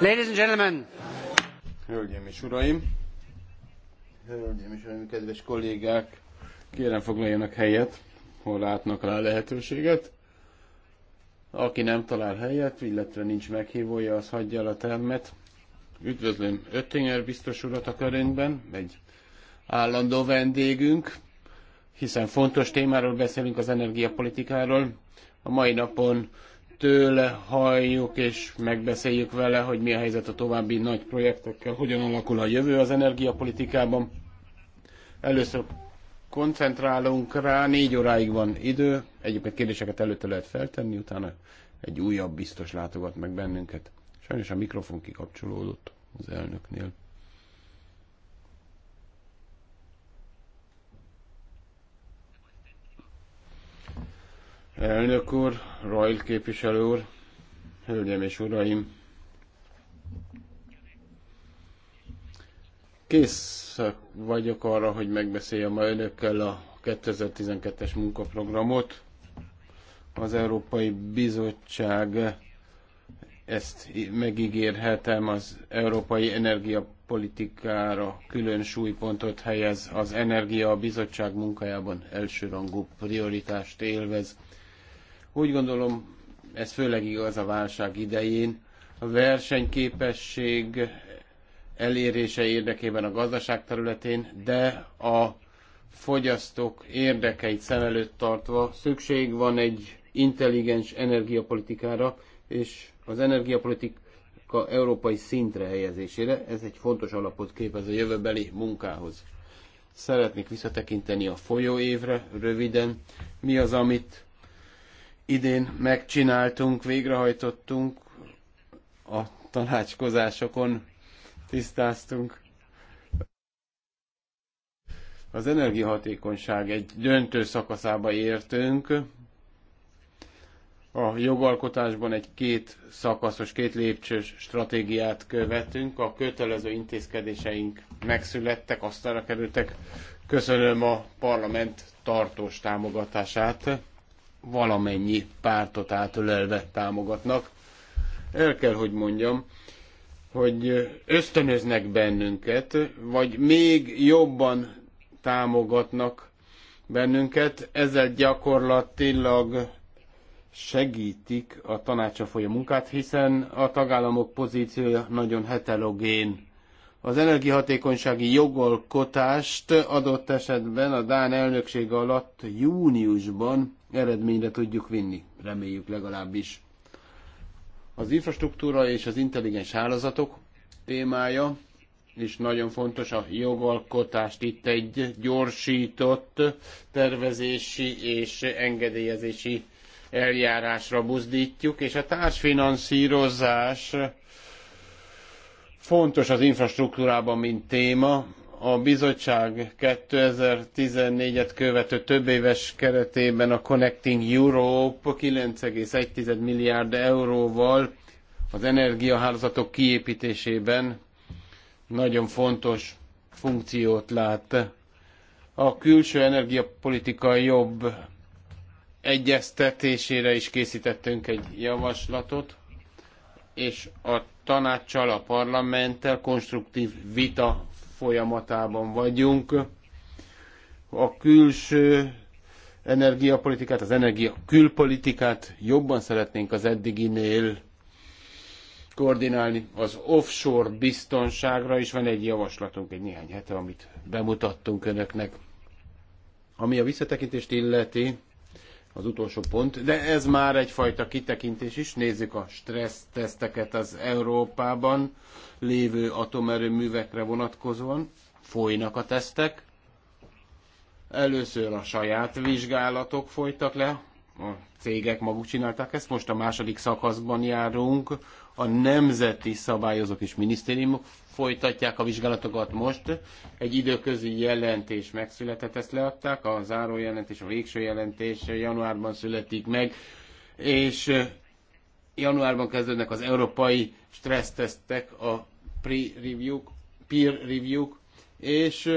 Ladies and gentlemen! Hölgyeim és uraim! Hölgyeim és uraim, kedves kollégák! Kérem foglaljanak helyet, hol látnak rá lehetőséget. Aki nem talál helyet, illetve nincs meghívója, az hagyja el a termet. Üdvözlöm Öttinger biztos urat a körünkben, egy állandó vendégünk, hiszen fontos témáról beszélünk az energiapolitikáról. A mai napon tőle halljuk, és megbeszéljük vele, hogy mi a helyzet a további nagy projektekkel, hogyan alakul a jövő az energiapolitikában. Először koncentrálunk rá, négy óráig van idő, egyébként kérdéseket előtte lehet feltenni, utána egy újabb biztos látogat meg bennünket. Sajnos a mikrofon kikapcsolódott az elnöknél. Elnök úr, Rajl képviselő úr, hölgyeim és uraim! Kész vagyok arra, hogy megbeszéljem a önökkel a 2012-es munkaprogramot. Az Európai Bizottság ezt megígérhetem, az európai energiapolitikára külön súlypontot helyez, az Energia a Bizottság munkájában elsőrangú prioritást élvez. Úgy gondolom, ez főleg igaz a válság idején. A versenyképesség elérése érdekében a gazdaság területén, de a fogyasztók érdekeit szem előtt tartva szükség van egy intelligens energiapolitikára, és az energiapolitika európai szintre helyezésére. Ez egy fontos alapot képez a jövőbeli munkához. Szeretnék visszatekinteni a folyó évre röviden. Mi az, amit idén megcsináltunk, végrehajtottunk a tanácskozásokon, tisztáztunk. Az energiahatékonyság egy döntő szakaszába értünk. A jogalkotásban egy két szakaszos, két lépcsős stratégiát követünk. A kötelező intézkedéseink megszülettek, asztalra kerültek. Köszönöm a parlament tartós támogatását valamennyi pártot átölelve támogatnak. El kell, hogy mondjam, hogy ösztönöznek bennünket, vagy még jobban támogatnak bennünket, ezzel gyakorlatilag segítik a tanácsa folyó munkát, hiszen a tagállamok pozíciója nagyon heterogén. Az energiahatékonysági jogalkotást adott esetben a Dán elnöksége alatt júniusban eredményre tudjuk vinni, reméljük legalábbis. Az infrastruktúra és az intelligens hálózatok témája és nagyon fontos a jogalkotást itt egy gyorsított tervezési és engedélyezési eljárásra buzdítjuk, és a társfinanszírozás fontos az infrastruktúrában, mint téma, a bizottság 2014-et követő több éves keretében a Connecting Europe 9,1 milliárd euróval az energiahálózatok kiépítésében nagyon fontos funkciót lát. A külső energiapolitika jobb egyeztetésére is készítettünk egy javaslatot, és a tanácssal, a parlamenttel konstruktív vita folyamatában vagyunk. A külső energiapolitikát, az energia külpolitikát jobban szeretnénk az eddiginél koordinálni. Az offshore biztonságra is van egy javaslatunk egy néhány hete, amit bemutattunk önöknek. Ami a visszatekintést illeti, az utolsó pont, de ez már egyfajta kitekintés is. Nézzük a stresszteszteket az Európában lévő atomerőművekre vonatkozóan. Folynak a tesztek. Először a saját vizsgálatok folytak le, a cégek maguk csinálták ezt, most a második szakaszban járunk, a nemzeti szabályozók és minisztériumok folytatják a vizsgálatokat most. Egy időközi jelentés megszületett, ezt leadták, a zárójelentés, a végső jelentés januárban születik meg, és januárban kezdődnek az európai stressztesztek, a pre-review-k, peer review-k, és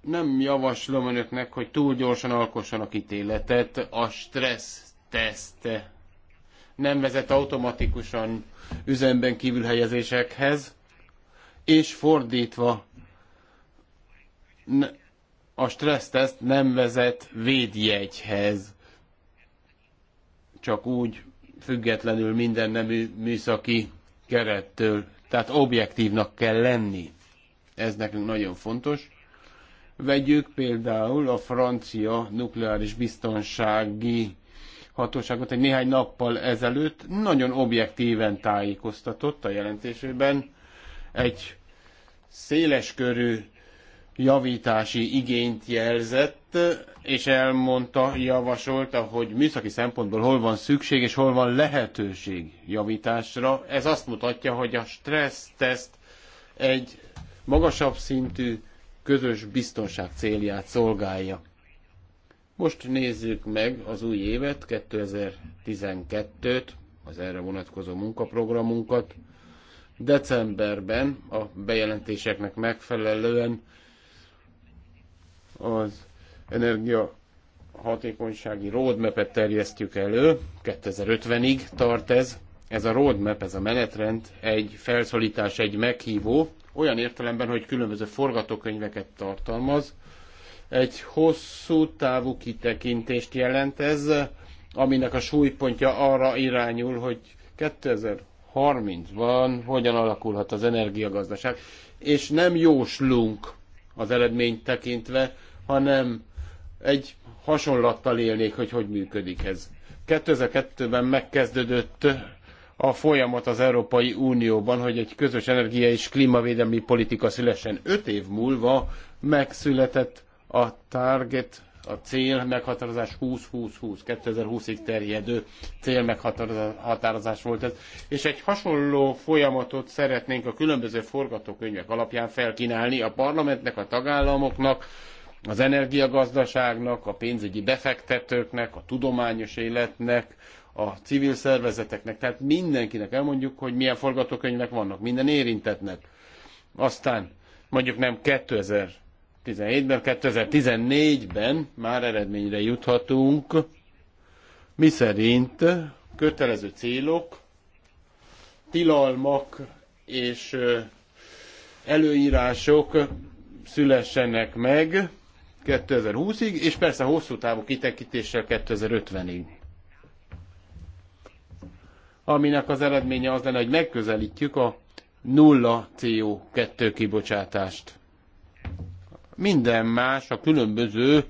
nem javaslom önöknek, hogy túl gyorsan alkossanak ítéletet. A stressz teszt nem vezet automatikusan üzemben kívülhelyezésekhez, és fordítva a stresszteszt nem vezet védjegyhez, csak úgy függetlenül minden nemű műszaki kerettől. Tehát objektívnak kell lenni. Ez nekünk nagyon fontos. Vegyük például a francia nukleáris biztonsági hatóságot egy néhány nappal ezelőtt nagyon objektíven tájékoztatott a jelentésében, egy széleskörű javítási igényt jelzett, és elmondta, javasolta, hogy műszaki szempontból hol van szükség és hol van lehetőség javításra. Ez azt mutatja, hogy a teszt egy magasabb szintű közös biztonság célját szolgálja. Most nézzük meg az új évet, 2012-t, az erre vonatkozó munkaprogramunkat. Decemberben a bejelentéseknek megfelelően az energia hatékonysági roadmap-et terjesztjük elő, 2050-ig tart ez. Ez a roadmap, ez a menetrend egy felszólítás, egy meghívó, olyan értelemben, hogy különböző forgatókönyveket tartalmaz. Egy hosszú távú kitekintést jelent ez, aminek a súlypontja arra irányul, hogy 30-ban hogyan alakulhat az energiagazdaság, és nem jóslunk az eredményt tekintve, hanem egy hasonlattal élnék, hogy hogy működik ez. 2002-ben megkezdődött a folyamat az Európai Unióban, hogy egy közös energia és klímavédelmi politika szülessen. Öt év múlva megszületett a Target a cél meghatározás 20-20-20, 2020-ig terjedő cél meghatározás volt ez. És egy hasonló folyamatot szeretnénk a különböző forgatókönyvek alapján felkínálni a parlamentnek, a tagállamoknak, az energiagazdaságnak, a pénzügyi befektetőknek, a tudományos életnek, a civil szervezeteknek, tehát mindenkinek elmondjuk, hogy milyen forgatókönyvek vannak, minden érintetnek. Aztán mondjuk nem 2000 2017-ben, 2014-ben már eredményre juthatunk, mi szerint kötelező célok, tilalmak és előírások szülessenek meg 2020-ig, és persze hosszú távú kitekítéssel 2050-ig. Aminek az eredménye az lenne, hogy megközelítjük a nulla CO2 kibocsátást. Minden más a különböző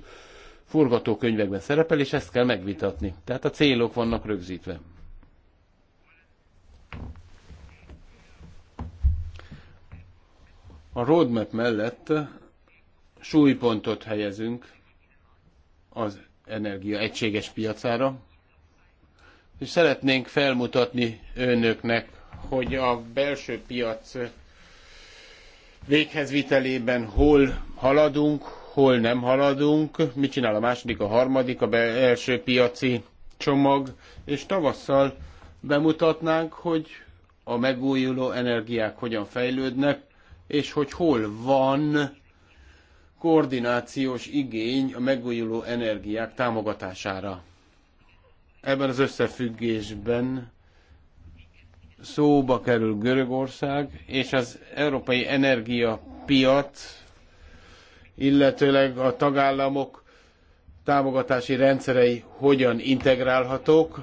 forgatókönyvekben szerepel, és ezt kell megvitatni. Tehát a célok vannak rögzítve. A roadmap mellett súlypontot helyezünk az energia egységes piacára, és szeretnénk felmutatni önöknek, hogy a belső piac véghezvitelében hol haladunk, hol nem haladunk, mit csinál a második, a harmadik, a belső piaci csomag, és tavasszal bemutatnánk, hogy a megújuló energiák hogyan fejlődnek, és hogy hol van koordinációs igény a megújuló energiák támogatására. Ebben az összefüggésben szóba kerül Görögország, és az európai energiapiac illetőleg a tagállamok támogatási rendszerei hogyan integrálhatók.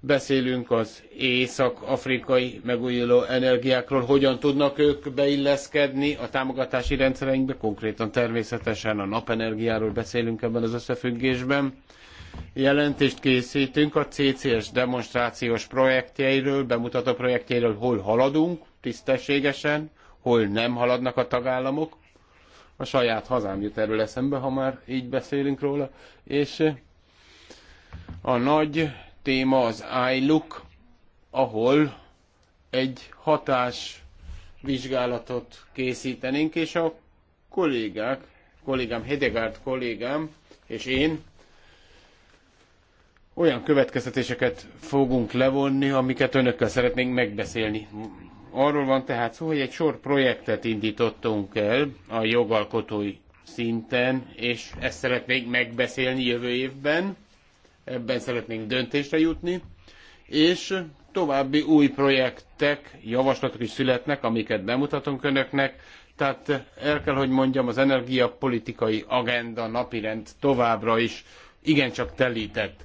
Beszélünk az észak-afrikai megújuló energiákról, hogyan tudnak ők beilleszkedni a támogatási rendszereinkbe, konkrétan természetesen a napenergiáról beszélünk ebben az összefüggésben. Jelentést készítünk a CCS demonstrációs projektjeiről, bemutató projektjeiről, hol haladunk tisztességesen, hol nem haladnak a tagállamok a saját hazám jut erről eszembe, ha már így beszélünk róla, és eh, a nagy téma az iLook, ahol egy hatás vizsgálatot készítenénk, és a kollégák, kollégám Hedegard kollégám és én olyan következtetéseket fogunk levonni, amiket önökkel szeretnénk megbeszélni. Arról van tehát szó, hogy egy sor projektet indítottunk el a jogalkotói szinten, és ezt szeretnénk megbeszélni jövő évben, ebben szeretnénk döntésre jutni, és további új projektek, javaslatok is születnek, amiket bemutatunk önöknek, tehát el kell, hogy mondjam, az energiapolitikai agenda napirend továbbra is igencsak telített.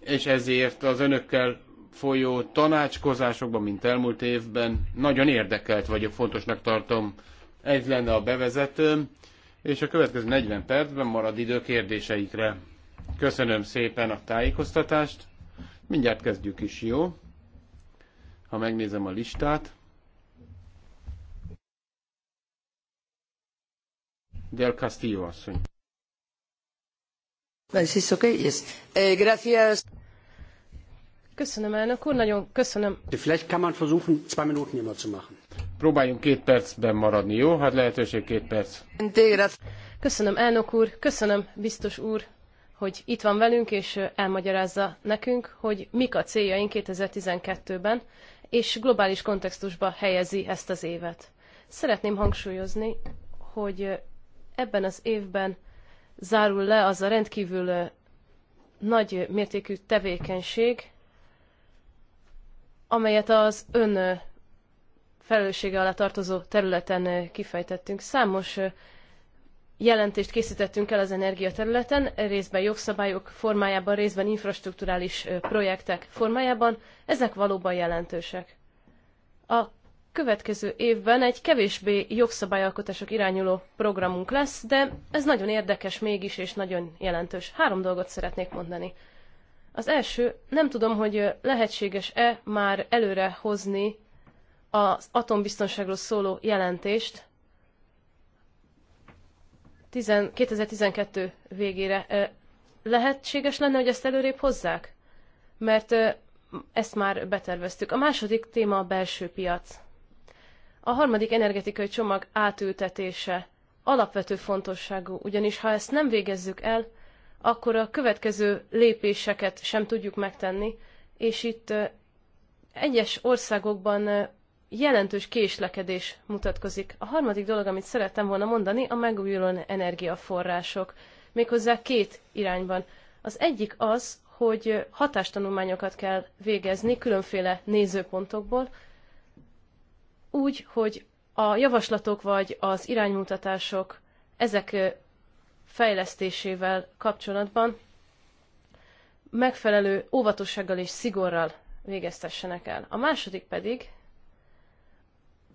És ezért az önökkel folyó tanácskozásokban, mint elmúlt évben. Nagyon érdekelt vagyok, fontosnak tartom. Ez lenne a bevezetőm, és a következő 40 percben marad idő kérdéseikre. Köszönöm szépen a tájékoztatást. Mindjárt kezdjük is, jó? Ha megnézem a listát. Del Castillo asszony. Yes. Eh, gracias. Köszönöm, elnök úr, nagyon köszönöm. Vielleicht kann man versuchen, zwei Minuten immer zu machen. Próbáljunk két percben maradni, jó? Hát lehetőség két perc. Köszönöm, elnök úr, köszönöm, biztos úr, hogy itt van velünk, és elmagyarázza nekünk, hogy mik a céljaink 2012-ben, és globális kontextusba helyezi ezt az évet. Szeretném hangsúlyozni, hogy ebben az évben zárul le az a rendkívül nagy mértékű tevékenység, amelyet az ön felelőssége alá tartozó területen kifejtettünk. Számos jelentést készítettünk el az energiaterületen, részben jogszabályok formájában, részben infrastrukturális projektek formájában, ezek valóban jelentősek. A következő évben egy kevésbé jogszabályalkotások irányuló programunk lesz, de ez nagyon érdekes mégis, és nagyon jelentős. Három dolgot szeretnék mondani. Az első, nem tudom, hogy lehetséges-e már előre hozni az atombiztonságról szóló jelentést 2012 végére. Lehetséges lenne, hogy ezt előrébb hozzák? Mert ezt már beterveztük. A második téma a belső piac. A harmadik energetikai csomag átültetése alapvető fontosságú, ugyanis ha ezt nem végezzük el, akkor a következő lépéseket sem tudjuk megtenni, és itt egyes országokban jelentős késlekedés mutatkozik. A harmadik dolog, amit szerettem volna mondani, a megújuló energiaforrások. Méghozzá két irányban. Az egyik az, hogy hatástanulmányokat kell végezni különféle nézőpontokból, úgy, hogy a javaslatok vagy az iránymutatások ezek fejlesztésével kapcsolatban megfelelő óvatossággal és szigorral végeztessenek el. A második pedig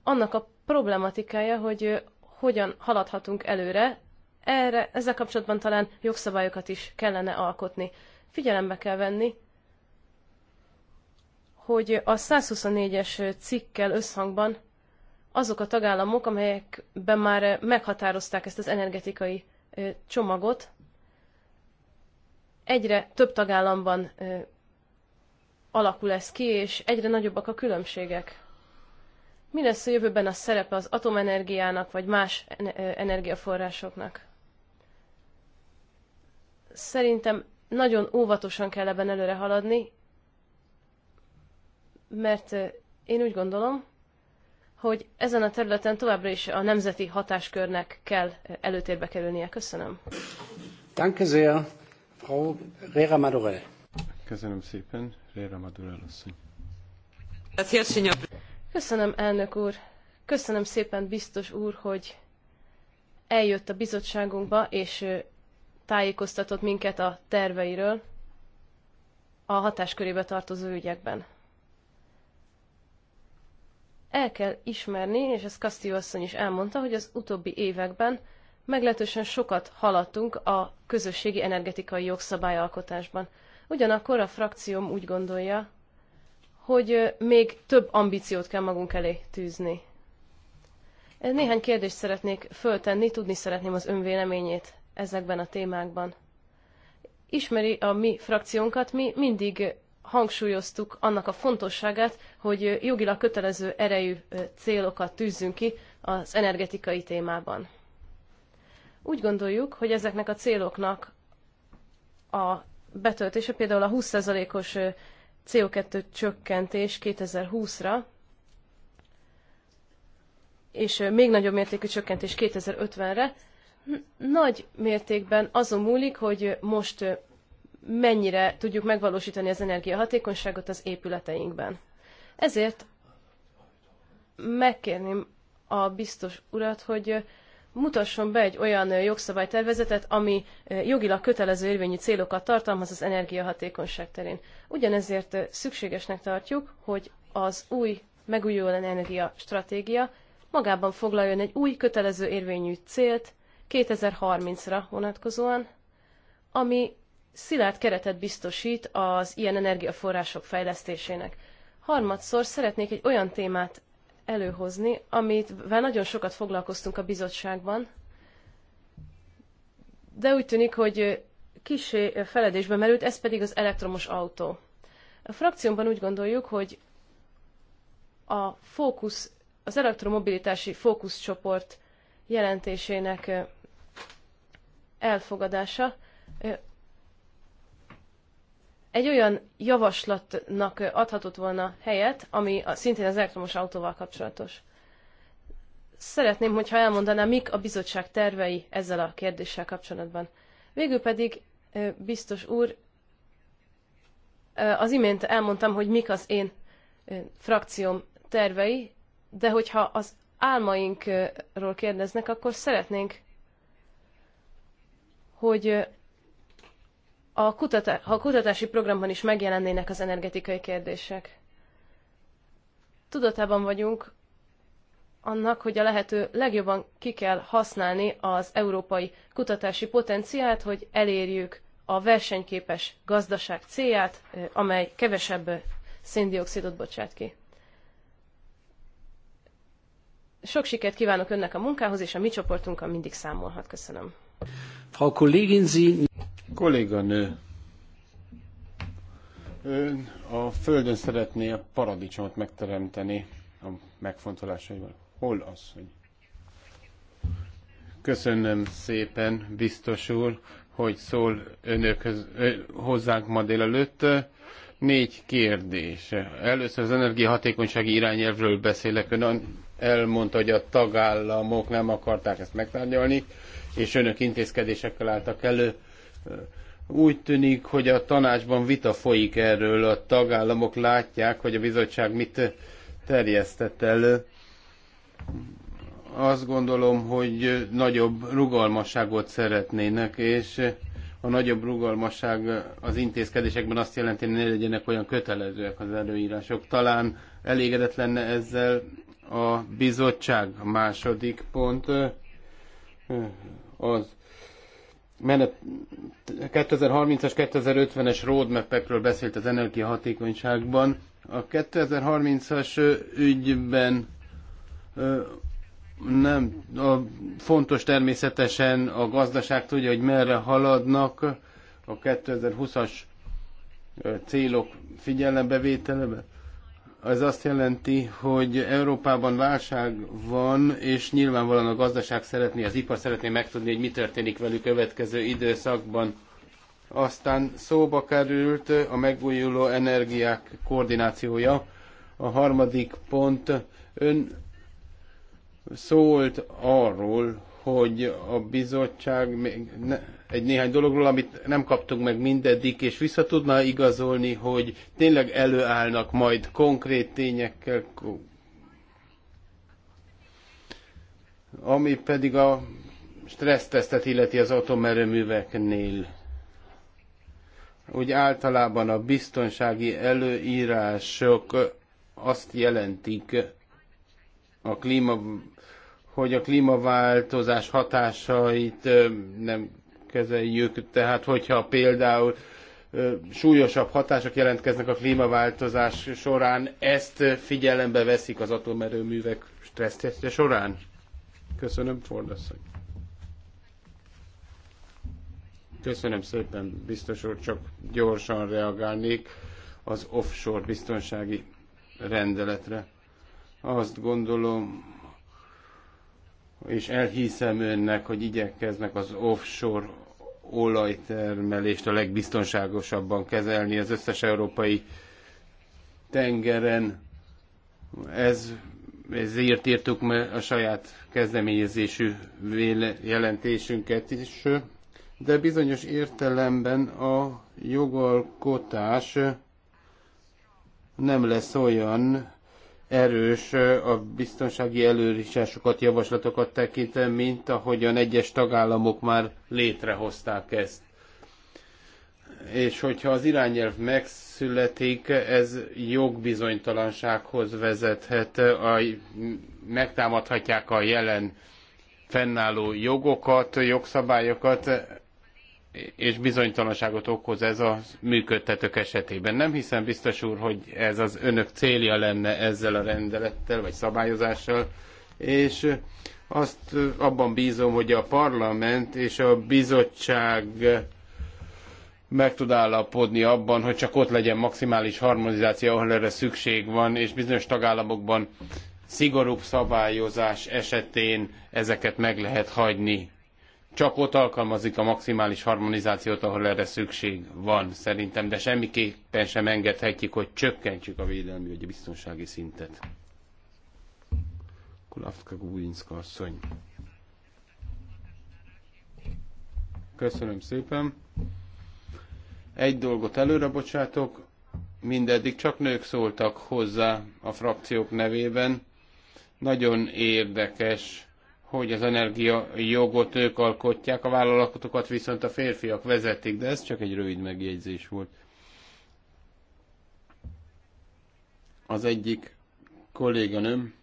annak a problematikája, hogy hogyan haladhatunk előre, erre, ezzel kapcsolatban talán jogszabályokat is kellene alkotni. Figyelembe kell venni, hogy a 124-es cikkkel összhangban azok a tagállamok, amelyekben már meghatározták ezt az energetikai csomagot egyre több tagállamban alakul ez ki, és egyre nagyobbak a különbségek. Mi lesz a jövőben a szerepe az atomenergiának, vagy más energiaforrásoknak? Szerintem nagyon óvatosan kell ebben előre haladni, mert én úgy gondolom, hogy ezen a területen továbbra is a nemzeti hatáskörnek kell eh, előtérbe kerülnie. Köszönöm. Danke sehr, Frau Rera Madurell. Köszönöm szépen, Rera Madurell asszony. Köszönöm, elnök úr. Köszönöm szépen, biztos úr, hogy eljött a bizottságunkba, és tájékoztatott minket a terveiről a hatáskörébe tartozó ügyekben. El kell ismerni, és ezt Castillo asszony is elmondta, hogy az utóbbi években meglehetősen sokat haladtunk a közösségi energetikai jogszabályalkotásban. Ugyanakkor a frakcióm úgy gondolja, hogy még több ambíciót kell magunk elé tűzni. Néhány kérdést szeretnék föltenni, tudni szeretném az önvéleményét ezekben a témákban. Ismeri a mi frakciónkat, mi mindig hangsúlyoztuk annak a fontosságát, hogy jogilag kötelező erejű célokat tűzzünk ki az energetikai témában. Úgy gondoljuk, hogy ezeknek a céloknak a betöltése például a 20%-os CO2 csökkentés 2020-ra, és még nagyobb mértékű csökkentés 2050-re, nagy mértékben azon múlik, hogy most mennyire tudjuk megvalósítani az energiahatékonyságot az épületeinkben. Ezért megkérném a biztos urat, hogy mutasson be egy olyan jogszabálytervezetet, ami eh, jogilag kötelező érvényű célokat tartalmaz az energiahatékonyság terén. Ugyanezért eh, szükségesnek tartjuk, hogy az új megújuló energia stratégia magában foglaljon egy új kötelező érvényű célt 2030-ra vonatkozóan, ami szilárd keretet biztosít az ilyen energiaforrások fejlesztésének. Harmadszor szeretnék egy olyan témát előhozni, amit nagyon sokat foglalkoztunk a bizottságban, de úgy tűnik, hogy kisé feledésbe merült, ez pedig az elektromos autó. A frakciómban úgy gondoljuk, hogy a fókusz, az elektromobilitási fókuszcsoport jelentésének elfogadása egy olyan javaslatnak adhatott volna helyet, ami szintén az elektromos autóval kapcsolatos. Szeretném, hogyha elmondaná, mik a bizottság tervei ezzel a kérdéssel kapcsolatban. Végül pedig, biztos úr, az imént elmondtam, hogy mik az én frakcióm tervei, de hogyha az álmainkról kérdeznek, akkor szeretnénk, hogy a, kutatá- a kutatási programban is megjelennének az energetikai kérdések. Tudatában vagyunk annak, hogy a lehető legjobban ki kell használni az európai kutatási potenciált, hogy elérjük a versenyképes gazdaság célját, amely kevesebb széndiokszidot bocsát ki. Sok sikert kívánok önnek a munkához, és a mi csoportunkkal mindig számolhat. Köszönöm. Frau Kollegin, Sie... Kolléganő, ön a Földön szeretné a paradicsomot megteremteni a megfontolásaival. Hol az, hogy... Köszönöm szépen, biztos úr, hogy szól önökhöz, hozzánk ma délelőtt. Négy kérdés. Először az energiahatékonysági irányelvről beszélek. Ön elmondta, hogy a tagállamok nem akarták ezt megtárgyalni, és önök intézkedésekkel álltak elő. Úgy tűnik, hogy a tanácsban vita folyik erről, a tagállamok látják, hogy a bizottság mit terjesztett elő. Azt gondolom, hogy nagyobb rugalmasságot szeretnének, és a nagyobb rugalmasság az intézkedésekben azt jelenti, hogy ne legyenek olyan kötelezőek az előírások. Talán elégedett lenne ezzel a bizottság. A második pont az menet, 2030-as, 2050-es roadmap-ekről beszélt az energiahatékonyságban. A 2030-as ügyben nem a, fontos természetesen a gazdaság tudja, hogy merre haladnak a 2020-as célok figyelembevételebe. Ez azt jelenti, hogy Európában válság van, és nyilvánvalóan a gazdaság szeretné, az ipar szeretné megtudni, hogy mi történik velük következő időszakban. Aztán szóba került a megújuló energiák koordinációja. A harmadik pont, ön szólt arról, hogy a bizottság még ne, egy néhány dologról, amit nem kaptunk meg mindeddig, és vissza tudná igazolni, hogy tényleg előállnak majd konkrét tényekkel, ami pedig a stressztesztet illeti az atomerőműveknél. Úgy általában a biztonsági előírások azt jelentik, a klíma, hogy a klímaváltozás hatásait nem kezeljük. Tehát, hogyha például súlyosabb hatások jelentkeznek a klímaváltozás során, ezt figyelembe veszik az atomerőművek stressztesztje során? Köszönöm, Ford asszony. Köszönöm szépen, biztos úr, csak gyorsan reagálnék az offshore biztonsági rendeletre. Azt gondolom, és elhiszem önnek, hogy igyekeznek az offshore olajtermelést a legbiztonságosabban kezelni az összes európai tengeren. Ez, ezért írtuk a saját kezdeményezésű véle, jelentésünket is, de bizonyos értelemben a jogalkotás nem lesz olyan, erős a biztonsági előrításokat, javaslatokat tekintve, mint ahogyan egyes tagállamok már létrehozták ezt. És hogyha az irányelv megszületik, ez jogbizonytalansághoz vezethet, a, megtámadhatják a jelen fennálló jogokat, jogszabályokat, és bizonytalanságot okoz ez a működtetők esetében. Nem hiszem biztos úr, hogy ez az önök célja lenne ezzel a rendelettel vagy szabályozással, és azt abban bízom, hogy a parlament és a bizottság meg tud állapodni abban, hogy csak ott legyen maximális harmonizáció, ahol erre szükség van, és bizonyos tagállamokban szigorúbb szabályozás esetén ezeket meg lehet hagyni csak ott alkalmazik a maximális harmonizációt, ahol erre szükség van szerintem, de semmiképpen sem engedhetjük, hogy csökkentsük a védelmi vagy a biztonsági szintet. Kulavtka Gubinska asszony. Köszönöm szépen. Egy dolgot előre bocsátok, mindeddig csak nők szóltak hozzá a frakciók nevében. Nagyon érdekes hogy az energia jogot ők alkotják, a vállalatokat viszont a férfiak vezetik, de ez csak egy rövid megjegyzés volt. Az egyik kolléganőm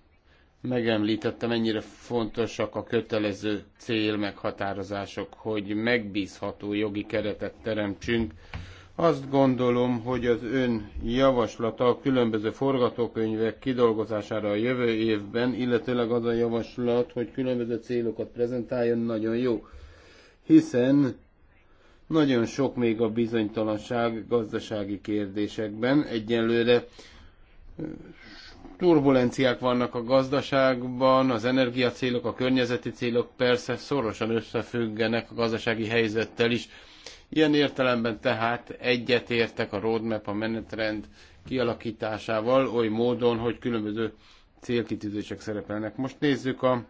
megemlítette, mennyire fontosak a kötelező célmeghatározások, hogy megbízható jogi keretet teremtsünk azt gondolom, hogy az ön javaslata a különböző forgatókönyvek kidolgozására a jövő évben, illetőleg az a javaslat, hogy különböző célokat prezentáljon, nagyon jó. Hiszen nagyon sok még a bizonytalanság gazdasági kérdésekben. Egyelőre turbulenciák vannak a gazdaságban, az energiacélok, a környezeti célok persze szorosan összefüggenek a gazdasági helyzettel is Ilyen értelemben tehát egyetértek a roadmap, a menetrend kialakításával oly módon, hogy különböző célkitűzések szerepelnek. Most nézzük a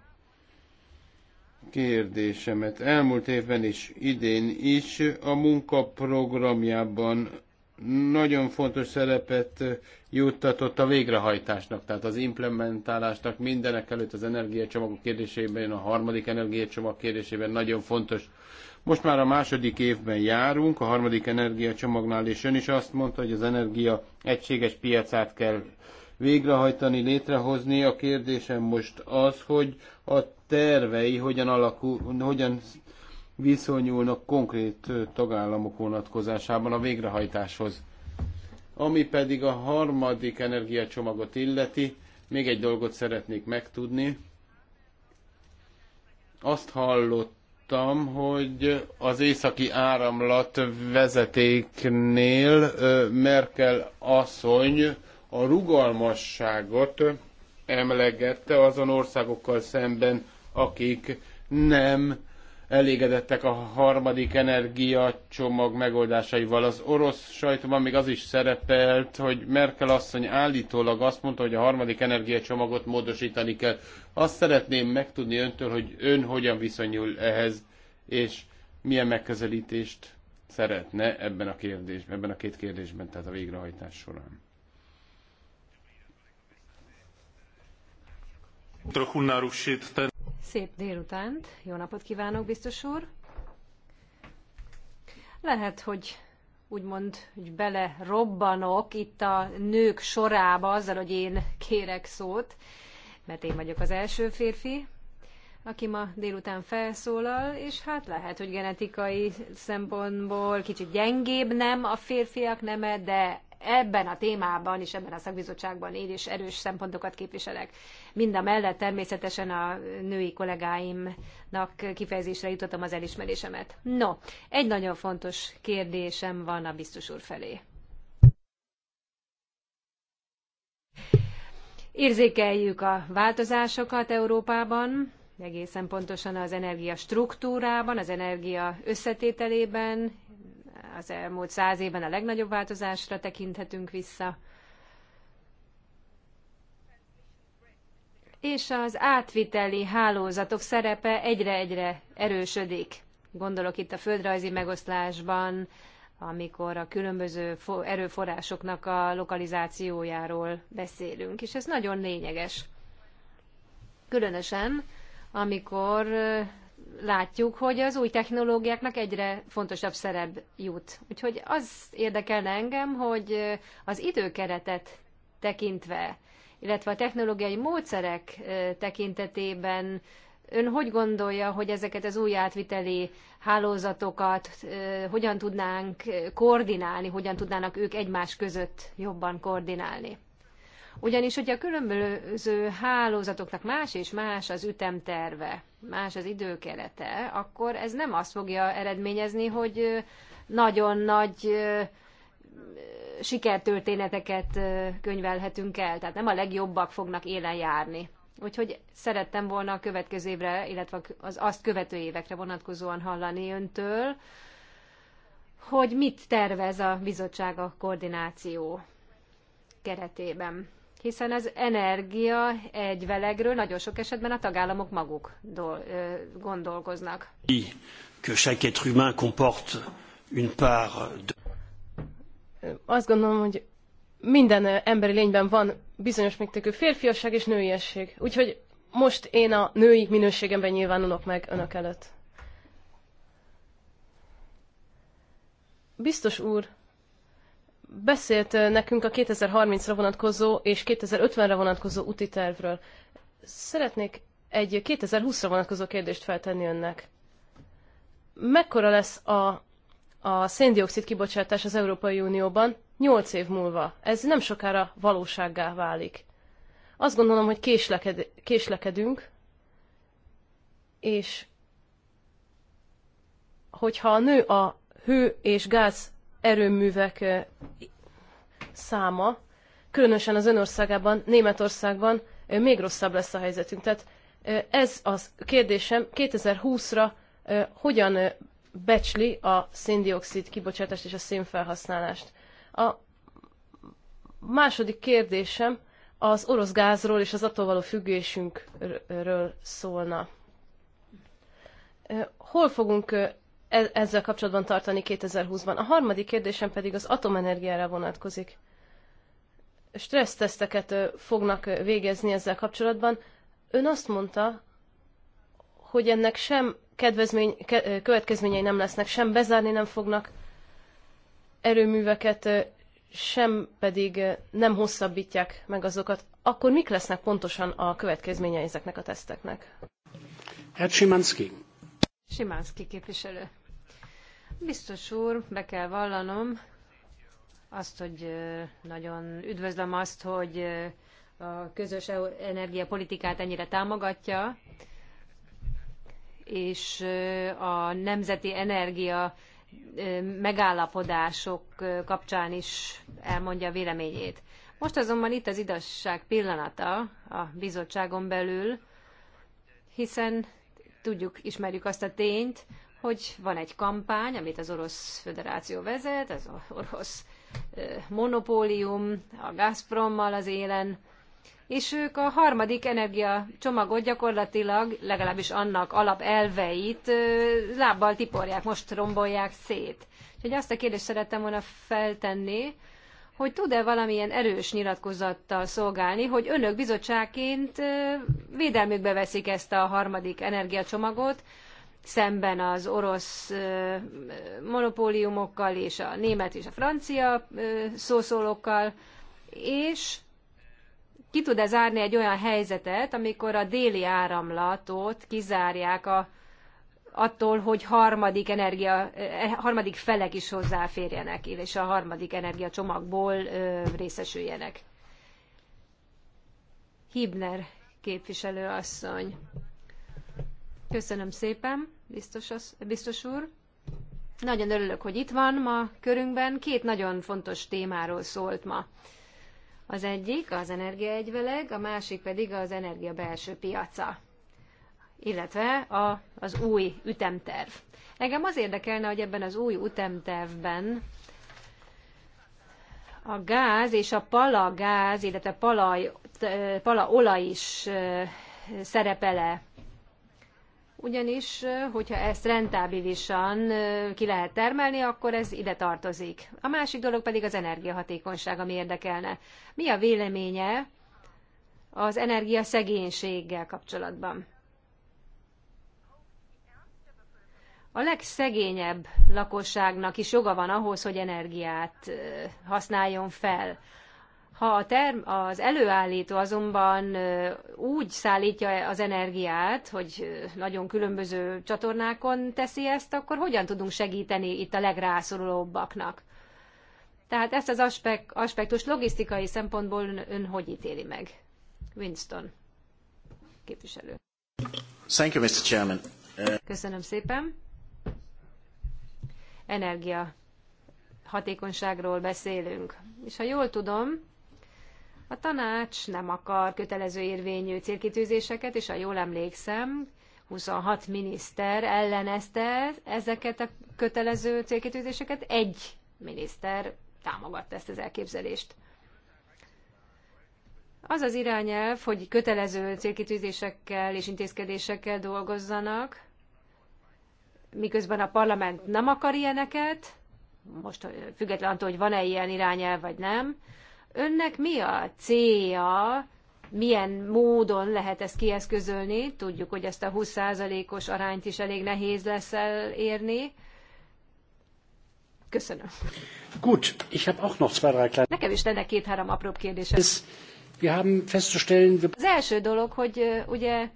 kérdésemet. Elmúlt évben is, idén is a munkaprogramjában nagyon fontos szerepet juttatott a végrehajtásnak, tehát az implementálásnak mindenek előtt az energiacsomagok kérdésében, a harmadik energiacsomag kérdésében nagyon fontos most már a második évben járunk, a harmadik energiacsomagnál, és ön is azt mondta, hogy az energia egységes piacát kell végrehajtani, létrehozni. A kérdésem most az, hogy a tervei hogyan, alakul, hogyan viszonyulnak konkrét tagállamok vonatkozásában a végrehajtáshoz. Ami pedig a harmadik energiacsomagot illeti, még egy dolgot szeretnék megtudni. Azt hallott hallottam, hogy az északi áramlat vezetéknél Merkel asszony a rugalmasságot emlegette azon országokkal szemben, akik nem elégedettek a harmadik energiacsomag megoldásaival. Az orosz sajtóban még az is szerepelt, hogy Merkel asszony állítólag azt mondta, hogy a harmadik energiacsomagot módosítani kell. Azt szeretném megtudni öntől, hogy ön hogyan viszonyul ehhez, és milyen megközelítést szeretne ebben a kérdésben, ebben a két kérdésben, tehát a végrehajtás során. Trochu narušit ten Szép délutánt, jó napot kívánok, biztos úr. Lehet, hogy úgymond hogy bele robbanok itt a nők sorába azzal, hogy én kérek szót, mert én vagyok az első férfi, aki ma délután felszólal, és hát lehet, hogy genetikai szempontból kicsit gyengébb nem a férfiak neme, de ebben a témában és ebben a szakbizottságban én is erős szempontokat képviselek. Mind a mellett természetesen a női kollégáimnak kifejezésre jutottam az elismerésemet. No, egy nagyon fontos kérdésem van a biztos úr felé. Érzékeljük a változásokat Európában, egészen pontosan az energia struktúrában, az energia összetételében az elmúlt száz évben a legnagyobb változásra tekinthetünk vissza. És az átviteli hálózatok szerepe egyre-egyre erősödik. Gondolok itt a földrajzi megoszlásban, amikor a különböző erőforrásoknak a lokalizációjáról beszélünk, és ez nagyon lényeges. Különösen, amikor látjuk, hogy az új technológiáknak egyre fontosabb szerep jut. Úgyhogy az érdekel engem, hogy az időkeretet tekintve, illetve a technológiai módszerek tekintetében ön hogy gondolja, hogy ezeket az új átviteli hálózatokat hogyan tudnánk koordinálni, hogyan tudnának ők egymás között jobban koordinálni? Ugyanis ugye a különböző hálózatoknak más és más az ütemterve, más az időkerete, akkor ez nem azt fogja eredményezni, hogy nagyon nagy sikertörténeteket könyvelhetünk el, tehát nem a legjobbak fognak élen járni. Úgyhogy szerettem volna a következő évre, illetve az azt követő évekre vonatkozóan hallani öntől, hogy mit tervez a bizottság a koordináció keretében hiszen az energia egyvelegről nagyon sok esetben a tagállamok maguk dol- gondolkoznak. Azt gondolom, hogy minden emberi lényben van bizonyos mértékű férfiasság és nőiesség. Úgyhogy most én a női minőségemben nyilvánulok meg önök előtt. Biztos úr, beszélt eh, nekünk a 2030-ra vonatkozó és 2050-re vonatkozó úti tervről. Szeretnék egy 2020-ra vonatkozó kérdést feltenni önnek. Mekkora lesz a, a széndiokszid kibocsátás az Európai Unióban 8 év múlva? Ez nem sokára valósággá válik. Azt gondolom, hogy késleked, késlekedünk, és hogyha nő a hő és gáz erőművek eh, száma, különösen az önországában, Németországban eh, még rosszabb lesz a helyzetünk. Tehát eh, ez az kérdésem 2020-ra hogyan becsli a széndiokszid kibocsátást és a szénfelhasználást. A második kérdésem az orosz gázról és az attól való függésünkről szólna. Hol fogunk E, ezzel kapcsolatban tartani 2020-ban. A harmadik kérdésem pedig az atomenergiára vonatkozik. Stresszteszteket fognak végezni ezzel kapcsolatban. Ön azt mondta, hogy ennek sem kedvezmény, ke, következményei nem lesznek, sem bezárni nem fognak erőműveket, sem pedig nem hosszabbítják meg azokat. Akkor mik lesznek pontosan a következményei ezeknek a teszteknek? Herr Szymanski. Szymanski képviselő. Biztos úr, be kell vallanom azt, hogy nagyon üdvözlöm azt, hogy a közös e-, energiapolitikát ennyire támogatja, és a nemzeti energia megállapodások kapcsán is elmondja a véleményét. Most azonban itt az idasság pillanata a bizottságon belül, hiszen tudjuk, ismerjük azt a tényt, hogy van egy kampány, amit az Orosz Föderáció vezet, az orosz monopólium, a Gazprommal az élen, és ők a harmadik energiacsomagot gyakorlatilag, legalábbis annak alapelveit lábbal tiporják, most rombolják szét. Úgyhogy azt a kérdést szerettem volna feltenni, hogy tud-e valamilyen erős nyilatkozattal szolgálni, hogy önök bizottságként védelmükbe veszik ezt a harmadik energiacsomagot, szemben az orosz monopóliumokkal és a német és a francia szószólókkal, és ki tud-e zárni egy olyan helyzetet, amikor a déli áramlatot kizárják a, attól, hogy harmadik, energia, eh, harmadik felek is hozzáférjenek, és a harmadik energiacsomagból részesüljenek. Hibner képviselő asszony. Köszönöm szépen biztos, az, biztos úr. Nagyon örülök, hogy itt van ma körünkben. Két nagyon fontos témáról szólt ma. Az egyik az energiaegyveleg, a másik pedig az energia belső piaca, illetve a, az új ütemterv. Engem az érdekelne, hogy ebben az új ütemtervben a gáz és a palagáz, illetve pala, palaolaj is szerepele ugyanis, hogyha ezt rentábilisan ki lehet termelni, akkor ez ide tartozik. A másik dolog pedig az energiahatékonyság, ami érdekelne. Mi a véleménye az energiaszegénységgel kapcsolatban? A legszegényebb lakosságnak is joga van ahhoz, hogy energiát használjon fel. Ha a term, az előállító azonban úgy szállítja az energiát, hogy nagyon különböző csatornákon teszi ezt, akkor hogyan tudunk segíteni itt a legrászorulóbbaknak? Tehát ezt az aspekt, aspektus logisztikai szempontból ön, ön hogy ítéli meg? Winston képviselő. Thank you, Mr. Chairman. Uh, Köszönöm szépen. Energia hatékonyságról beszélünk. És ha jól tudom, a tanács nem akar kötelező érvényű célkitűzéseket, és ha jól emlékszem, 26 miniszter ellenezte ezeket a kötelező célkitűzéseket, egy miniszter támogatta ezt az elképzelést. Az az irányelv, hogy kötelező célkitűzésekkel és intézkedésekkel dolgozzanak, miközben a parlament nem akar ilyeneket, most független attól, hogy van-e ilyen irányelv vagy nem, Önnek mi a célja, milyen módon lehet ezt kieszközölni? Tudjuk, hogy ezt a 20%-os arányt is elég nehéz lesz elérni. Köszönöm. Gut, ich habe auch noch zwei, drei kleine... Nekem is lenne két-három apróbb kérdésem. Wir haben festzustellen... Az első dolog, hogy ugye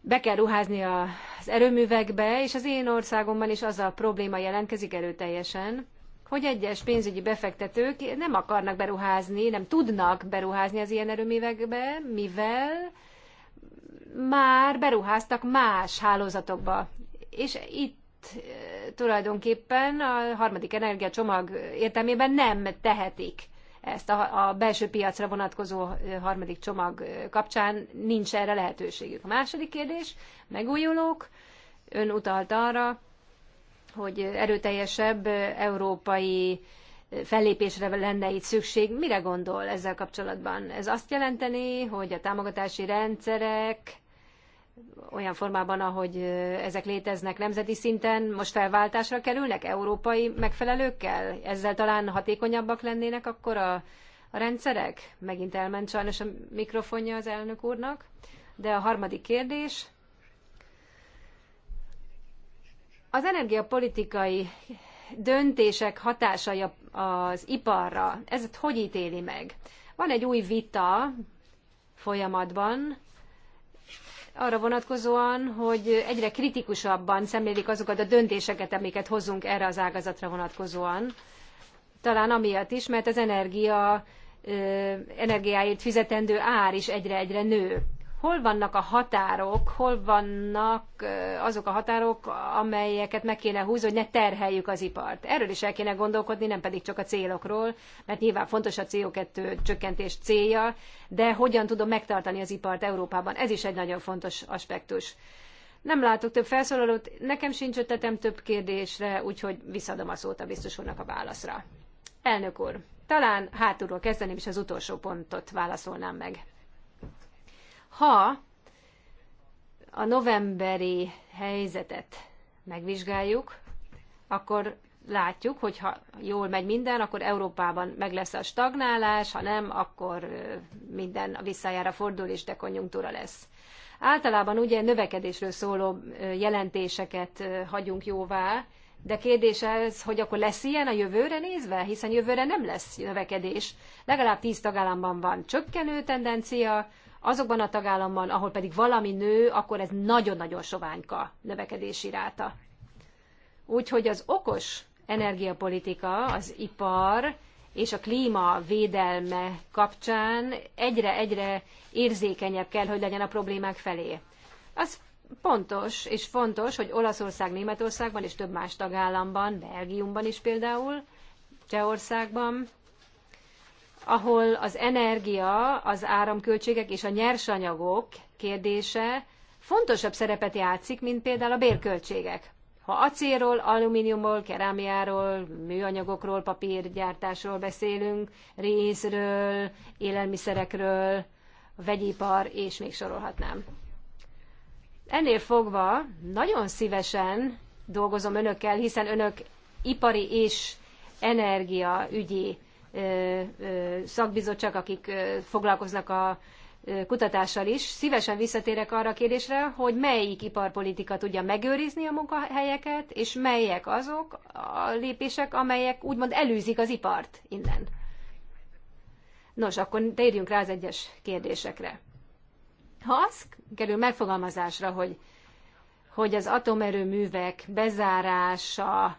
be kell ruházni az erőművekbe, és az én országomban is az a probléma jelentkezik erőteljesen, hogy egyes pénzügyi befektetők nem akarnak beruházni, nem tudnak beruházni az ilyen erőművekbe, mivel már beruháztak más hálózatokba. És itt eh, tulajdonképpen a harmadik energiacsomag értelmében nem tehetik ezt a, a belső piacra vonatkozó eh, harmadik csomag eh, kapcsán nincs erre lehetőségük. A második kérdés, megújulók, ön utalt arra, hogy erőteljesebb európai fellépésre lenne itt szükség. Mire gondol ezzel kapcsolatban? Ez azt jelenteni, hogy a támogatási rendszerek olyan formában, ahogy ezek léteznek nemzeti szinten, most felváltásra kerülnek európai megfelelőkkel? Ezzel talán hatékonyabbak lennének akkor a, a rendszerek? Megint elment sajnos a mikrofonja az elnök úrnak. De a harmadik kérdés, Az energiapolitikai döntések hatásai az iparra, ez hogy ítéli meg? Van egy új vita folyamatban, arra vonatkozóan, hogy egyre kritikusabban szemlélik azokat a döntéseket, amiket hozunk erre az ágazatra vonatkozóan. Talán amiatt is, mert az energia, energiáért fizetendő ár is egyre-egyre nő hol vannak a határok, hol vannak azok a határok, amelyeket meg kéne húzni, hogy ne terheljük az ipart. Erről is el kéne gondolkodni, nem pedig csak a célokról, mert nyilván fontos a CO2 csökkentés célja, de hogyan tudom megtartani az ipart Európában, ez is egy nagyon fontos aspektus. Nem látok több felszólalót, nekem sincs ötletem több kérdésre, úgyhogy visszadom a szót a biztos úrnak a válaszra. Elnök úr, talán hátulról kezdeném, és az utolsó pontot válaszolnám meg. Ha a novemberi helyzetet megvizsgáljuk, akkor látjuk, hogy ha jól megy minden, akkor Európában meg lesz a stagnálás, ha nem, akkor minden a visszájára fordul, és dekonjunktúra lesz. Általában ugye növekedésről szóló jelentéseket hagyunk jóvá, de kérdés ez, hogy akkor lesz ilyen a jövőre nézve, hiszen jövőre nem lesz növekedés. Legalább tíz tagállamban van csökkenő tendencia, Azokban a tagállamban, ahol pedig valami nő, akkor ez nagyon-nagyon soványka növekedési ráta. Úgyhogy az okos energiapolitika, az ipar és a klíma védelme kapcsán egyre-egyre érzékenyebb kell, hogy legyen a problémák felé. Az pontos és fontos, hogy Olaszország, Németországban és több más tagállamban, Belgiumban is például, Csehországban ahol az energia, az áramköltségek és a nyersanyagok kérdése fontosabb szerepet játszik, mint például a bérköltségek. Ha acélról, alumíniumról, kerámiáról, műanyagokról, papírgyártásról beszélünk, részről, élelmiszerekről, vegyipar, és még sorolhatnám. Ennél fogva nagyon szívesen dolgozom önökkel, hiszen önök ipari és energiaügyi szakbizottság, akik foglalkoznak a kutatással is. Szívesen visszatérek arra a kérdésre, hogy melyik iparpolitika tudja megőrizni a munkahelyeket, és melyek azok a lépések, amelyek úgymond előzik az ipart innen. Nos, akkor térjünk rá az egyes kérdésekre. Ha az kerül megfogalmazásra, hogy, hogy az atomerőművek bezárása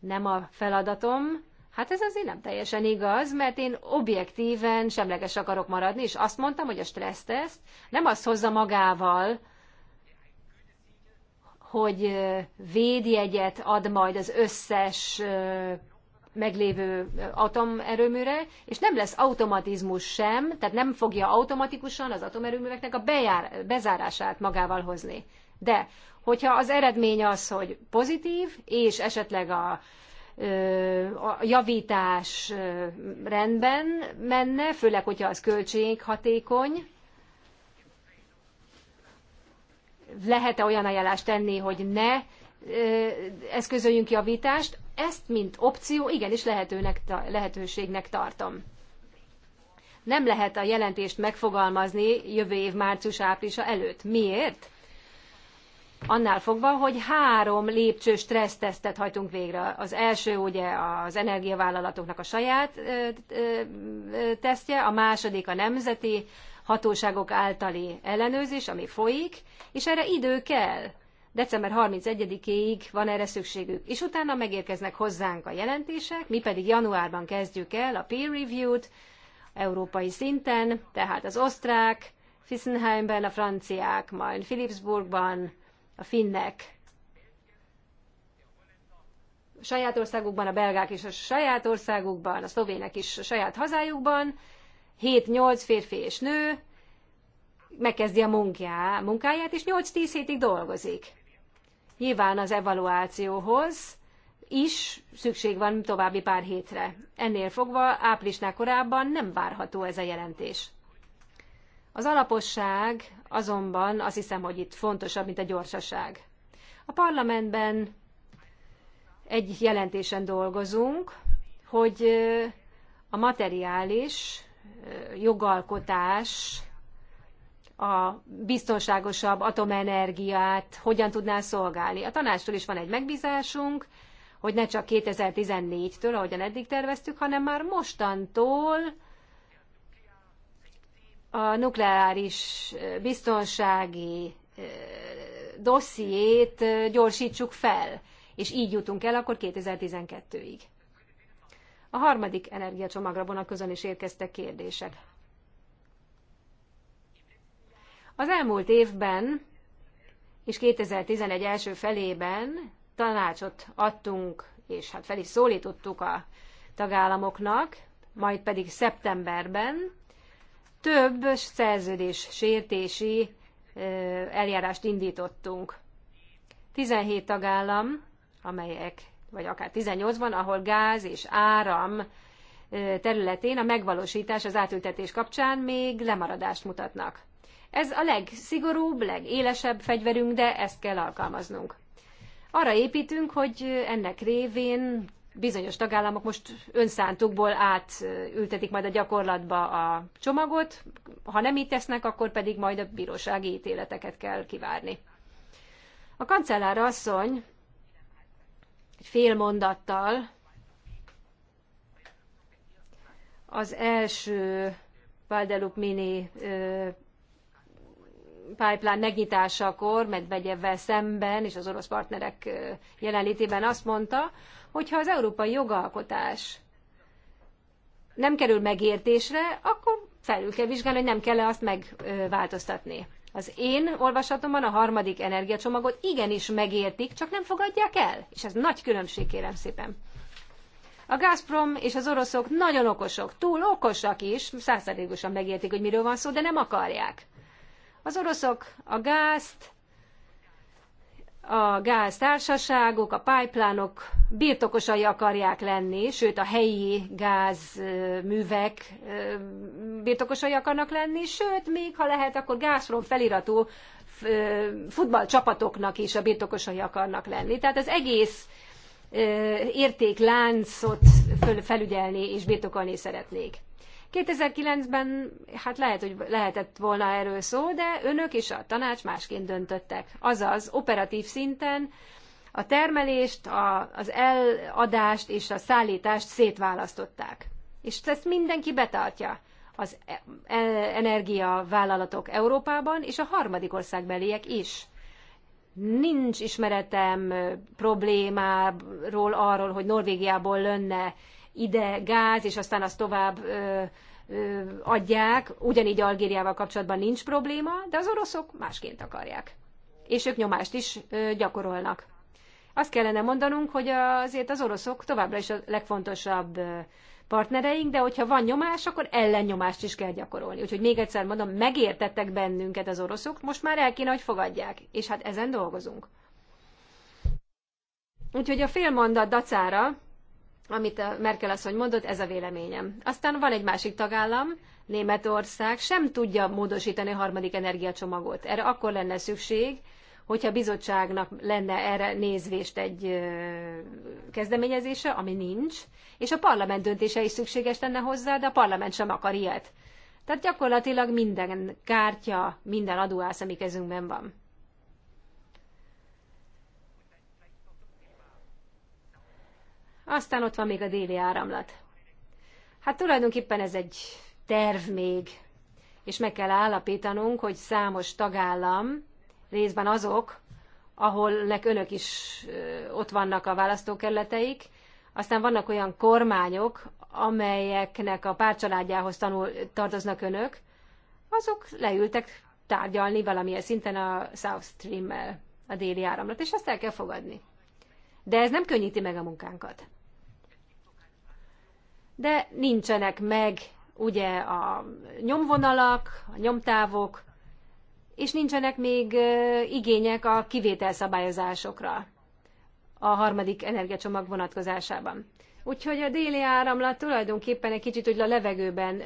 nem a feladatom, Hát ez azért nem teljesen igaz, mert én objektíven semleges akarok maradni, és azt mondtam, hogy a stresszteszt nem azt hozza magával, hogy védjegyet ad majd az összes meglévő atomerőműre, és nem lesz automatizmus sem, tehát nem fogja automatikusan az atomerőműveknek a bejár, bezárását magával hozni. De, hogyha az eredmény az, hogy pozitív, és esetleg a a javítás rendben menne, főleg, hogyha az költséghatékony. Lehet-e olyan ajánlást tenni, hogy ne eszközöljünk javítást? Ezt, mint opció, igenis lehetőnek, lehetőségnek tartom. Nem lehet a jelentést megfogalmazni jövő év március-áprilisa előtt. Miért? annál fogva, hogy három lépcső stressztesztet hajtunk végre. Az első ugye az energiavállalatoknak a saját tesztje, a második a nemzeti hatóságok általi ellenőrzés, ami folyik, és erre idő kell. December 31-ig van erre szükségük, és utána megérkeznek hozzánk a jelentések, mi pedig januárban kezdjük el a peer review-t európai szinten, tehát az osztrák, Fissenheimben a franciák, majd Philipsburgban, a finnek. A saját országukban, a belgák is a saját országukban, a szlovének is a saját hazájukban, 7-8 férfi és nő, megkezdi a munkáját, munkáját és 8-10 hétig dolgozik. Nyilván az evaluációhoz is szükség van további pár hétre. Ennél fogva áprilisnál korábban nem várható ez a jelentés. Az alaposság, azonban azt hiszem, hogy itt fontosabb, mint a gyorsaság. A parlamentben egy jelentésen dolgozunk, hogy a materiális jogalkotás a biztonságosabb atomenergiát hogyan tudná szolgálni. A tanástól is van egy megbízásunk, hogy ne csak 2014-től, ahogyan eddig terveztük, hanem már mostantól a nukleáris biztonsági dossziét gyorsítsuk fel, és így jutunk el akkor 2012-ig. A harmadik energiacsomagra vonatkozóan is érkeztek kérdések. Az elmúlt évben és 2011 első felében tanácsot adtunk, és hát fel is szólítottuk a tagállamoknak, majd pedig szeptemberben több szerződés sértési eljárást indítottunk. 17 tagállam, amelyek, vagy akár 18 van, ahol gáz és áram területén a megvalósítás az átültetés kapcsán még lemaradást mutatnak. Ez a legszigorúbb, legélesebb fegyverünk, de ezt kell alkalmaznunk. Arra építünk, hogy ennek révén bizonyos tagállamok most önszántukból átültetik majd a gyakorlatba a csomagot, ha nem így tesznek, akkor pedig majd a bírósági ítéleteket kell kivárni. A kancellár asszony egy fél mondattal az első Valdelup Mini pipeline megnyitásakor Medvegyevvel szemben és az orosz partnerek jelenlétében azt mondta, hogy ha az európai jogalkotás nem kerül megértésre, akkor felül kell vizsgálni, hogy nem kell-e azt megváltoztatni. Az én olvasatomban a harmadik energiacsomagot igenis megértik, csak nem fogadják el. És ez nagy különbség, kérem szépen. A Gazprom és az oroszok nagyon okosok, túl okosak is, százszerzékosan megértik, hogy miről van szó, de nem akarják. Az oroszok a gázt, a gáztársaságok, a pipelánok birtokosai akarják lenni, sőt a helyi gázművek birtokosai akarnak lenni, sőt, még ha lehet, akkor Gazprom feliratú futballcsapatoknak is a birtokosai akarnak lenni. Tehát az egész értékláncot felügyelni és birtokolni szeretnék. 2009-ben hát lehet, hogy lehetett volna erről szó, de önök és a tanács másként döntöttek. Azaz, operatív szinten a termelést, a, az eladást és a szállítást szétválasztották. És ezt mindenki betartja. Az e, e, energiavállalatok Európában és a harmadik országbeliek is nincs ismeretem problémáról arról, hogy Norvégiából lönne ide gáz, és aztán azt tovább ö, ö, adják. Ugyanígy Algériával kapcsolatban nincs probléma, de az oroszok másként akarják. És ők nyomást is ö, gyakorolnak. Azt kellene mondanunk, hogy azért az oroszok továbbra is a legfontosabb partnereink, de hogyha van nyomás, akkor ellennyomást is kell gyakorolni. Úgyhogy még egyszer mondom, megértettek bennünket az oroszok, most már el kéne, hogy fogadják. És hát ezen dolgozunk. Úgyhogy a félmondat dacára amit a Merkel asszony mondott, ez a véleményem. Aztán van egy másik tagállam, Németország sem tudja módosítani a harmadik energiacsomagot. Erre akkor lenne szükség, hogyha a bizottságnak lenne erre nézvést egy kezdeményezése, ami nincs, és a parlament döntése is szükséges lenne hozzá, de a parlament sem akar ilyet. Tehát gyakorlatilag minden kártya, minden adóász, ami kezünkben van. Aztán ott van még a déli áramlat. Hát tulajdonképpen ez egy terv még, és meg kell állapítanunk, hogy számos tagállam, részben azok, ahol önök is ott vannak a választókerületeik, aztán vannak olyan kormányok, amelyeknek a párcsaládjához tanul, tartoznak önök, azok leültek tárgyalni valamilyen szinten a South Stream-mel, a déli áramlat, és ezt el kell fogadni. De ez nem könnyíti meg a munkánkat de nincsenek meg ugye a nyomvonalak, a nyomtávok, és nincsenek még igények a kivételszabályozásokra a harmadik energiacsomag vonatkozásában. Úgyhogy a déli áramlat tulajdonképpen egy kicsit hogy a levegőben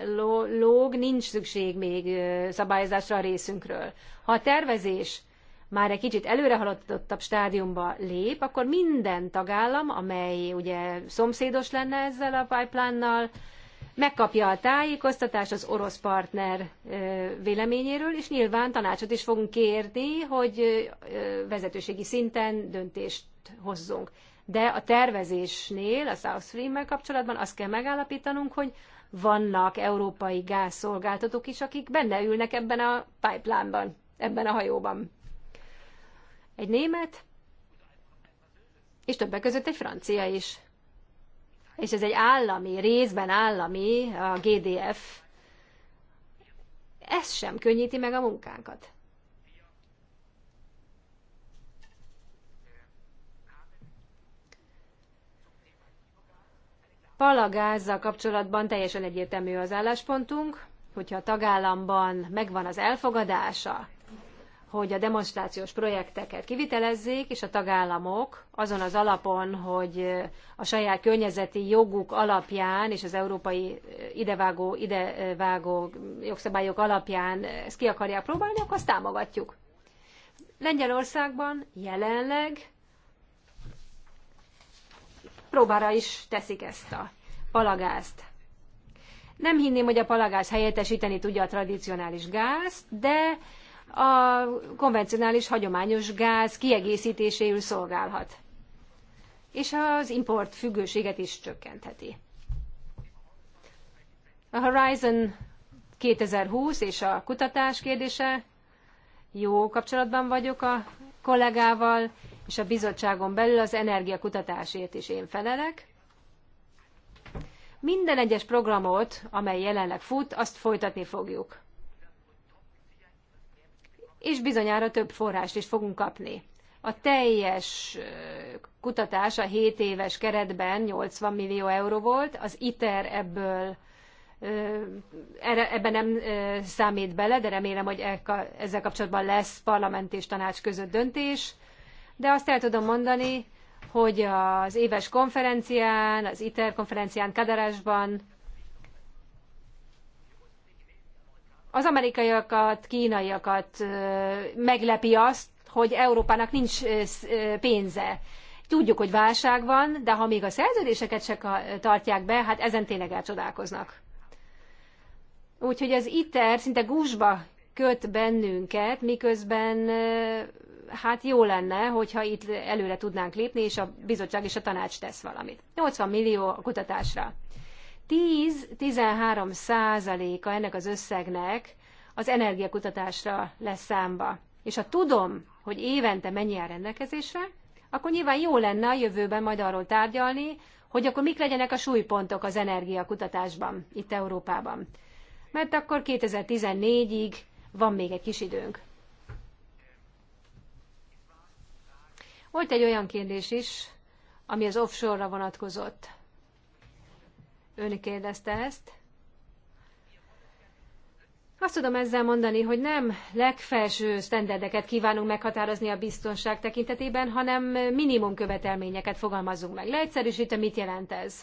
lóg, nincs szükség még szabályozásra a részünkről. Ha a tervezés már egy kicsit előrehaladottabb stádiumba lép, akkor minden tagállam, amely ugye szomszédos lenne ezzel a pipeline-nal, megkapja a tájékoztatást az orosz partner véleményéről, és nyilván tanácsot is fogunk kérni, hogy vezetőségi szinten döntést hozzunk. De a tervezésnél, a South Stream-mel kapcsolatban azt kell megállapítanunk, hogy vannak európai gázszolgáltatók is, akik benne ülnek ebben a pipeline-ban, ebben a hajóban egy német, és többek között egy francia is. És ez egy állami, részben állami, a GDF. Ez sem könnyíti meg a munkánkat. Palagázzal kapcsolatban teljesen egyértelmű az álláspontunk, hogyha a tagállamban megvan az elfogadása hogy a demonstrációs projekteket kivitelezzék, és a tagállamok azon az alapon, hogy a saját környezeti joguk alapján és az európai idevágó, idevágó jogszabályok alapján ezt ki akarják próbálni, akkor azt támogatjuk. Lengyelországban jelenleg próbára is teszik ezt a palagázt. Nem hinném, hogy a palagáz helyettesíteni tudja a tradicionális gázt, de a konvencionális, hagyományos gáz kiegészítéséül szolgálhat. És az import függőséget is csökkentheti. A Horizon 2020 és a kutatás kérdése. Jó kapcsolatban vagyok a kollégával, és a bizottságon belül az energiakutatásért is én felelek. Minden egyes programot, amely jelenleg fut, azt folytatni fogjuk és bizonyára több forrást is fogunk kapni. A teljes kutatás a 7 éves keretben 80 millió euró volt, az ITER ebből ebben nem számít bele, de remélem, hogy e ezzel kapcsolatban lesz parlament és tanács között döntés. De azt el tudom mondani, hogy az éves konferencián, az ITER konferencián Kadarásban Az amerikaiakat, kínaiakat meglepi azt, hogy Európának nincs pénze. Tudjuk, hogy válság van, de ha még a szerződéseket se tartják be, hát ezen tényleg elcsodálkoznak. Úgyhogy az ITER szinte gúzsba köt bennünket, miközben hát jó lenne, hogyha itt előre tudnánk lépni, és a bizottság és a tanács tesz valamit. 80 millió a kutatásra. 10-13 százaléka ennek az összegnek az energiakutatásra lesz számba. És ha tudom, hogy évente mennyi áll rendelkezésre, akkor nyilván jó lenne a jövőben majd arról tárgyalni, hogy akkor mik legyenek a súlypontok az energiakutatásban itt Európában. Mert akkor 2014-ig van még egy kis időnk. Volt egy olyan kérdés is, ami az offshore-ra vonatkozott. Ön kérdezte ezt. Azt tudom ezzel mondani, hogy nem legfelső sztenderdeket kívánunk meghatározni a biztonság tekintetében, hanem minimum követelményeket fogalmazunk meg. Leegyszerűsítve, mit jelent ez?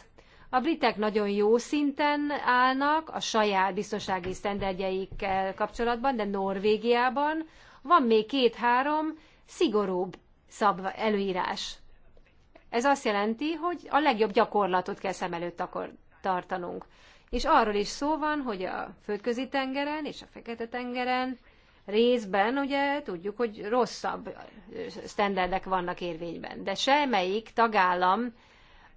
A britek nagyon jó szinten állnak a saját biztonsági sztenderdjeikkel kapcsolatban, de Norvégiában van még két-három szigorúbb szab előírás. Ez azt jelenti, hogy a legjobb gyakorlatot kell szem előtt tartanunk. És arról is szó van, hogy a földközi tengeren és a fekete tengeren részben ugye tudjuk, hogy rosszabb sztenderdek vannak érvényben, de semmelyik tagállam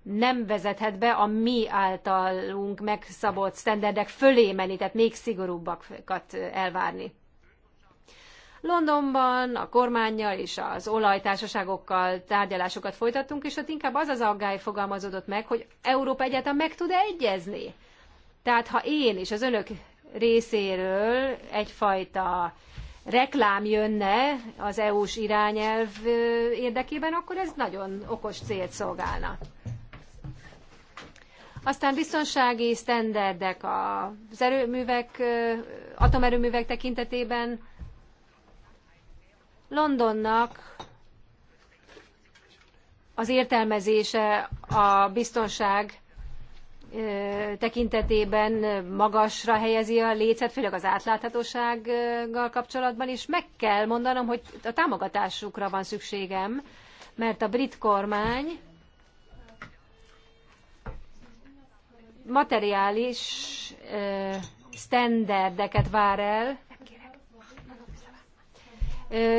nem vezethet be a mi általunk megszabott sztenderdek fölé menni, tehát még szigorúbbakat elvárni. Londonban a kormányjal és az olajtársaságokkal tárgyalásokat folytattunk, és ott inkább az az aggály fogalmazódott meg, hogy Európa egyáltalán meg tud-e egyezni. Tehát ha én és az önök részéről egyfajta reklám jönne az EU-s irányelv érdekében, akkor ez nagyon okos célt szolgálna. Aztán biztonsági sztenderdek az erőművek, atomerőművek tekintetében Londonnak az értelmezése a biztonság tekintetében magasra helyezi a lécet, főleg az átláthatósággal kapcsolatban, és meg kell mondanom, hogy a támogatásukra van szükségem, mert a brit kormány materiális standardeket vár el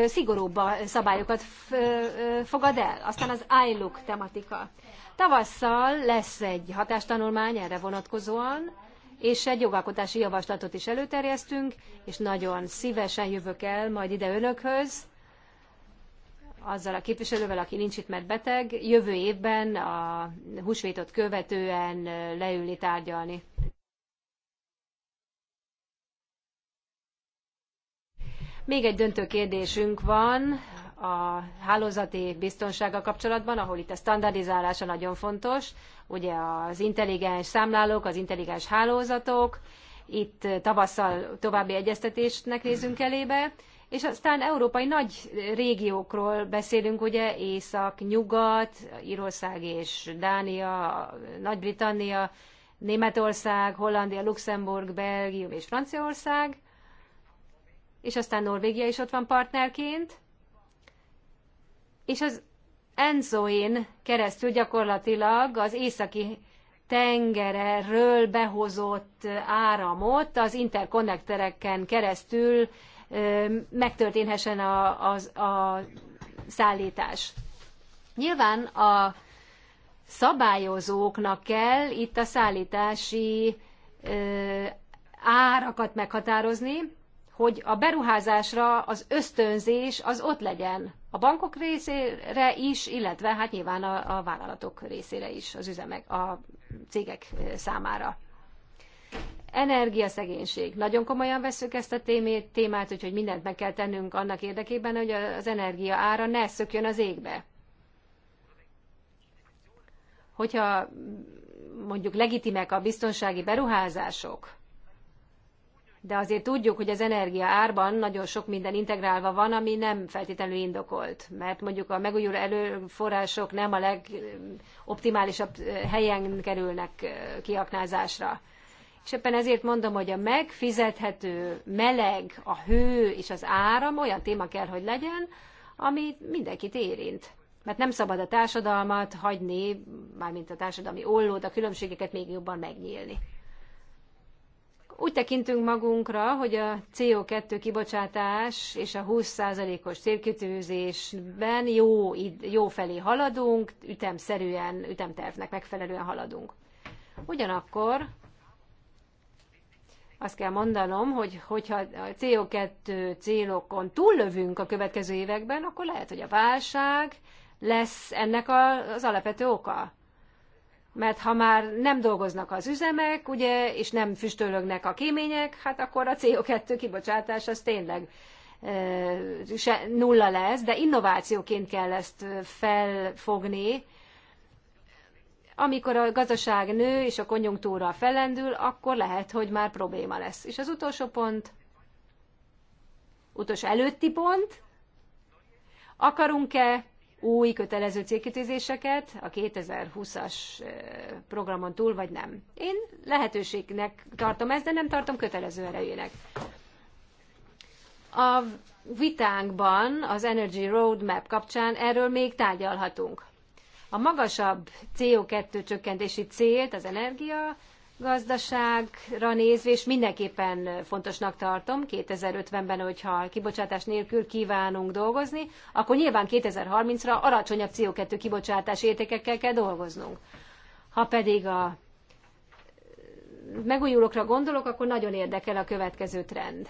szigorúbb szabályokat fogad el. Aztán az iLook tematika. Tavasszal lesz egy hatástanulmány erre vonatkozóan, és egy jogalkotási javaslatot is előterjesztünk, és nagyon szívesen jövök el majd ide önökhöz, azzal a képviselővel, aki nincs itt, mert beteg, jövő évben a húsvétot követően leülni tárgyalni. Még egy döntő kérdésünk van a hálózati biztonsága kapcsolatban, ahol itt a standardizálása nagyon fontos, ugye az intelligens számlálók, az intelligens hálózatok, itt tavasszal további egyeztetésnek nézünk elébe, és aztán európai nagy régiókról beszélünk, ugye Észak, Nyugat, Írország és Dánia, Nagy-Britannia, Németország, Hollandia, Luxemburg, Belgium és Franciaország és aztán Norvégia is ott van partnerként, és az Enzoin keresztül gyakorlatilag az északi tengerről behozott áramot az interkonnektereken keresztül megtörténhessen a, a, a szállítás. Nyilván a szabályozóknak kell itt a szállítási árakat meghatározni, hogy a beruházásra az ösztönzés az ott legyen. A bankok részére is, illetve hát nyilván a, a vállalatok részére is, az üzemek, a cégek számára. Energiaszegénység. Nagyon komolyan veszük ezt a témét, témát, úgyhogy mindent meg kell tennünk annak érdekében, hogy az energia ára ne szökjön az égbe. Hogyha mondjuk legitimek a biztonsági beruházások, de azért tudjuk, hogy az energia árban nagyon sok minden integrálva van, ami nem feltétlenül indokolt, mert mondjuk a megújuló előforrások nem a legoptimálisabb helyen kerülnek kiaknázásra. És éppen ezért mondom, hogy a megfizethető meleg, a hő és az áram olyan téma kell, hogy legyen, ami mindenkit érint. Mert nem szabad a társadalmat hagyni, mármint a társadalmi ollót, a különbségeket még jobban megnyílni. Úgy tekintünk magunkra, hogy a CO2 kibocsátás és a 20%-os célkitűzésben jó, jó felé haladunk, ütemszerűen, ütemtervnek megfelelően haladunk. Ugyanakkor azt kell mondanom, hogy hogyha a CO2 célokon túllövünk a következő években, akkor lehet, hogy a válság lesz ennek az alapvető oka. Mert ha már nem dolgoznak az üzemek, ugye, és nem füstölögnek a kémények, hát akkor a CO2 kibocsátás az tényleg se, nulla lesz, de innovációként kell ezt felfogni. Amikor a gazdaság nő és a konjunktúra felendül, akkor lehet, hogy már probléma lesz. És az utolsó pont, utolsó előtti pont, akarunk-e új kötelező célkitűzéseket a 2020-as programon túl, vagy nem. Én lehetőségnek tartom ezt, de nem tartom kötelező erejének. A vitánkban az Energy Roadmap kapcsán erről még tárgyalhatunk. A magasabb CO2 csökkentési célt, az energia gazdaságra nézve, és mindenképpen fontosnak tartom 2050-ben, hogyha kibocsátás nélkül kívánunk dolgozni, akkor nyilván 2030-ra alacsonyabb CO2 kibocsátás értékekkel kell dolgoznunk. Ha pedig a megújulókra gondolok, akkor nagyon érdekel a következő trend.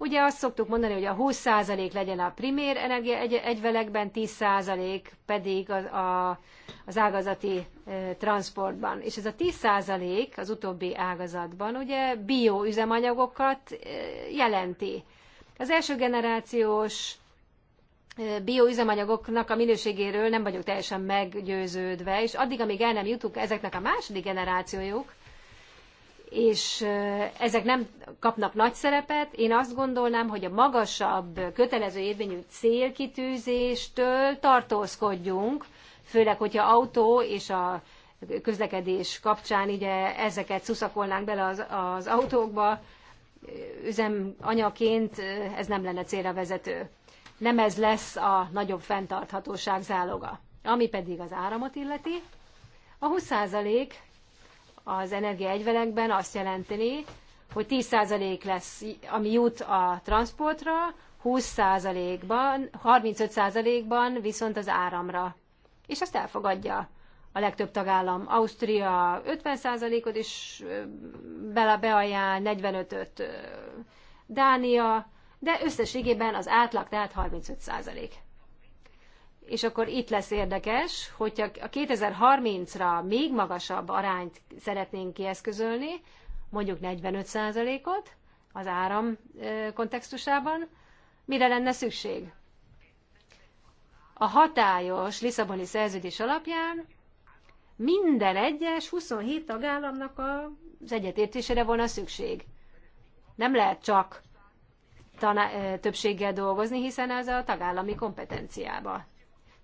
Ugye azt szoktuk mondani, hogy a 20% legyen a primér energia egy, egyvelekben, 10% pedig a, a, az ágazati e, transportban. És ez a 10% az utóbbi ágazatban ugye bioüzemanyagokat e, jelenti. Az első generációs bioüzemanyagoknak a minőségéről nem vagyok teljesen meggyőződve, és addig, amíg el nem jutunk ezeknek a második generációjuk, és ezek nem kapnak nagy szerepet. Én azt gondolnám, hogy a magasabb kötelező érvényű célkitűzéstől tartózkodjunk, főleg, hogyha autó és a közlekedés kapcsán ugye ezeket szuszakolnánk bele az, az autókba, üzemanyaként ez nem lenne célra vezető. Nem ez lesz a nagyobb fenntarthatóság záloga. Ami pedig az áramot illeti, a 20% az energiaegyvelekben azt jelenteni, hogy 10% lesz, ami jut a transportra, 20%-ban, 35%-ban viszont az áramra. És ezt elfogadja a legtöbb tagállam. Ausztria 50%-ot is bele beajánl, 45-öt Dánia, de összességében az átlag tehát 35% és akkor itt lesz érdekes, hogyha a 2030-ra még magasabb arányt szeretnénk kieszközölni, mondjuk 45%-ot az áram kontextusában, mire lenne szükség? A hatályos Lisszaboni szerződés alapján minden egyes 27 tagállamnak az egyetértésére volna szükség. Nem lehet csak többséggel dolgozni, hiszen ez a tagállami kompetenciába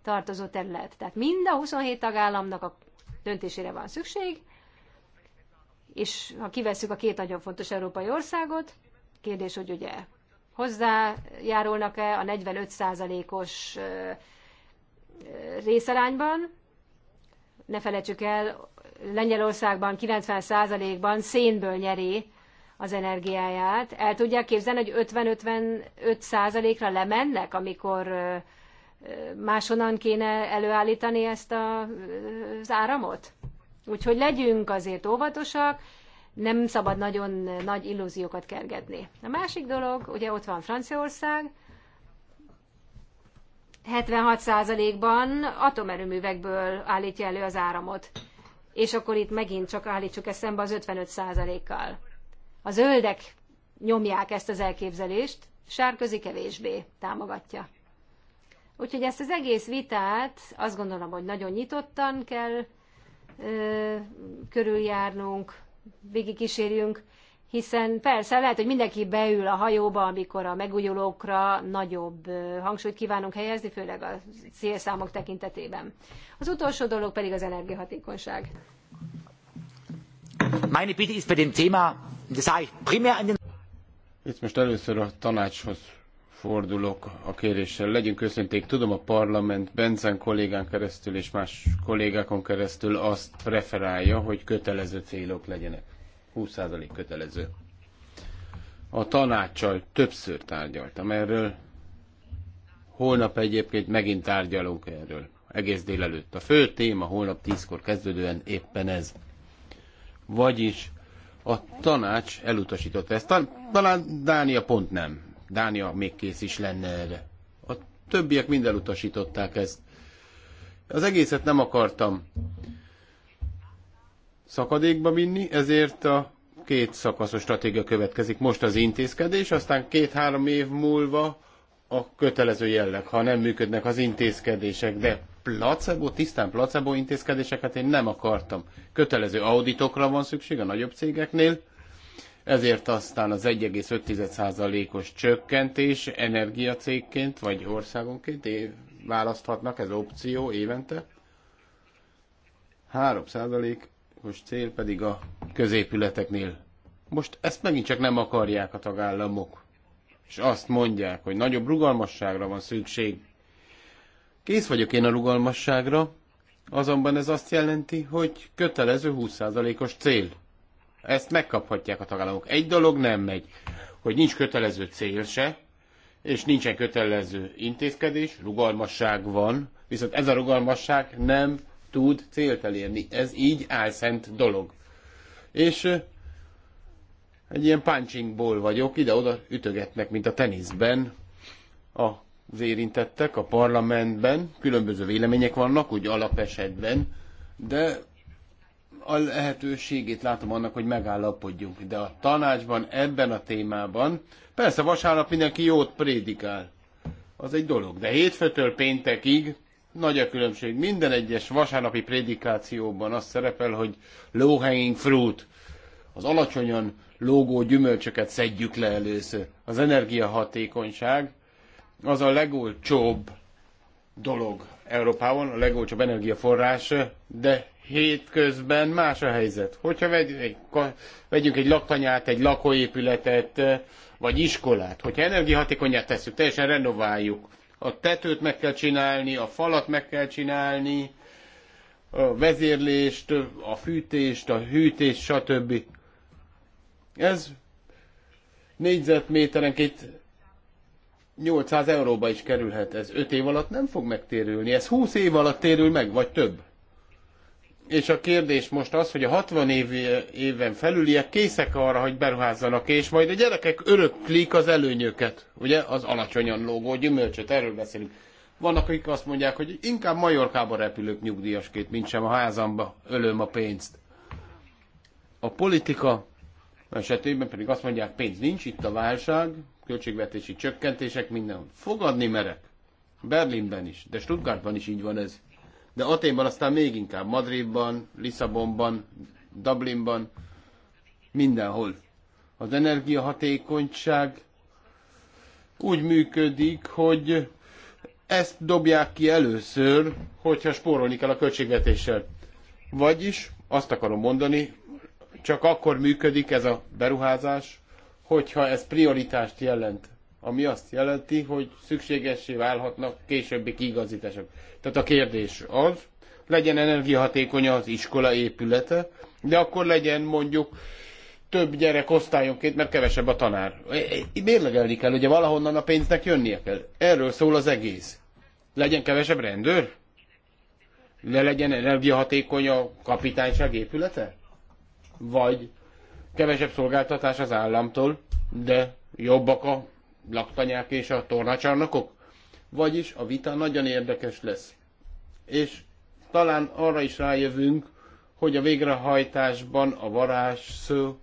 tartozó terület. Tehát mind a 27 tagállamnak a döntésére van szükség, és ha kivesszük a két nagyon fontos európai országot, kérdés, hogy ugye hozzájárulnak-e a 45%-os részarányban. Ne felejtsük el, Lengyelországban 90%-ban szénből nyeri az energiáját. El tudják képzelni, hogy 50-55%-ra lemennek, amikor máshonnan kéne előállítani ezt a, az áramot? Úgyhogy legyünk azért óvatosak, nem szabad nagyon nagy illúziókat kergetni. A másik dolog, ugye ott van Franciaország, 76%-ban atomerőművekből állítja elő az áramot. És akkor itt megint csak állítsuk ezt szembe az 55%-kal. A zöldek nyomják ezt az elképzelést, Sárközi kevésbé támogatja. Úgyhogy ezt az egész vitát azt gondolom, hogy nagyon nyitottan kell ö, körüljárnunk, végigkísérjünk, hiszen persze lehet, hogy mindenki beül a hajóba, amikor a megújulókra nagyobb hangsúlyt kívánunk helyezni, főleg a célszámok tekintetében. Az utolsó dolog pedig az energiahatékonyság. Itt most először a tanácshoz fordulok a kéréssel. Legyünk őszinték, tudom a parlament Bencen kollégán keresztül és más kollégákon keresztül azt preferálja, hogy kötelező célok legyenek. 20% kötelező. A tanácssal többször tárgyaltam erről. Holnap egyébként megint tárgyalunk erről. Egész délelőtt. A fő téma holnap 10-kor kezdődően éppen ez. Vagyis a tanács elutasította ezt. Talán Dánia pont nem Dánia még kész is lenne erre. A többiek mind elutasították ezt. Az egészet nem akartam szakadékba vinni, ezért a két szakaszos stratégia következik. Most az intézkedés, aztán két-három év múlva a kötelező jelleg, ha nem működnek az intézkedések, de placebo, tisztán placebo intézkedéseket én nem akartam. Kötelező auditokra van szükség a nagyobb cégeknél, ezért aztán az 1,5%-os csökkentés energiacégként vagy országonként választhatnak, ez opció évente. 3%-os cél pedig a középületeknél. Most ezt megint csak nem akarják a tagállamok. És azt mondják, hogy nagyobb rugalmasságra van szükség. Kész vagyok én a rugalmasságra, azonban ez azt jelenti, hogy kötelező 20%-os cél. Ezt megkaphatják a tagállamok. Egy dolog nem megy, hogy nincs kötelező cél se, és nincsen kötelező intézkedés, rugalmasság van, viszont ez a rugalmasság nem tud célt elérni. Ez így álszent dolog. És egy ilyen punchingból vagyok, ide-oda ütögetnek, mint a teniszben az érintettek, a parlamentben, különböző vélemények vannak, úgy alapesetben, de a lehetőségét látom annak, hogy megállapodjunk. De a tanácsban, ebben a témában, persze vasárnap mindenki jót prédikál. Az egy dolog. De hétfőtől péntekig nagy a különbség. Minden egyes vasárnapi prédikációban az szerepel, hogy low hanging fruit. Az alacsonyan lógó gyümölcsöket szedjük le először. Az energiahatékonyság az a legolcsóbb dolog Európában, a legolcsóbb energiaforrás, de hétközben más a helyzet. Hogyha vegyünk egy, egy laktanyát, egy lakóépületet, eh, vagy iskolát, hogyha energiahatékonyát tesszük, teljesen renováljuk, a tetőt meg kell csinálni, a falat meg kell csinálni, a vezérlést, a fűtést, a hűtést, stb. Ez négyzetméterenként 800 euróba is kerülhet. Ez 5 év alatt nem fog megtérülni. Ez 20 év alatt térül meg, vagy több. És a kérdés most az, hogy a 60 év, éven felüliek készek arra, hogy beruházzanak, és majd a gyerekek öröklik az előnyöket, ugye, az alacsonyan lógó gyümölcsöt, erről beszélünk. Vannak, akik azt mondják, hogy inkább Majorkába repülök nyugdíjasként, mint sem a házamba ölöm a pénzt. A politika esetében pedig azt mondják, pénz nincs, itt a válság, költségvetési csökkentések, minden. Fogadni merek. Berlinben is, de Stuttgartban is így van ez de Aténban aztán még inkább, Madridban, Lisszabonban, Dublinban, mindenhol. Az energiahatékonyság úgy működik, hogy ezt dobják ki először, hogyha spórolni kell a költségvetéssel. Vagyis azt akarom mondani, csak akkor működik ez a beruházás, hogyha ez prioritást jelent ami azt jelenti, hogy szükségessé válhatnak későbbi kiigazítások. Tehát a kérdés az, legyen energiahatékony az iskola épülete, de akkor legyen mondjuk több gyerek osztályonként, mert kevesebb a tanár. Mérlegelni kell, ugye valahonnan a pénznek jönnie kell. Erről szól az egész. Legyen kevesebb rendőr? Le legyen energiahatékony a kapitányság épülete? Vagy kevesebb szolgáltatás az államtól, de jobbak a laktanyák és a tornacsarnokok? Vagyis a vita nagyon érdekes lesz. És talán arra is rájövünk, hogy a végrehajtásban a varázs szó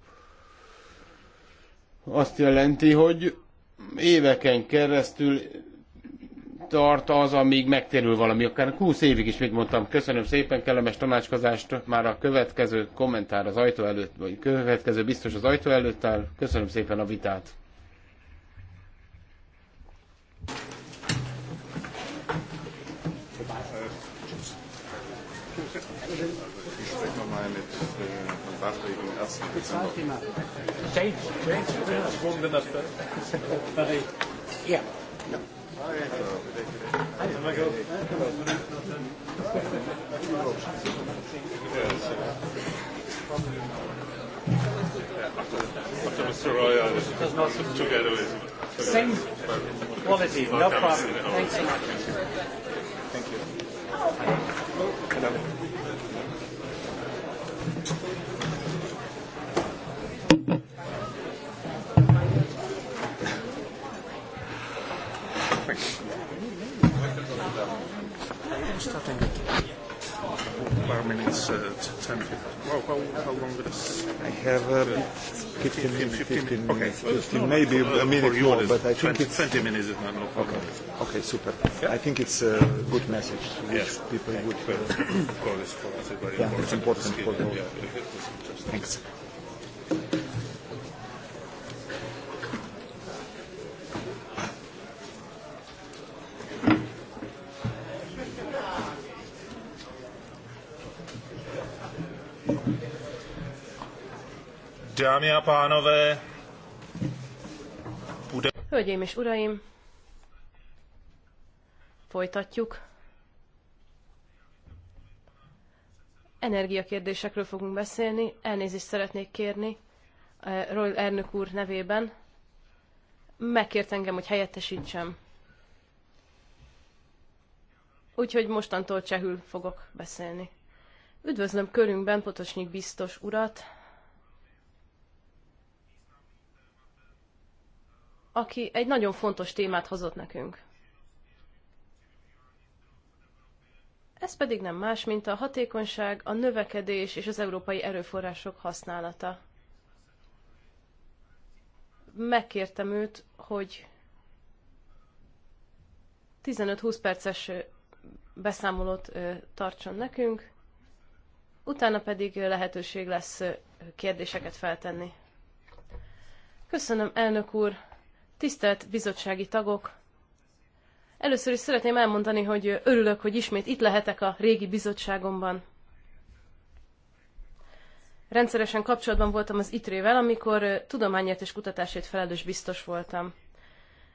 azt jelenti, hogy éveken keresztül tart az, amíg megtérül valami, akár 20 évig is, mit mondtam. Köszönöm szépen, kellemes tanácskozást. Már a következő kommentár az ajtó előtt, vagy következő biztos az ajtó előtt áll. Köszönöm szépen a vitát. Ich spreche nochmal mit äh, Bartweg am 1. Dezember. James, James, ich wohne in der Stadt. Ja. Hi, hello. Hi, hello. Yes. After Mr. Roy, I was together with him. Same quality, no problem. Thanks so much. Thank you. Hello about minutes, uh, 10, 15. Well, how, how long is it? I have uh, 15, 15, 15, 15 minutes. Okay. 15, maybe uh, a minute more, but I think it's... 20 minutes is not no problem. Okay, okay super. Yeah? I think it's a good message. Yes. People would... Uh, for us, for us, very yeah, important. it's important for all. Yeah, Thanks. Dámy a pánové, bude... Hölgyeim és uraim, folytatjuk. Energiakérdésekről fogunk beszélni. Elnézést szeretnék kérni eh, Roy Ernök úr nevében. Megkért engem, hogy helyettesítsem. Úgyhogy mostantól csehül fogok beszélni. Üdvözlöm körünkben Potosnyik biztos urat, aki egy nagyon fontos témát hozott nekünk. Ez pedig nem más, mint a hatékonyság, a növekedés és az európai erőforrások használata. Megkértem őt, hogy 15-20 perces beszámolót tartson nekünk, utána pedig lehetőség lesz kérdéseket feltenni. Köszönöm, elnök úr! Tisztelt bizottsági tagok! Először is szeretném elmondani, hogy örülök, hogy ismét itt lehetek a régi bizottságomban. Rendszeresen kapcsolatban voltam az ITRÉ-vel, amikor tudományért és kutatásért felelős biztos voltam.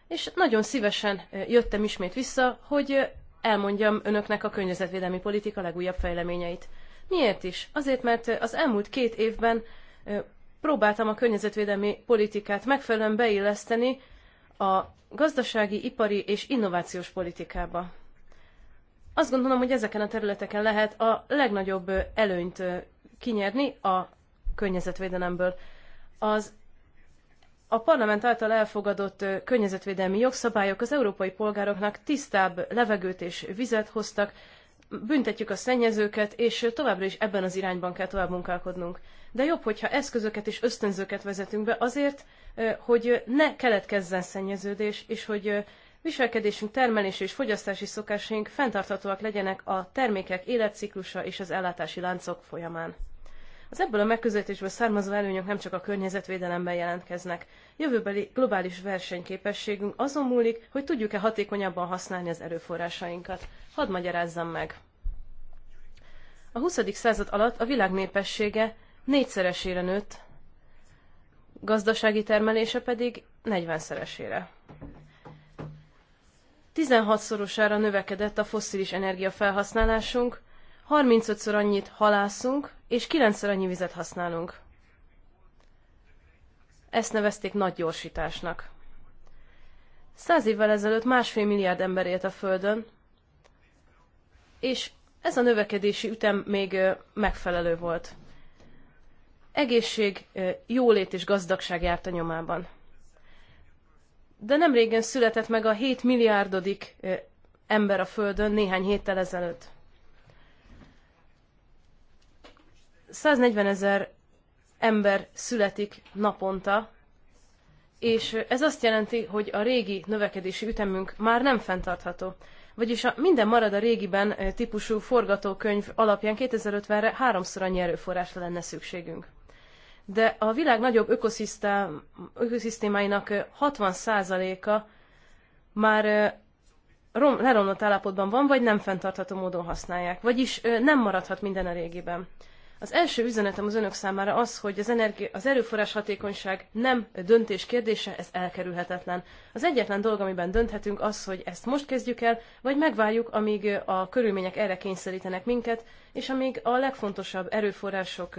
És nagyon szívesen jöttem ismét vissza, hogy elmondjam önöknek a környezetvédelmi politika legújabb fejleményeit. Miért is? Azért, mert az elmúlt két évben próbáltam a környezetvédelmi politikát megfelelően beilleszteni a gazdasági, ipari és innovációs politikába. Azt gondolom, hogy ezeken a területeken lehet a legnagyobb előnyt kinyerni a környezetvédelemből. Az a parlament által elfogadott környezetvédelmi jogszabályok az európai polgároknak tisztább levegőt és vizet hoztak, büntetjük a szennyezőket, és továbbra is ebben az irányban kell tovább munkálkodnunk. De jobb, hogyha eszközöket és ösztönzőket vezetünk be azért, hogy ne keletkezzen szennyeződés, és hogy viselkedésünk, termelési és fogyasztási szokásaink fenntarthatóak legyenek a termékek életciklusa és az ellátási láncok folyamán. Az ebből a megközelítésből származó előnyök nem csak a környezetvédelemben jelentkeznek. Jövőbeli globális versenyképességünk azon múlik, hogy tudjuk-e hatékonyabban használni az erőforrásainkat. Hadd magyarázzam meg. A 20. század alatt a világ népessége négyszeresére nőtt, gazdasági termelése pedig 40-szeresére. 16-szorosára növekedett a fosszilis energiafelhasználásunk, 35-szor annyit halászunk, és kilencszer annyi vizet használunk. Ezt nevezték nagy gyorsításnak. Száz évvel ezelőtt másfél milliárd ember élt a Földön, és ez a növekedési ütem még megfelelő volt. Egészség, jólét és gazdagság járt a nyomában. De nem régen született meg a 7 milliárdodik ember a Földön néhány héttel ezelőtt. 140 ezer ember születik naponta, és ez azt jelenti, hogy a régi növekedési ütemünk már nem fenntartható. Vagyis a minden marad a régiben eh, típusú forgatókönyv alapján 2050-re háromszor annyi erőforrásra lenne szükségünk. De a világ nagyobb ökoszisztémáinak 60%-a eh, már eh, leromlott állapotban van, vagy nem fenntartható módon használják. Vagyis nem maradhat minden a régiben. Az első üzenetem az önök számára az, hogy az, energi- az erőforrás hatékonyság nem döntés kérdése, ez elkerülhetetlen. Az egyetlen dolog, amiben dönthetünk, az, hogy ezt most kezdjük el, vagy megvárjuk, amíg a körülmények erre kényszerítenek minket, és amíg a legfontosabb erőforrások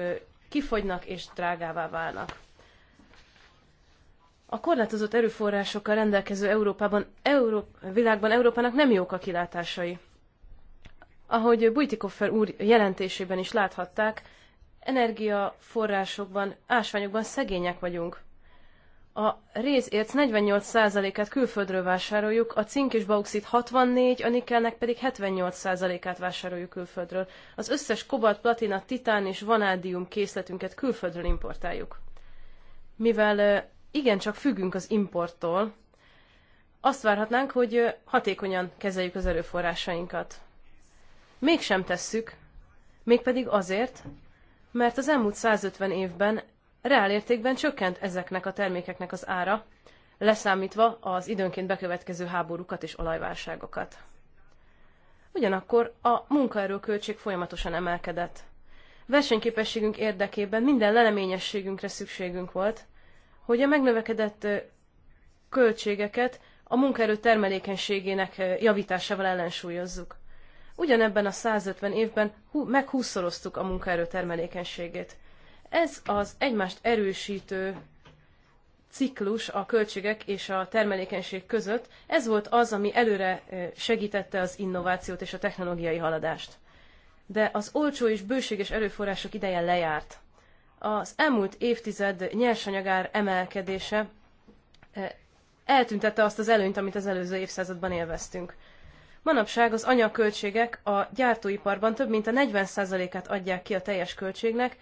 kifogynak és drágává válnak. A korlátozott erőforrásokkal rendelkező Európában, Euró- világban Európának nem jók a kilátásai. Ahogy Bujtikoffer úr jelentésében is láthatták, energiaforrásokban, ásványokban szegények vagyunk. A rézérc 48%-át külföldről vásároljuk, a cink és bauxit 64, a nikelnek pedig 78%-át vásároljuk külföldről. Az összes kobalt, platina, titán és vanádium készletünket külföldről importáljuk. Mivel igencsak függünk az importtól, azt várhatnánk, hogy hatékonyan kezeljük az erőforrásainkat. Mégsem tesszük, mégpedig azért, mert az elmúlt 150 évben reálértékben csökkent ezeknek a termékeknek az ára, leszámítva az időnként bekövetkező háborúkat és olajválságokat. Ugyanakkor a munkaerőköltség folyamatosan emelkedett. Versenyképességünk érdekében minden leleményességünkre szükségünk volt, hogy a megnövekedett költségeket a munkaerő termelékenységének javításával ellensúlyozzuk ugyanebben a 150 évben meghúszoroztuk a munkaerő termelékenységét. Ez az egymást erősítő ciklus a költségek és a termelékenység között, ez volt az, ami előre eh, segítette az innovációt és a technológiai haladást. De az olcsó és bőséges erőforrások ideje lejárt. Az elmúlt évtized nyersanyagár emelkedése eh, eltüntette azt az előnyt, amit az előző évszázadban élveztünk. Manapság az anyaköltségek a gyártóiparban több mint a 40%-át adják ki a teljes költségnek,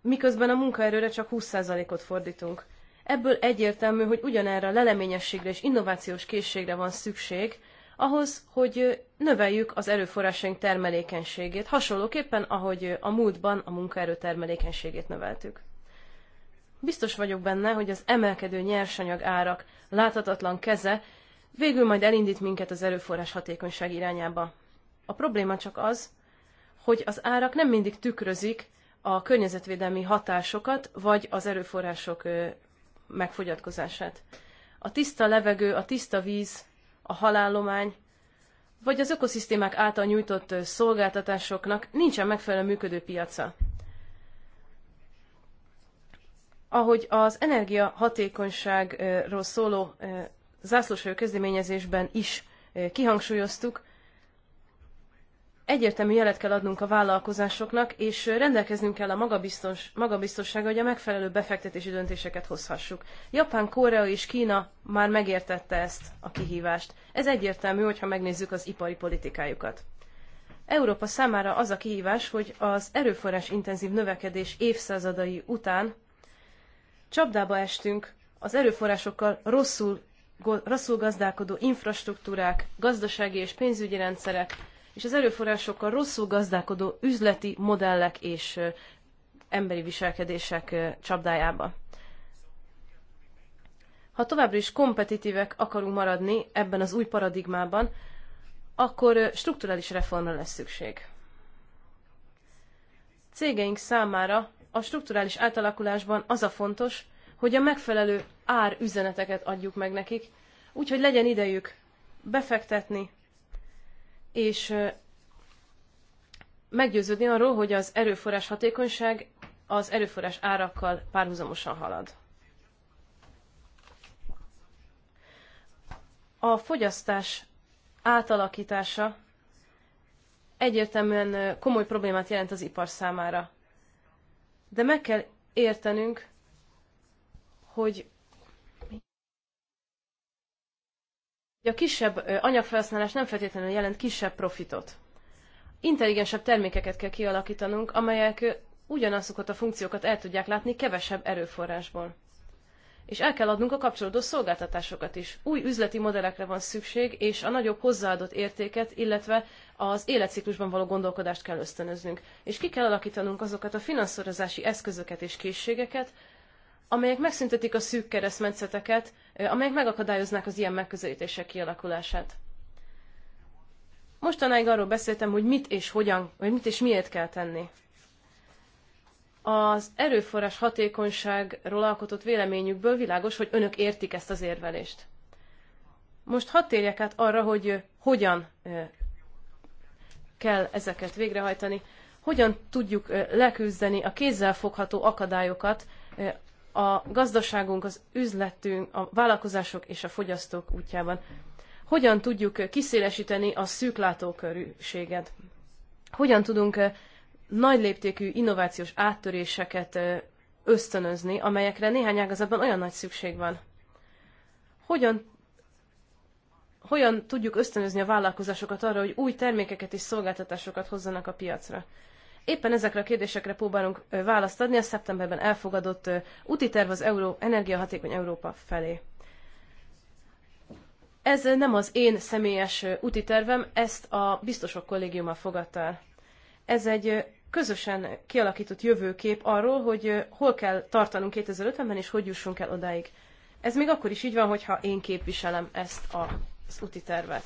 miközben a munkaerőre csak 20%-ot fordítunk. Ebből egyértelmű, hogy ugyanerre a leleményességre és innovációs készségre van szükség, ahhoz, hogy növeljük az erőforrásaink termelékenységét, hasonlóképpen, ahogy a múltban a munkaerő termelékenységét növeltük. Biztos vagyok benne, hogy az emelkedő nyersanyag árak láthatatlan keze végül majd elindít minket az erőforrás hatékonyság irányába. A probléma csak az, hogy az árak nem mindig tükrözik a környezetvédelmi hatásokat, vagy az erőforrások megfogyatkozását. A tiszta levegő, a tiszta víz, a halállomány, vagy az ökoszisztémák által nyújtott szolgáltatásoknak nincsen megfelelő működő piaca. Ahogy az energiahatékonyságról szóló zászlósajó közleményezésben is kihangsúlyoztuk, egyértelmű jelet kell adnunk a vállalkozásoknak, és rendelkeznünk kell a magabiztos, magabiztossága, hogy a megfelelő befektetési döntéseket hozhassuk. Japán, Korea és Kína már megértette ezt a kihívást. Ez egyértelmű, hogyha megnézzük az ipari politikájukat. Európa számára az a kihívás, hogy az erőforrás intenzív növekedés évszázadai után csapdába estünk, az erőforrásokkal rosszul rosszul gazdálkodó infrastruktúrák, gazdasági és pénzügyi rendszerek, és az erőforrásokkal rosszul gazdálkodó üzleti modellek és emberi viselkedések csapdájába. Ha továbbra is kompetitívek akarunk maradni ebben az új paradigmában, akkor strukturális reformra lesz szükség. Cégeink számára a strukturális átalakulásban az a fontos, hogy a megfelelő ár üzeneteket adjuk meg nekik, úgyhogy legyen idejük befektetni, és meggyőződni arról, hogy az erőforrás hatékonyság az erőforrás árakkal párhuzamosan halad. A fogyasztás átalakítása egyértelműen komoly problémát jelent az ipar számára. De meg kell értenünk, hogy a kisebb anyagfelhasználás nem feltétlenül jelent kisebb profitot. Intelligensebb termékeket kell kialakítanunk, amelyek ugyanazokat a funkciókat el tudják látni kevesebb erőforrásból. És el kell adnunk a kapcsolódó szolgáltatásokat is. Új üzleti modellekre van szükség, és a nagyobb hozzáadott értéket, illetve az életciklusban való gondolkodást kell ösztönöznünk. És ki kell alakítanunk azokat a finanszírozási eszközöket és készségeket, amelyek megszüntetik a szűk keresztmetszeteket, eh, amelyek megakadályoznák az ilyen megközelítések kialakulását. Mostanáig arról beszéltem, hogy mit és hogyan, vagy mit és miért kell tenni. Az erőforrás hatékonyságról alkotott véleményükből világos, hogy önök értik ezt az érvelést. Most hadd térjek át arra, hogy eh, hogyan eh, kell ezeket végrehajtani, hogyan tudjuk leküzdeni a kézzelfogható akadályokat, a gazdaságunk, az üzletünk, a vállalkozások és a fogyasztók útjában. Hogyan tudjuk kiszélesíteni a szűklátókörűséget? Hogyan tudunk eh, nagy léptékű innovációs áttöréseket eh, ösztönözni, amelyekre néhány ágazatban olyan nagy szükség van? Hogyan hogyan tudjuk ösztönözni a vállalkozásokat arra, hogy új termékeket és szolgáltatásokat hozzanak a piacra. Éppen ezekre a kérdésekre próbálunk választ adni a szeptemberben elfogadott úti terv az Euró, energiahatékony Európa felé. Ez nem az én személyes úti tervem, ezt a biztosok kollégiuma fogadta el. Ez egy közösen kialakított jövőkép arról, hogy hol kell tartanunk 2050-ben, és hogy jussunk el odáig. Ez még akkor is így van, hogyha én képviselem ezt a, az úti tervet.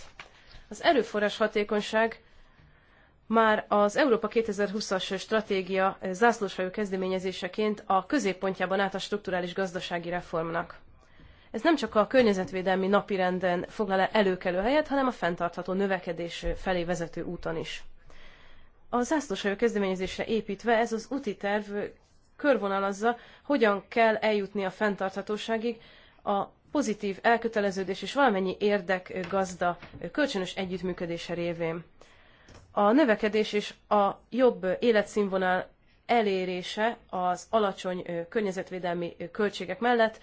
Az erőforrás hatékonyság már az Európa 2020-as stratégia eh, zászlóshajú kezdeményezéseként a középpontjában állt a strukturális gazdasági reformnak. Ez nem csak a környezetvédelmi napirenden foglal el előkelő helyet, hanem a fenntartható növekedés eh, felé vezető úton is. A zászlóshajó kezdeményezésre építve ez az úti terv eh, körvonalazza, hogyan kell eljutni a fenntarthatóságig a pozitív elköteleződés és valamennyi érdek gazda kölcsönös együttműködése révén. A növekedés és a jobb életszínvonal elérése az alacsony környezetvédelmi költségek mellett,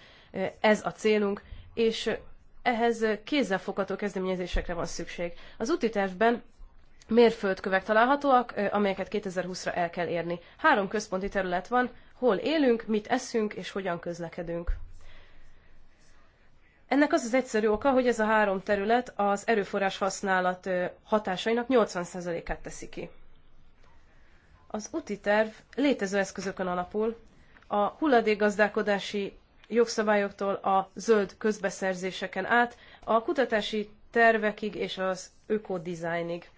ez a célunk, és ehhez kézzelfogható kezdeményezésekre van szükség. Az úti tervben mérföldkövek találhatóak, amelyeket 2020-ra el kell érni. Három központi terület van, hol élünk, mit eszünk és hogyan közlekedünk. Ennek az az egyszerű oka, hogy ez a három terület az erőforrás használat hatásainak 80%-át teszi ki. Az úti terv létező eszközökön alapul, a hulladékgazdálkodási jogszabályoktól a zöld közbeszerzéseken át, a kutatási tervekig és az ökodizájnig.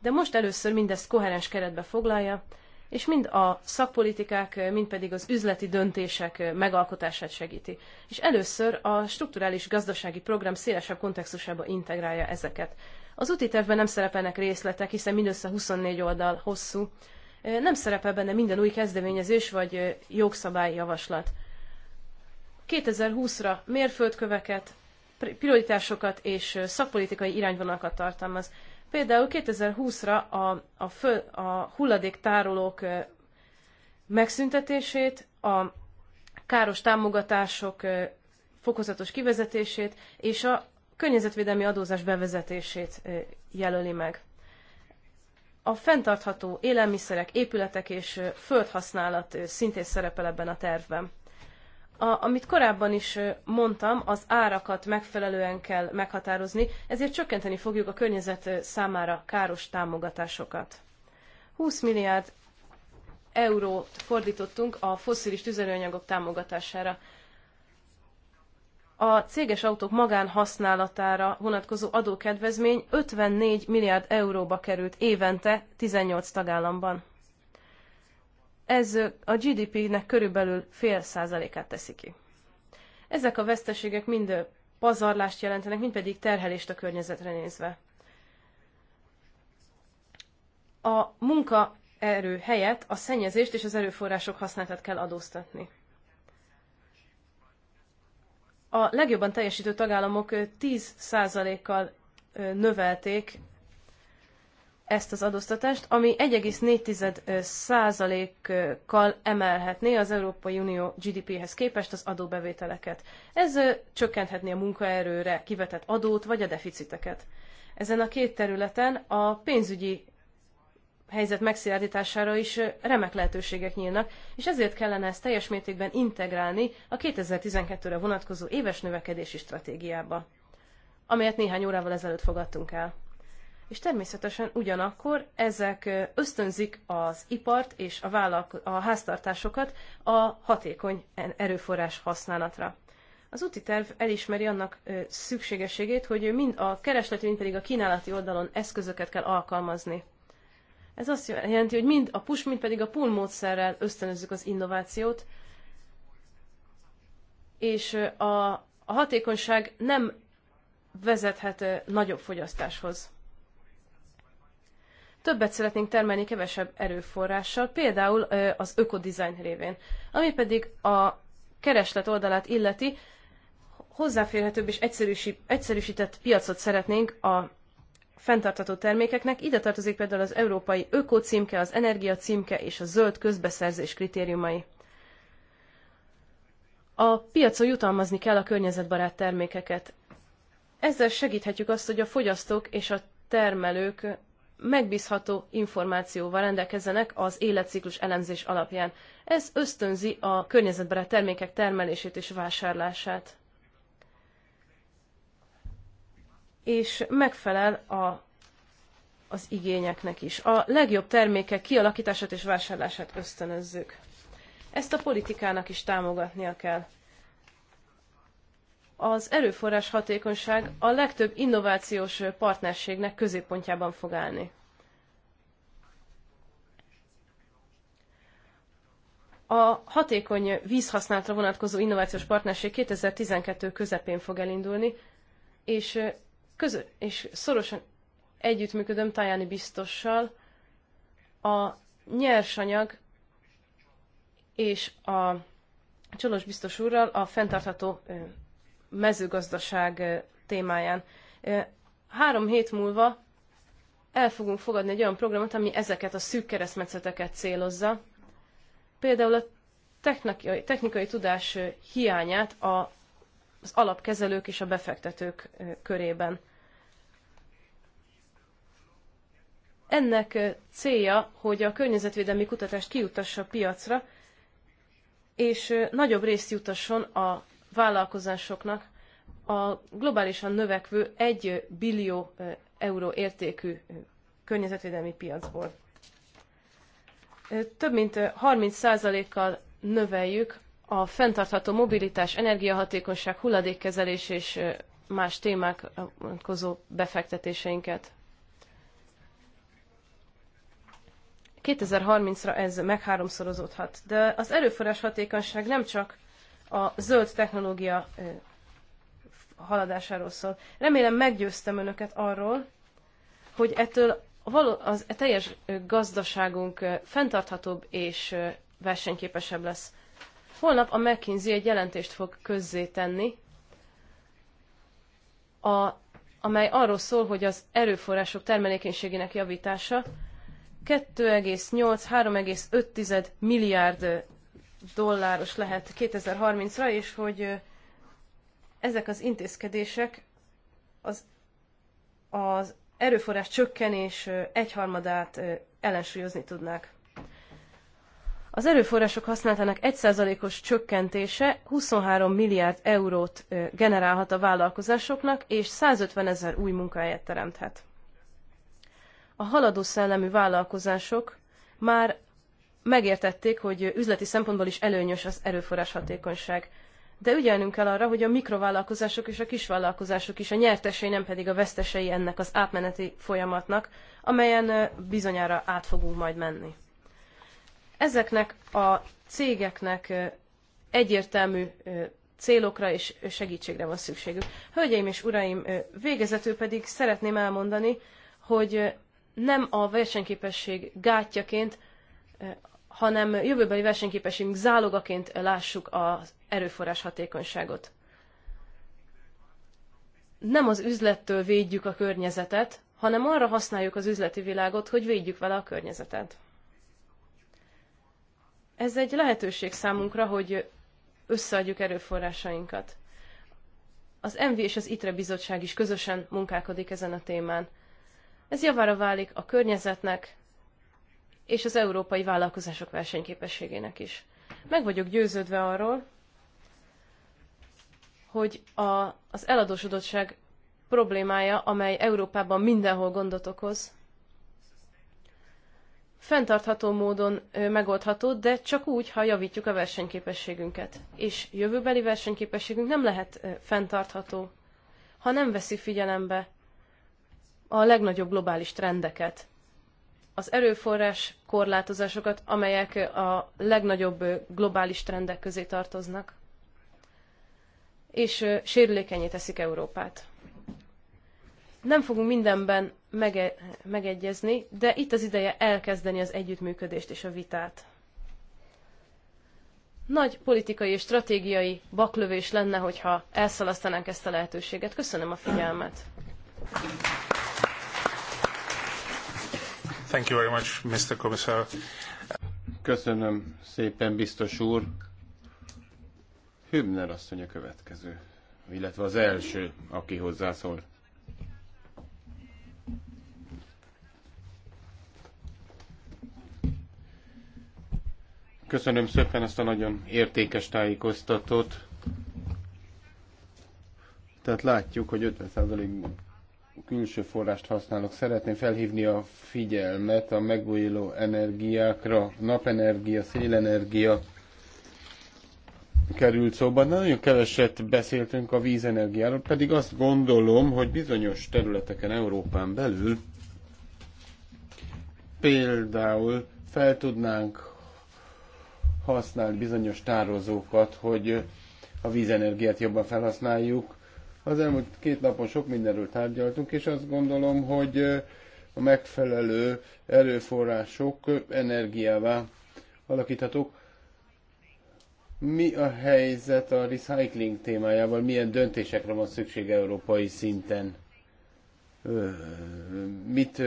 De most először mindezt koherens keretbe foglalja, és mind a szakpolitikák, mind pedig az üzleti döntések megalkotását segíti. És először a strukturális gazdasági program szélesebb kontextusába integrálja ezeket. Az úti tervben nem szerepelnek részletek, hiszen mindössze 24 oldal hosszú. Nem szerepel benne minden új kezdeményezés vagy jogszabályjavaslat. 2020-ra mérföldköveket, prioritásokat és szakpolitikai irányvonalakat tartalmaz. Például 2020-ra a, a, föl, a hulladéktárolók megszüntetését, a káros támogatások fokozatos kivezetését és a környezetvédelmi adózás bevezetését jelöli meg. A fenntartható élelmiszerek, épületek és földhasználat szintén szerepel ebben a tervben. A, amit korábban is mondtam, az árakat megfelelően kell meghatározni, ezért csökkenteni fogjuk a környezet számára káros támogatásokat. 20 milliárd eurót fordítottunk a fosszilis tüzelőanyagok támogatására. A céges autók magánhasználatára vonatkozó adókedvezmény 54 milliárd euróba került évente 18 tagállamban ez a GDP-nek körülbelül fél százalékát teszi ki. Ezek a veszteségek mind pazarlást jelentenek, mind pedig terhelést a környezetre nézve. A munkaerő helyett a szennyezést és az erőforrások használatát kell adóztatni. A legjobban teljesítő tagállamok 10%-kal növelték ezt az adóztatást, ami 1,4%-kal emelhetné az Európai Unió GDP-hez képest az adóbevételeket. Ez csökkenthetné a munkaerőre kivetett adót vagy a deficiteket. Ezen a két területen a pénzügyi helyzet megszilárdítására is remek lehetőségek nyílnak, és ezért kellene ezt teljes mértékben integrálni a 2012-re vonatkozó éves növekedési stratégiába, amelyet néhány órával ezelőtt fogadtunk el és természetesen ugyanakkor ezek ösztönzik az ipart és a, vállalko- a háztartásokat a hatékony erőforrás használatra. Az úti terv elismeri annak szükségességét, hogy mind a keresleti, mind pedig a kínálati oldalon eszközöket kell alkalmazni. Ez azt jelenti, hogy mind a push, mind pedig a pull módszerrel ösztönözzük az innovációt, és a, a hatékonyság nem vezethet nagyobb fogyasztáshoz. Többet szeretnénk termelni kevesebb erőforrással, például az ökodizájn révén. Ami pedig a kereslet oldalát illeti, hozzáférhetőbb és egyszerűsített piacot szeretnénk a fenntartató termékeknek. Ide tartozik például az európai öko címke, az energia címke és a zöld közbeszerzés kritériumai. A piacon jutalmazni kell a környezetbarát termékeket. Ezzel segíthetjük azt, hogy a fogyasztók és a termelők megbízható információval rendelkezzenek az életciklus elemzés alapján. Ez ösztönzi a környezetbarát termékek termelését és vásárlását. És megfelel a, az igényeknek is. A legjobb termékek kialakítását és vásárlását ösztönözzük. Ezt a politikának is támogatnia kell az erőforrás hatékonyság a legtöbb innovációs partnerségnek középpontjában fog állni. A hatékony vízhasználatra vonatkozó innovációs partnerség 2012 közepén fog elindulni, és, közö- és szorosan együttműködöm Tajani biztossal a nyersanyag és a Csolos biztos úrral a fenntartható mezőgazdaság témáján. Három hét múlva el fogunk fogadni egy olyan programot, ami ezeket a szűk keresztmetszeteket célozza. Például a technikai, technikai tudás hiányát a, az alapkezelők és a befektetők körében. Ennek célja, hogy a környezetvédelmi kutatást kijutassa a piacra, és nagyobb részt jutasson a vállalkozásoknak a globálisan növekvő 1 billió euró értékű környezetvédelmi piacból. Több mint 30%-kal növeljük a fenntartható mobilitás, energiahatékonyság, hulladékkezelés és más témák vonatkozó befektetéseinket. 2030-ra ez megháromszorozódhat, de az erőforrás hatékonyság nem csak a zöld technológia haladásáról szól. Remélem meggyőztem önöket arról, hogy ettől az a e teljes gazdaságunk fenntarthatóbb és versenyképesebb lesz. Holnap a McKinsey egy jelentést fog közzétenni, a, amely arról szól, hogy az erőforrások termelékenységének javítása 2,8-3,5 milliárd dolláros lehet 2030-ra, és hogy ezek az intézkedések az, az erőforrás csökkenés egyharmadát ellensúlyozni tudnák. Az erőforrások használatának 1%-os csökkentése 23 milliárd eurót generálhat a vállalkozásoknak, és 150 ezer új munkahelyet teremthet. A haladó szellemű vállalkozások már megértették, hogy üzleti szempontból is előnyös az erőforrás hatékonyság. De ügyelnünk kell arra, hogy a mikrovállalkozások és a kisvállalkozások is a nyertesei, nem pedig a vesztesei ennek az átmeneti folyamatnak, amelyen bizonyára át fogunk majd menni. Ezeknek a cégeknek egyértelmű célokra és segítségre van szükségük. Hölgyeim és uraim, végezetül pedig szeretném elmondani, hogy nem a versenyképesség gátjaként, hanem jövőbeli versenyképességünk zálogaként lássuk az erőforrás hatékonyságot. Nem az üzlettől védjük a környezetet, hanem arra használjuk az üzleti világot, hogy védjük vele a környezetet. Ez egy lehetőség számunkra, hogy összeadjuk erőforrásainkat. Az MV és az ITRE bizottság is közösen munkálkodik ezen a témán. Ez javára válik a környezetnek, és az európai vállalkozások versenyképességének is. Meg vagyok győződve arról, hogy a, az eladósodottság problémája, amely Európában mindenhol gondot okoz, fenntartható módon megoldható, de csak úgy, ha javítjuk a versenyképességünket. És jövőbeli versenyképességünk nem lehet fenntartható, ha nem veszi figyelembe a legnagyobb globális trendeket az erőforrás korlátozásokat, amelyek a legnagyobb globális trendek közé tartoznak, és sérülékenyé teszik Európát. Nem fogunk mindenben mege- megegyezni, de itt az ideje elkezdeni az együttműködést és a vitát. Nagy politikai és stratégiai baklövés lenne, hogyha elszalasztanánk ezt a lehetőséget. Köszönöm a figyelmet! Thank you very much, Mr. Commissar. Köszönöm szépen, biztos úr. Hübner asszony a következő, illetve az első, aki hozzászól. Köszönöm szépen ezt a nagyon értékes tájékoztatót. Tehát látjuk, hogy 50%-ban külső forrást használok. Szeretném felhívni a figyelmet a megújuló energiákra, napenergia, szélenergia került szóba. Nagyon keveset beszéltünk a vízenergiáról, pedig azt gondolom, hogy bizonyos területeken Európán belül például fel tudnánk használni bizonyos tározókat, hogy a vízenergiát jobban felhasználjuk, az elmúlt két napon sok mindenről tárgyaltunk, és azt gondolom, hogy a megfelelő erőforrások energiává alakíthatók. Mi a helyzet a recycling témájával? Milyen döntésekre van szükség európai szinten? Mit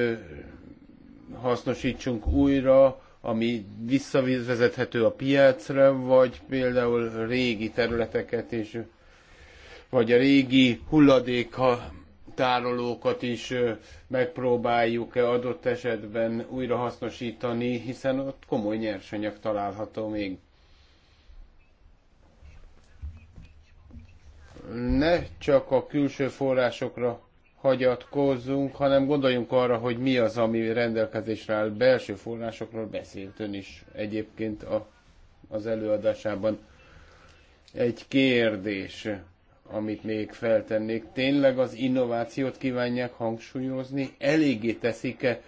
hasznosítsunk újra, ami visszavezethető a piacra, vagy például régi területeket és vagy a régi hulladék tárolókat is megpróbáljuk-e adott esetben újrahasznosítani, hiszen ott komoly nyersanyag található még. Ne csak a külső forrásokra hagyatkozzunk, hanem gondoljunk arra, hogy mi az, ami rendelkezésre áll. Belső forrásokról beszélt ön is egyébként a, az előadásában. Egy kérdés amit még feltennék. Tényleg az innovációt kívánják hangsúlyozni? Eléggé teszik-e?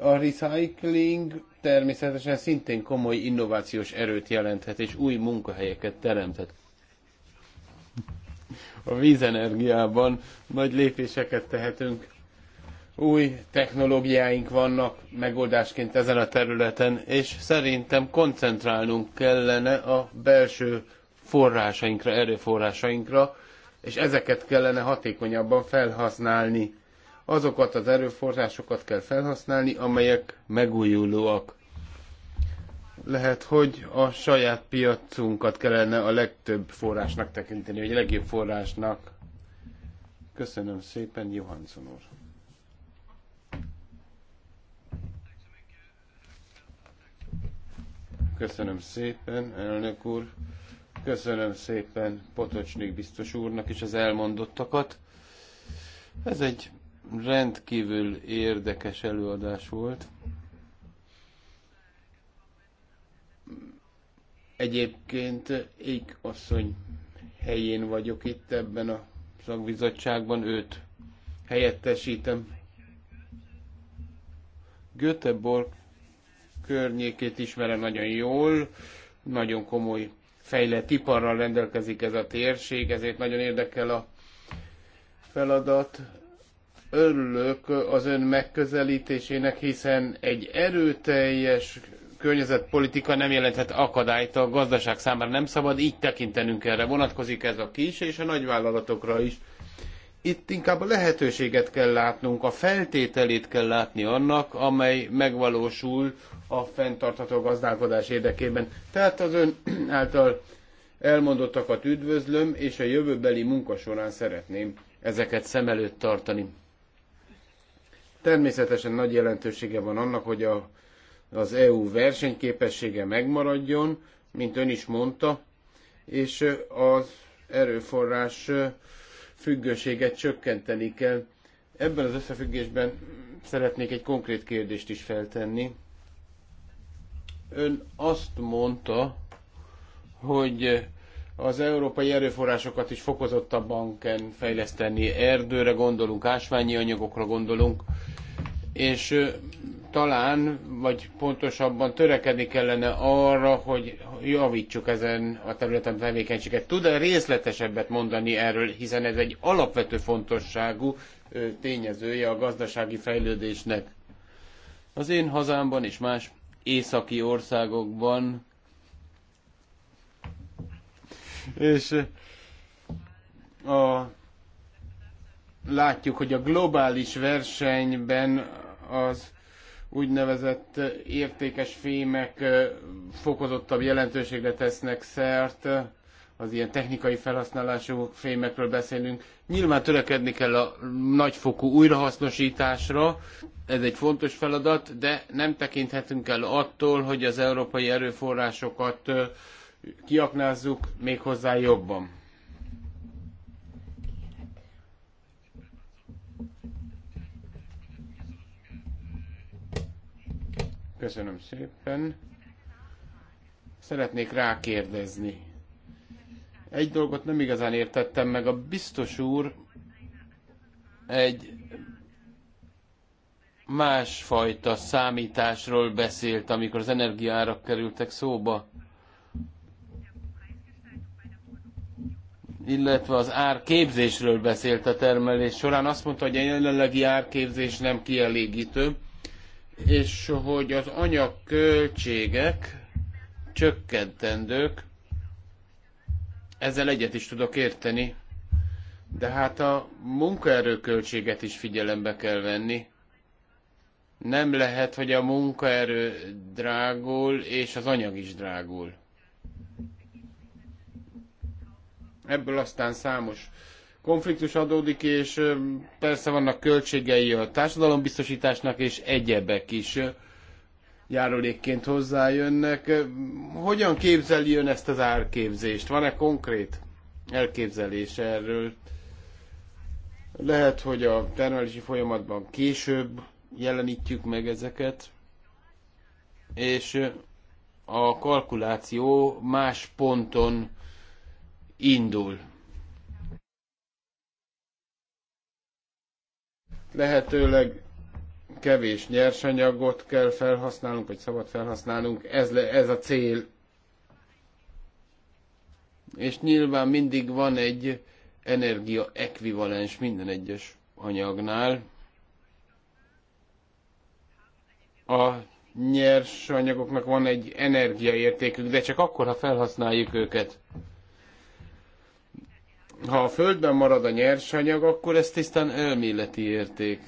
A recycling természetesen szintén komoly innovációs erőt jelenthet, és új munkahelyeket teremthet. A vízenergiában nagy lépéseket tehetünk. Új technológiáink vannak megoldásként ezen a területen, és szerintem koncentrálnunk kellene a belső forrásainkra, erőforrásainkra, és ezeket kellene hatékonyabban felhasználni. Azokat az erőforrásokat kell felhasználni, amelyek megújulóak. Lehet, hogy a saját piacunkat kellene a legtöbb forrásnak tekinteni, vagy a legjobb forrásnak. Köszönöm szépen, Johansson úr. Köszönöm szépen, elnök úr. Köszönöm szépen Potocsnik biztos úrnak is az elmondottakat. Ez egy rendkívül érdekes előadás volt. Egyébként Ék asszony helyén vagyok itt ebben a szakbizottságban, őt helyettesítem. Göteborg környékét ismerem nagyon jól, nagyon komoly fejlett iparral rendelkezik ez a térség, ezért nagyon érdekel a feladat. Örülök az ön megközelítésének, hiszen egy erőteljes környezetpolitika nem jelenthet akadályt a gazdaság számára. Nem szabad így tekintenünk erre. Vonatkozik ez a kis és a nagyvállalatokra is. Itt inkább a lehetőséget kell látnunk, a feltételét kell látni annak, amely megvalósul a fenntartható gazdálkodás érdekében. Tehát az ön által elmondottakat üdvözlöm, és a jövőbeli munka során szeretném ezeket szem előtt tartani. Természetesen nagy jelentősége van annak, hogy a, az EU versenyképessége megmaradjon, mint ön is mondta, és az erőforrás függőséget csökkenteni kell. Ebben az összefüggésben szeretnék egy konkrét kérdést is feltenni. Ön azt mondta, hogy az európai erőforrásokat is fokozottabban kell fejleszteni. Erdőre gondolunk, ásványi anyagokra gondolunk, és talán, vagy pontosabban törekedni kellene arra, hogy javítsuk ezen a területen tevékenységet. Tud-e részletesebbet mondani erről, hiszen ez egy alapvető fontosságú tényezője a gazdasági fejlődésnek. Az én hazámban és más északi országokban és a, látjuk, hogy a globális versenyben az úgynevezett eh, értékes fémek eh, fokozottabb jelentőségre tesznek szert, az ilyen technikai felhasználású fémekről beszélünk. Nyilván törekedni kell a nagyfokú újrahasznosításra, ez egy fontos feladat, de nem tekinthetünk el attól, hogy az európai erőforrásokat eh, kiaknázzuk méghozzá jobban. Köszönöm szépen. Szeretnék rákérdezni. Egy dolgot nem igazán értettem meg. A biztos úr egy másfajta számításról beszélt, amikor az energiárak kerültek szóba. illetve az árképzésről beszélt a termelés során. Azt mondta, hogy a jelenlegi árképzés nem kielégítő és hogy az anyagköltségek csökkentendők, ezzel egyet is tudok érteni, de hát a munkaerőköltséget is figyelembe kell venni. Nem lehet, hogy a munkaerő drágul, és az anyag is drágul. Ebből aztán számos konfliktus adódik, és persze vannak költségei a társadalombiztosításnak, és egyebek is járulékként hozzájönnek. Hogyan képzeli ön ezt az árképzést? Van-e konkrét elképzelés erről? Lehet, hogy a termelési folyamatban később jelenítjük meg ezeket, és a kalkuláció más ponton indul Lehetőleg kevés nyersanyagot kell felhasználnunk, vagy szabad felhasználnunk, ez, le, ez a cél. És nyilván mindig van egy energia ekvivalens minden egyes anyagnál. A nyersanyagoknak van egy energiaértékük, de csak akkor, ha felhasználjuk őket ha a földben marad a nyersanyag, akkor ez tisztán elméleti érték.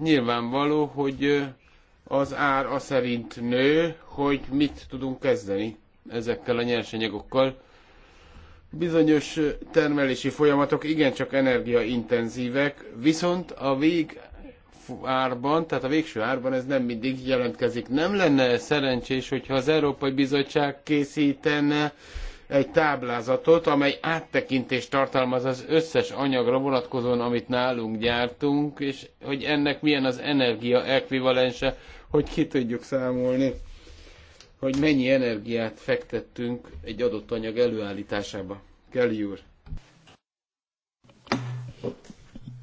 Nyilvánvaló, hogy az ár a szerint nő, hogy mit tudunk kezdeni ezekkel a nyersanyagokkal. Bizonyos termelési folyamatok igencsak energiaintenzívek, viszont a vég árban, tehát a végső árban ez nem mindig jelentkezik. Nem lenne szerencsés, hogyha az Európai Bizottság készítene egy táblázatot, amely áttekintést tartalmaz az összes anyagra vonatkozóan, amit nálunk gyártunk, és hogy ennek milyen az energia ekvivalense, hogy ki tudjuk számolni, hogy mennyi energiát fektettünk egy adott anyag előállításába. Kelly úr.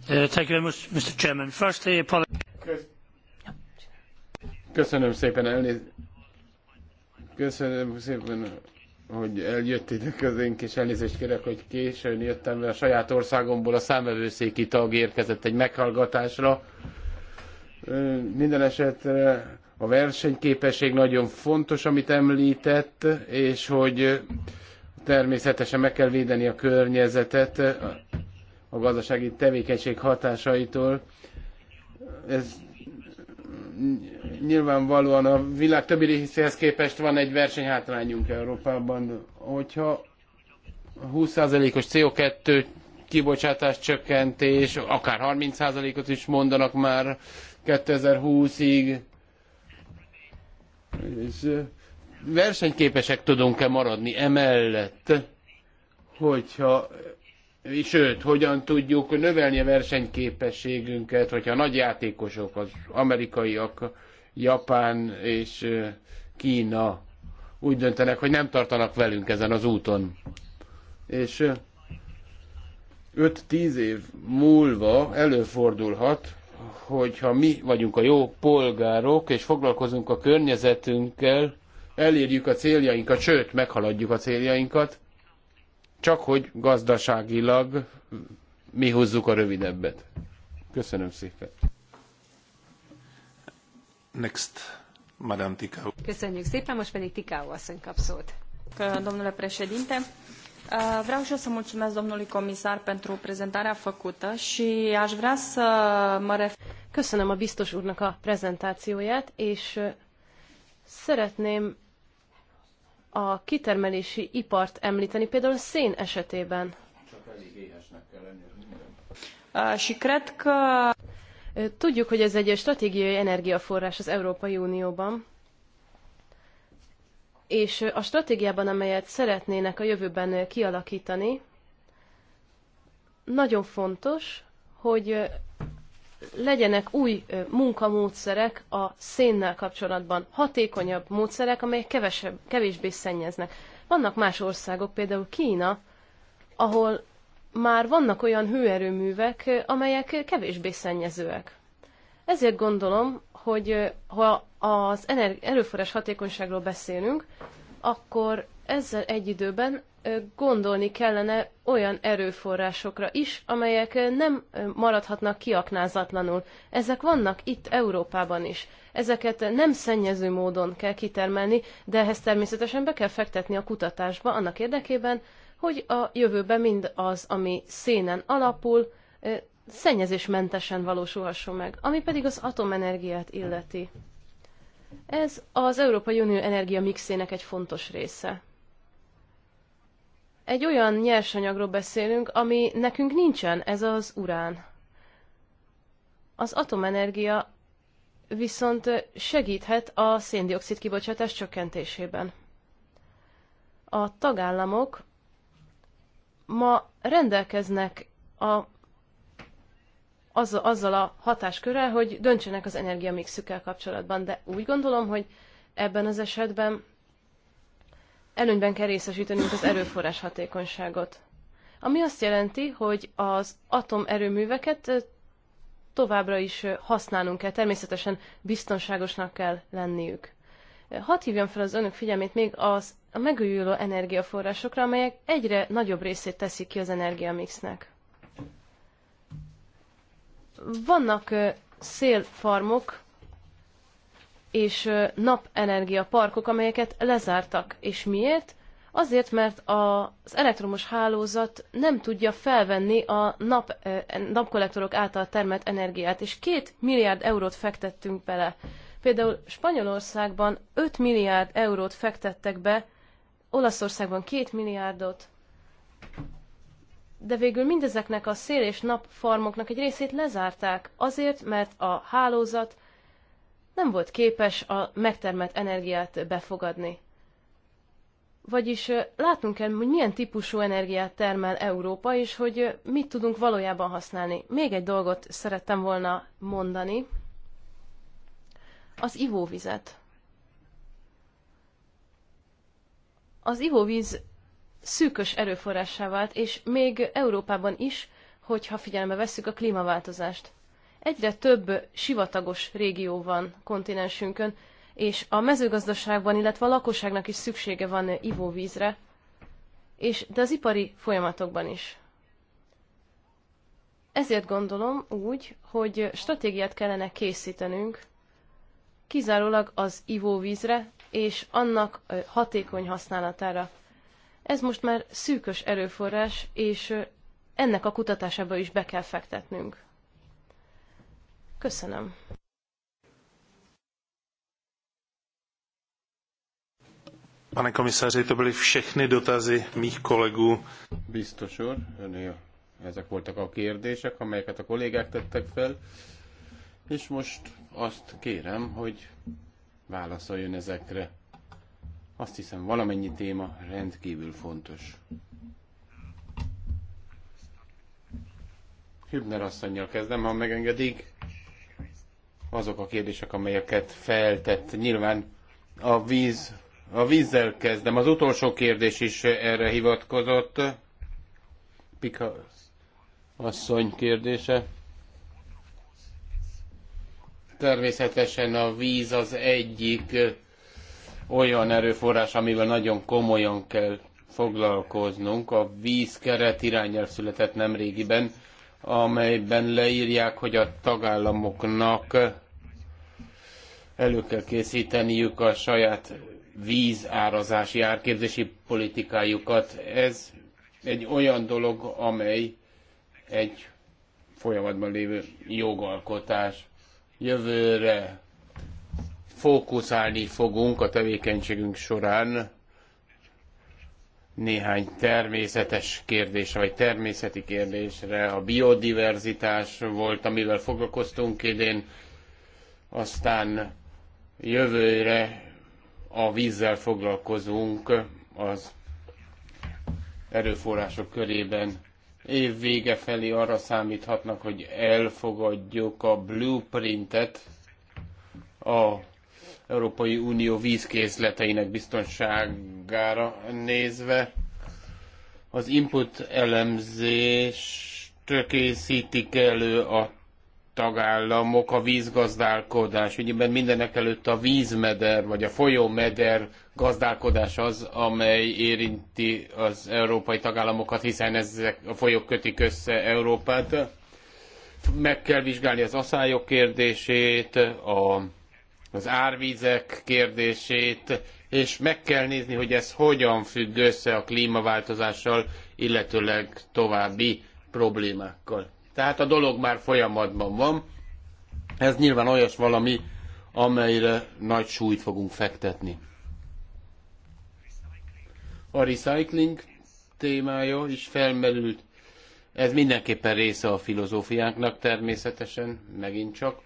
Thank you very much, Mr. Chairman. Firstly, Köszönöm szépen elnézést. Köszönöm szépen hogy eljött ide közénk, és elnézést kérek, hogy későn jöttem, mert a saját országomból a számvevőszéki tag érkezett egy meghallgatásra. Minden esetre a versenyképesség nagyon fontos, amit említett, és hogy természetesen meg kell védeni a környezetet a gazdasági tevékenység hatásaitól. Ez nyilvánvalóan a világ többi részéhez képest van egy versenyhátrányunk Európában. Hogyha 20%-os CO2 kibocsátás csökkentés, akár 30%-ot is mondanak már 2020-ig, és versenyképesek tudunk-e maradni emellett, hogyha sőt, hogyan tudjuk növelni a versenyképességünket, hogyha a nagy játékosok, az amerikaiak, Japán és Kína úgy döntenek, hogy nem tartanak velünk ezen az úton. És 5-10 év múlva előfordulhat, hogyha mi vagyunk a jó polgárok, és foglalkozunk a környezetünkkel, elérjük a céljainkat, sőt, meghaladjuk a céljainkat, csak hogy gazdaságilag mi hozzuk a rövidebbet. Köszönöm szépen. Next, Madam Ticau. Köszönjük szépen, most pedig Ticau asszony kap szót. Domnule președinte, Vreau și eu să mulțumesc domnului comisar pentru prezentarea făcută și aș vrea să mă refer... Köszönöm a biztos úrnak a prezentációját, és szeretném a kitermelési ipart említeni, például a szén esetében. Tudjuk, hogy ez egy stratégiai energiaforrás az Európai Unióban, és a stratégiában, amelyet szeretnének a jövőben kialakítani, nagyon fontos, hogy legyenek új munkamódszerek a szénnel kapcsolatban, hatékonyabb módszerek, amelyek kevesebb, kevésbé szennyeznek. Vannak más országok, például Kína, ahol már vannak olyan hőerőművek, amelyek kevésbé szennyezőek. Ezért gondolom, hogy ha az erőforrás hatékonyságról beszélünk, akkor ezzel egy időben gondolni kellene olyan erőforrásokra is, amelyek nem maradhatnak kiaknázatlanul. Ezek vannak itt Európában is. Ezeket nem szennyező módon kell kitermelni, de ehhez természetesen be kell fektetni a kutatásba annak érdekében, hogy a jövőben mind az, ami szénen alapul, szennyezésmentesen valósulhasson meg, ami pedig az atomenergiát illeti. Ez az Európai Unió energia mixének egy fontos része egy olyan nyersanyagról beszélünk, ami nekünk nincsen, ez az urán. Az atomenergia viszont segíthet a széndiokszid kibocsátás csökkentésében. A tagállamok ma rendelkeznek a, azzal, azzal a hatáskörrel, hogy döntsenek az energiamixükkel kapcsolatban, de úgy gondolom, hogy ebben az esetben előnyben kell részesítenünk az erőforrás hatékonyságot. Ami azt jelenti, hogy az atomerőműveket továbbra is használnunk kell, természetesen biztonságosnak kell lenniük. Hadd hívjam fel az önök figyelmét még az a megújuló energiaforrásokra, amelyek egyre nagyobb részét teszik ki az energiamixnek. Vannak szélfarmok, és napenergia parkok, amelyeket lezártak. És miért? Azért, mert az elektromos hálózat nem tudja felvenni a nap, napkollektorok által termelt energiát, és két milliárd eurót fektettünk bele. Például Spanyolországban 5 milliárd eurót fektettek be, Olaszországban 2 milliárdot. De végül mindezeknek a szél- és napfarmoknak egy részét lezárták, azért, mert a hálózat nem volt képes a megtermelt energiát befogadni. Vagyis látnunk kell, hogy milyen típusú energiát termel Európa, és hogy mit tudunk valójában használni. Még egy dolgot szerettem volna mondani. Az ivóvizet. Az ivóvíz szűkös erőforrássá vált, és még Európában is, hogyha figyelembe vesszük a klímaváltozást egyre több sivatagos régió van kontinensünkön, és a mezőgazdaságban, illetve a lakosságnak is szüksége van ivóvízre, és de az ipari folyamatokban is. Ezért gondolom úgy, hogy stratégiát kellene készítenünk kizárólag az ivóvízre és annak hatékony használatára. Ez most már szűkös erőforrás, és ennek a kutatásába is be kell fektetnünk. Köszönöm. Pane komisaři, to byly všechny dotazy mých kolegů. Biztos úr, ezek voltak a kérdések, amelyeket a kollégák tettek fel, és most azt kérem, hogy válaszoljon ezekre. Azt hiszem, valamennyi téma rendkívül fontos. Hübner asszonynal kezdem, ha megengedik azok a kérdések, amelyeket feltett. Nyilván a víz, a vízzel kezdem. Az utolsó kérdés is erre hivatkozott. Pika asszony kérdése. Természetesen a víz az egyik olyan erőforrás, amivel nagyon komolyan kell foglalkoznunk. A vízkeret irányel született nemrégiben, amelyben leírják, hogy a tagállamoknak elő kell készíteniük a saját vízárazási, árképzési politikájukat. Ez egy olyan dolog, amely egy folyamatban lévő jogalkotás. Jövőre fókuszálni fogunk a tevékenységünk során néhány természetes kérdésre, vagy természeti kérdésre. A biodiverzitás volt, amivel foglalkoztunk idén, aztán jövőre a vízzel foglalkozunk az erőforrások körében. Év vége felé arra számíthatnak, hogy elfogadjuk a blueprintet a Európai Unió vízkészleteinek biztonságára nézve. Az input elemzést készítik elő a tagállamok a vízgazdálkodás. Ügyben mindenek előtt a vízmeder vagy a folyómeder gazdálkodás az, amely érinti az európai tagállamokat, hiszen ezek a folyók kötik össze Európát. Meg kell vizsgálni az aszályok kérdését, a, az árvizek kérdését, és meg kell nézni, hogy ez hogyan függ össze a klímaváltozással, illetőleg további problémákkal. Tehát a dolog már folyamatban van. Ez nyilván olyas valami, amelyre nagy súlyt fogunk fektetni. A recycling témája is felmerült. Ez mindenképpen része a filozófiánknak természetesen, megint csak.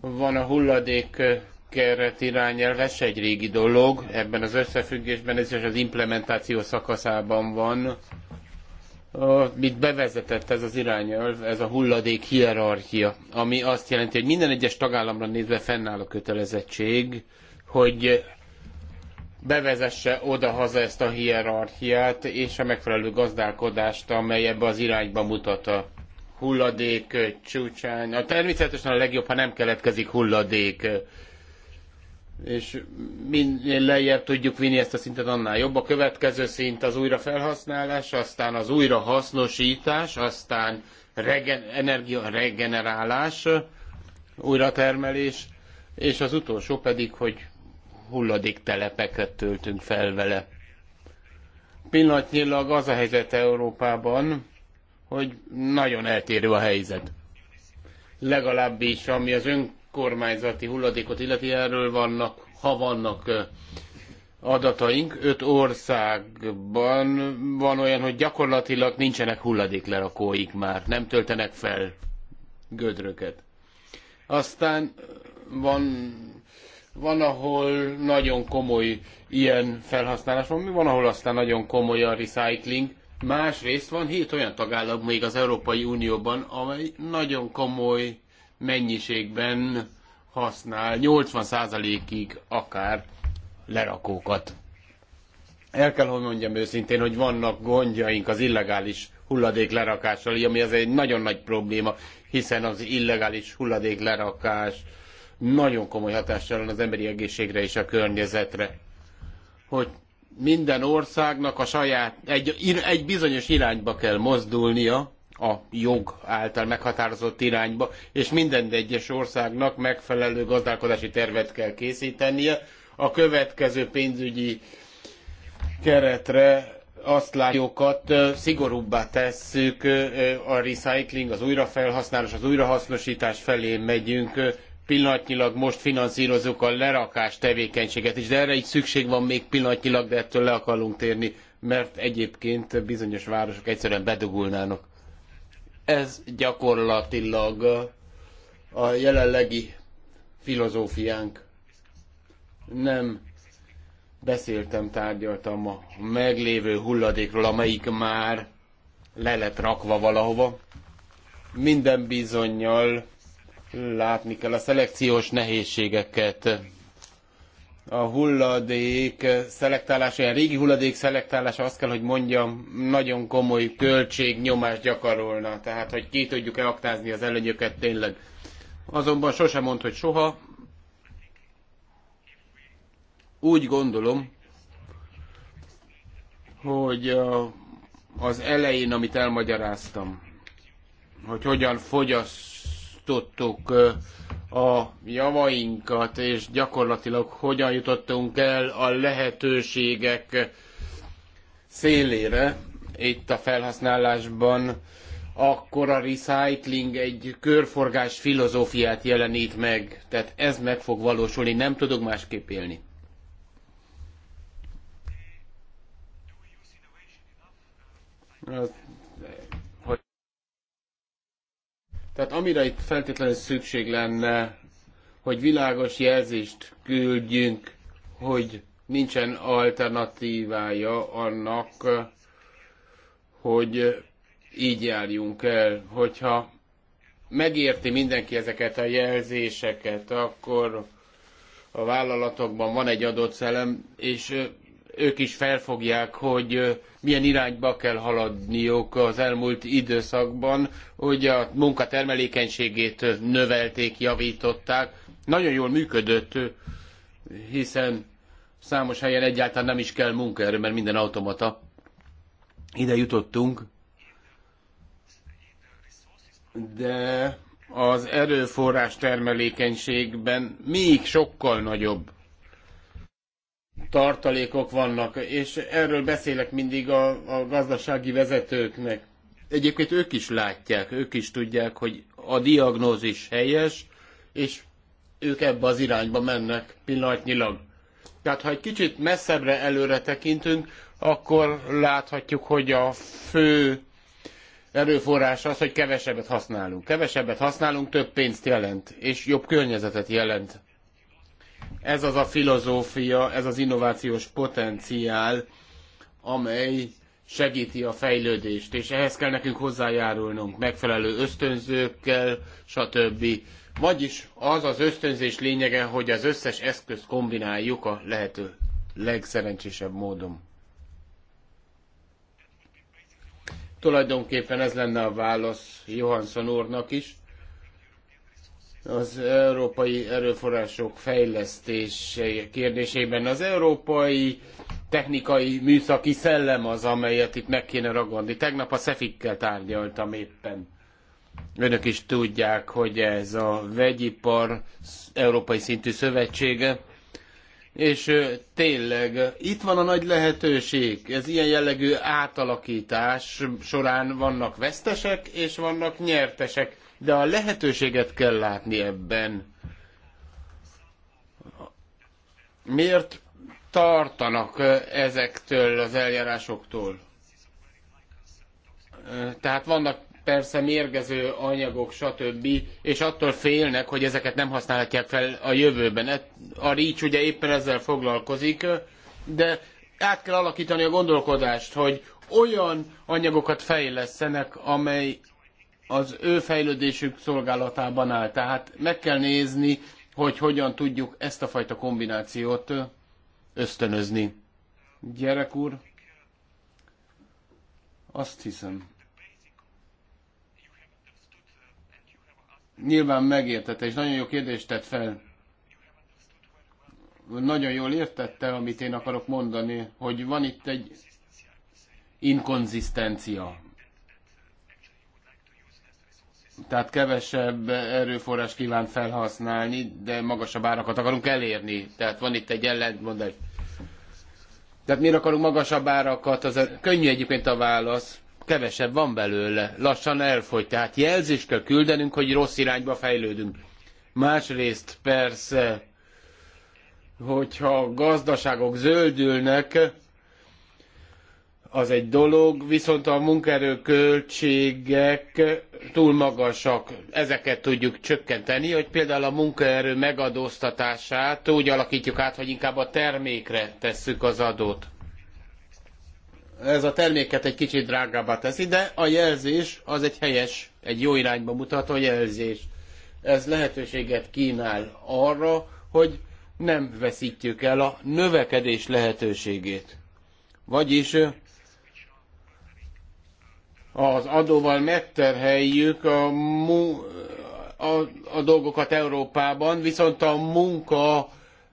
Van a hulladék keret irányelv, ez egy régi dolog, ebben az összefüggésben ez is az implementáció szakaszában van amit bevezetett ez az irányelv, ez a hulladék hierarchia, ami azt jelenti, hogy minden egyes tagállamra nézve fennáll a kötelezettség, hogy bevezesse oda-haza ezt a hierarchiát és a megfelelő gazdálkodást, amely ebbe az irányba mutat a hulladék csúcsán. Természetesen a legjobb, ha nem keletkezik hulladék és minél lejjebb tudjuk vinni ezt a szintet, annál jobb. A következő szint az újrafelhasználás, aztán az újrahasznosítás, aztán regen, energia regenerálás, újratermelés, és az utolsó pedig, hogy hulladéktelepeket töltünk fel vele. Pillanatnyilag az a helyzet Európában, hogy nagyon eltérő a helyzet. Legalábbis, ami az ön kormányzati hulladékot illeti, erről vannak, ha vannak adataink, öt országban van olyan, hogy gyakorlatilag nincsenek hulladéklerakóik már, nem töltenek fel gödröket. Aztán van, van, ahol nagyon komoly ilyen felhasználás van, van, ahol aztán nagyon komoly a recycling. Másrészt van hét olyan tagállam még az Európai Unióban, amely nagyon komoly mennyiségben használ, 80%-ig akár lerakókat. El kell, hogy mondjam őszintén, hogy vannak gondjaink az illegális hulladék lerakással, ami az egy nagyon nagy probléma, hiszen az illegális hulladék lerakás nagyon komoly hatással van az emberi egészségre és a környezetre. Hogy minden országnak a saját, egy, egy bizonyos irányba kell mozdulnia, a jog által meghatározott irányba, és minden egyes országnak megfelelő gazdálkodási tervet kell készítenie. A következő pénzügyi keretre azt látjuk, szigorúbbá tesszük a recycling, az újrafelhasználás, az újrahasznosítás felé megyünk, pillanatnyilag most finanszírozunk a lerakás tevékenységet is, de erre is szükség van még pillanatnyilag, de ettől le akarunk térni, mert egyébként bizonyos városok egyszerűen bedugulnának. Ez gyakorlatilag a jelenlegi filozófiánk. Nem beszéltem, tárgyaltam a meglévő hulladékról, amelyik már le lett rakva valahova. Minden bizonyal látni kell a szelekciós nehézségeket, a hulladék szelektálása, a régi hulladék szelektálása, azt kell, hogy mondjam, nagyon komoly költségnyomást gyakorolna. Tehát, hogy ki tudjuk-e aktázni az előnyöket tényleg. Azonban sosem mond, hogy soha. Úgy gondolom, hogy az elején, amit elmagyaráztam, hogy hogyan fogyasztottuk a javainkat, és gyakorlatilag hogyan jutottunk el a lehetőségek szélére itt a felhasználásban, akkor a recycling egy körforgás filozófiát jelenít meg. Tehát ez meg fog valósulni, nem tudok másképp élni. Azt Tehát amire itt feltétlenül szükség lenne, hogy világos jelzést küldjünk, hogy nincsen alternatívája annak, hogy így járjunk el. Hogyha megérti mindenki ezeket a jelzéseket, akkor a vállalatokban van egy adott szellem, és ők is felfogják, hogy milyen irányba kell haladniuk az elmúlt időszakban, hogy a munkatermelékenységét növelték, javították. Nagyon jól működött, hiszen számos helyen egyáltalán nem is kell munkaerő, mert minden automata. Ide jutottunk, de az erőforrás termelékenységben még sokkal nagyobb tartalékok vannak, és erről beszélek mindig a, a gazdasági vezetőknek. Egyébként ők is látják, ők is tudják, hogy a diagnózis helyes, és ők ebbe az irányba mennek pillanatnyilag. Tehát ha egy kicsit messzebbre előre tekintünk, akkor láthatjuk, hogy a fő erőforrás az, hogy kevesebbet használunk. Kevesebbet használunk, több pénzt jelent, és jobb környezetet jelent. Ez az a filozófia, ez az innovációs potenciál, amely segíti a fejlődést, és ehhez kell nekünk hozzájárulnunk megfelelő ösztönzőkkel, stb. Vagyis az az ösztönzés lényege, hogy az összes eszközt kombináljuk a lehető legszerencsésebb módon. Tulajdonképpen ez lenne a válasz Johansson úrnak is az európai erőforrások fejlesztése kérdésében. Az európai technikai műszaki szellem az, amelyet itt meg kéne ragadni. Tegnap a Szefikkel tárgyaltam éppen. Önök is tudják, hogy ez a vegyipar európai szintű szövetsége, és tényleg itt van a nagy lehetőség. Ez ilyen jellegű átalakítás során vannak vesztesek és vannak nyertesek de a lehetőséget kell látni ebben. Miért tartanak ezektől az eljárásoktól? Tehát vannak persze mérgező anyagok, stb. És attól félnek, hogy ezeket nem használhatják fel a jövőben. A REACH ugye éppen ezzel foglalkozik, de át kell alakítani a gondolkodást, hogy olyan anyagokat fejlesztenek, amely az ő fejlődésük szolgálatában áll. Tehát meg kell nézni, hogy hogyan tudjuk ezt a fajta kombinációt ösztönözni. Gyerek úr, azt hiszem. Nyilván megértette, és nagyon jó kérdést tett fel. Nagyon jól értette, amit én akarok mondani, hogy van itt egy inkonzisztencia tehát kevesebb erőforrás kíván felhasználni, de magasabb árakat akarunk elérni. Tehát van itt egy ellentmondás. Tehát miért akarunk magasabb árakat? Az a, könnyű egyébként a válasz. Kevesebb van belőle. Lassan elfogy. Tehát jelzést kell küldenünk, hogy rossz irányba fejlődünk. Másrészt persze, hogyha gazdaságok zöldülnek, az egy dolog, viszont a munkaerő költségek túl magasak. Ezeket tudjuk csökkenteni, hogy például a munkaerő megadóztatását úgy alakítjuk át, hogy inkább a termékre tesszük az adót. Ez a terméket egy kicsit drágábbá teszi, de a jelzés az egy helyes, egy jó irányba mutató jelzés. Ez lehetőséget kínál arra, hogy nem veszítjük el a növekedés lehetőségét. Vagyis az adóval megterheljük a, mu- a, a dolgokat Európában, viszont a munka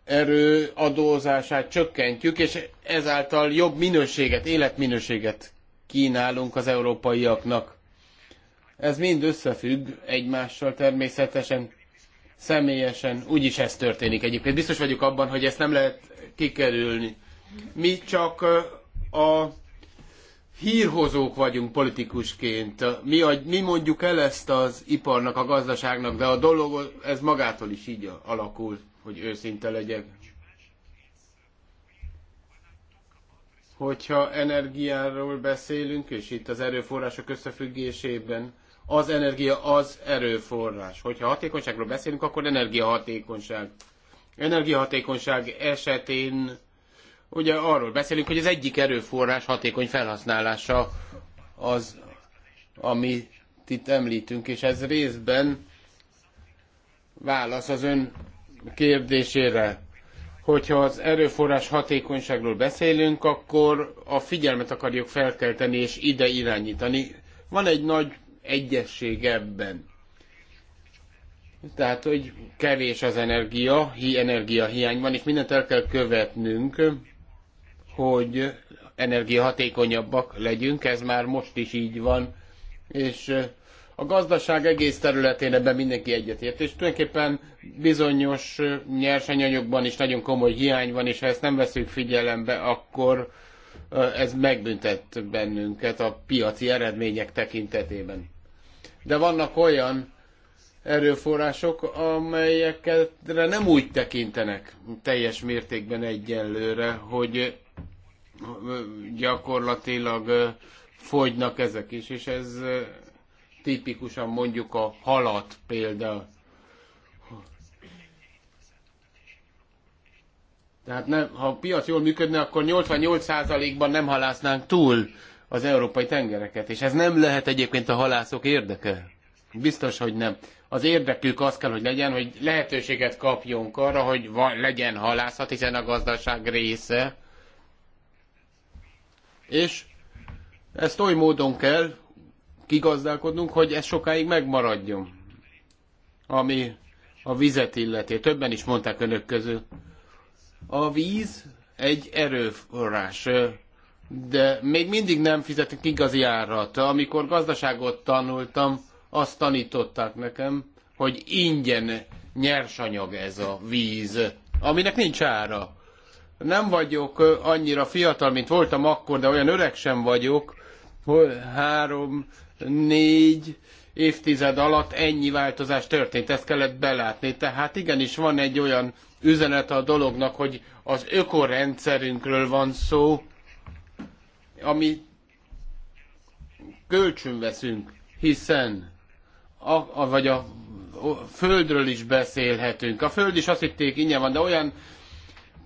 erő adózását csökkentjük, és ezáltal jobb minőséget, életminőséget kínálunk az európaiaknak. Ez mind összefügg egymással természetesen, személyesen, úgyis ez történik egyébként. Biztos vagyok abban, hogy ezt nem lehet kikerülni. Mi csak a hírhozók vagyunk politikusként. Mi, a, mi mondjuk el ezt az iparnak, a gazdaságnak, de a dolog, ez magától is így alakul, hogy őszinte legyek. Hogyha energiáról beszélünk, és itt az erőforrások összefüggésében, az energia az erőforrás. Hogyha hatékonyságról beszélünk, akkor energiahatékonyság. Energiahatékonyság esetén Ugye arról beszélünk, hogy az egyik erőforrás hatékony felhasználása az, amit itt említünk, és ez részben válasz az ön kérdésére. Hogyha az erőforrás hatékonyságról beszélünk, akkor a figyelmet akarjuk felkelteni és ide irányítani. Van egy nagy egyesség ebben. Tehát, hogy kevés az energia, hi energia hiány van, és mindent el kell követnünk hogy energiahatékonyabbak legyünk, ez már most is így van, és a gazdaság egész területén ebben mindenki egyetért, és tulajdonképpen bizonyos nyersanyagokban is nagyon komoly hiány van, és ha ezt nem veszünk figyelembe, akkor ez megbüntet bennünket a piaci eredmények tekintetében. De vannak olyan erőforrások, amelyekre nem úgy tekintenek teljes mértékben egyenlőre, hogy gyakorlatilag fogynak ezek is, és ez tipikusan mondjuk a halat példa. Tehát nem, ha a piac jól működne, akkor 88%-ban nem halásznánk túl az európai tengereket, és ez nem lehet egyébként a halászok érdeke. Biztos, hogy nem. Az érdekük az kell, hogy legyen, hogy lehetőséget kapjunk arra, hogy van, legyen halászat, hiszen a gazdaság része és ezt oly módon kell kigazdálkodnunk, hogy ez sokáig megmaradjon, ami a vizet illeti. Többen is mondták önök közül. A víz egy erőforrás, de még mindig nem fizetünk igazi árat. Amikor gazdaságot tanultam, azt tanították nekem, hogy ingyen nyersanyag ez a víz, aminek nincs ára. Nem vagyok annyira fiatal, mint voltam akkor, de olyan öreg sem vagyok. hogy Három, négy évtized alatt ennyi változás történt, ezt kellett belátni. Tehát igenis van egy olyan üzenet a dolognak, hogy az ökorendszerünkről van szó, ami kölcsön veszünk, hiszen a, a, vagy a, a földről is beszélhetünk. A föld is azt hitték ingyen van, de olyan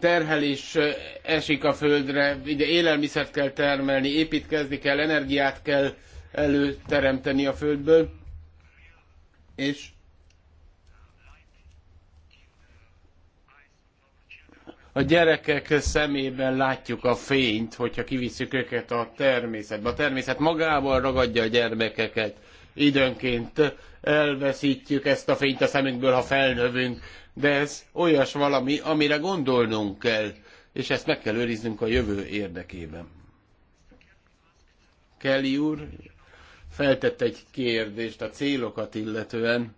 terhelés esik a földre, ide élelmiszert kell termelni, építkezni kell, energiát kell előteremteni a földből, és a gyerekek szemében látjuk a fényt, hogyha kiviszük őket a természetbe. A természet magával ragadja a gyermekeket időnként, elveszítjük ezt a fényt a szemünkből, ha felnövünk, de ez olyas valami, amire gondolnunk kell, és ezt meg kell őriznünk a jövő érdekében. Kelly úr feltett egy kérdést a célokat illetően.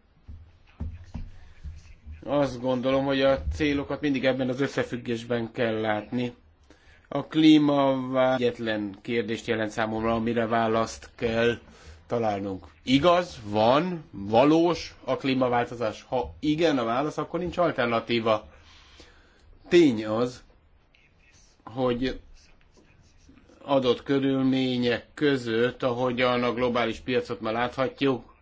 Azt gondolom, hogy a célokat mindig ebben az összefüggésben kell látni. A klímavá egyetlen kérdést jelent számomra, amire választ kell találnunk. Igaz, van, valós a klímaváltozás. Ha igen a válasz, akkor nincs alternatíva. Tény az, hogy adott körülmények között, ahogyan a globális piacot már láthatjuk,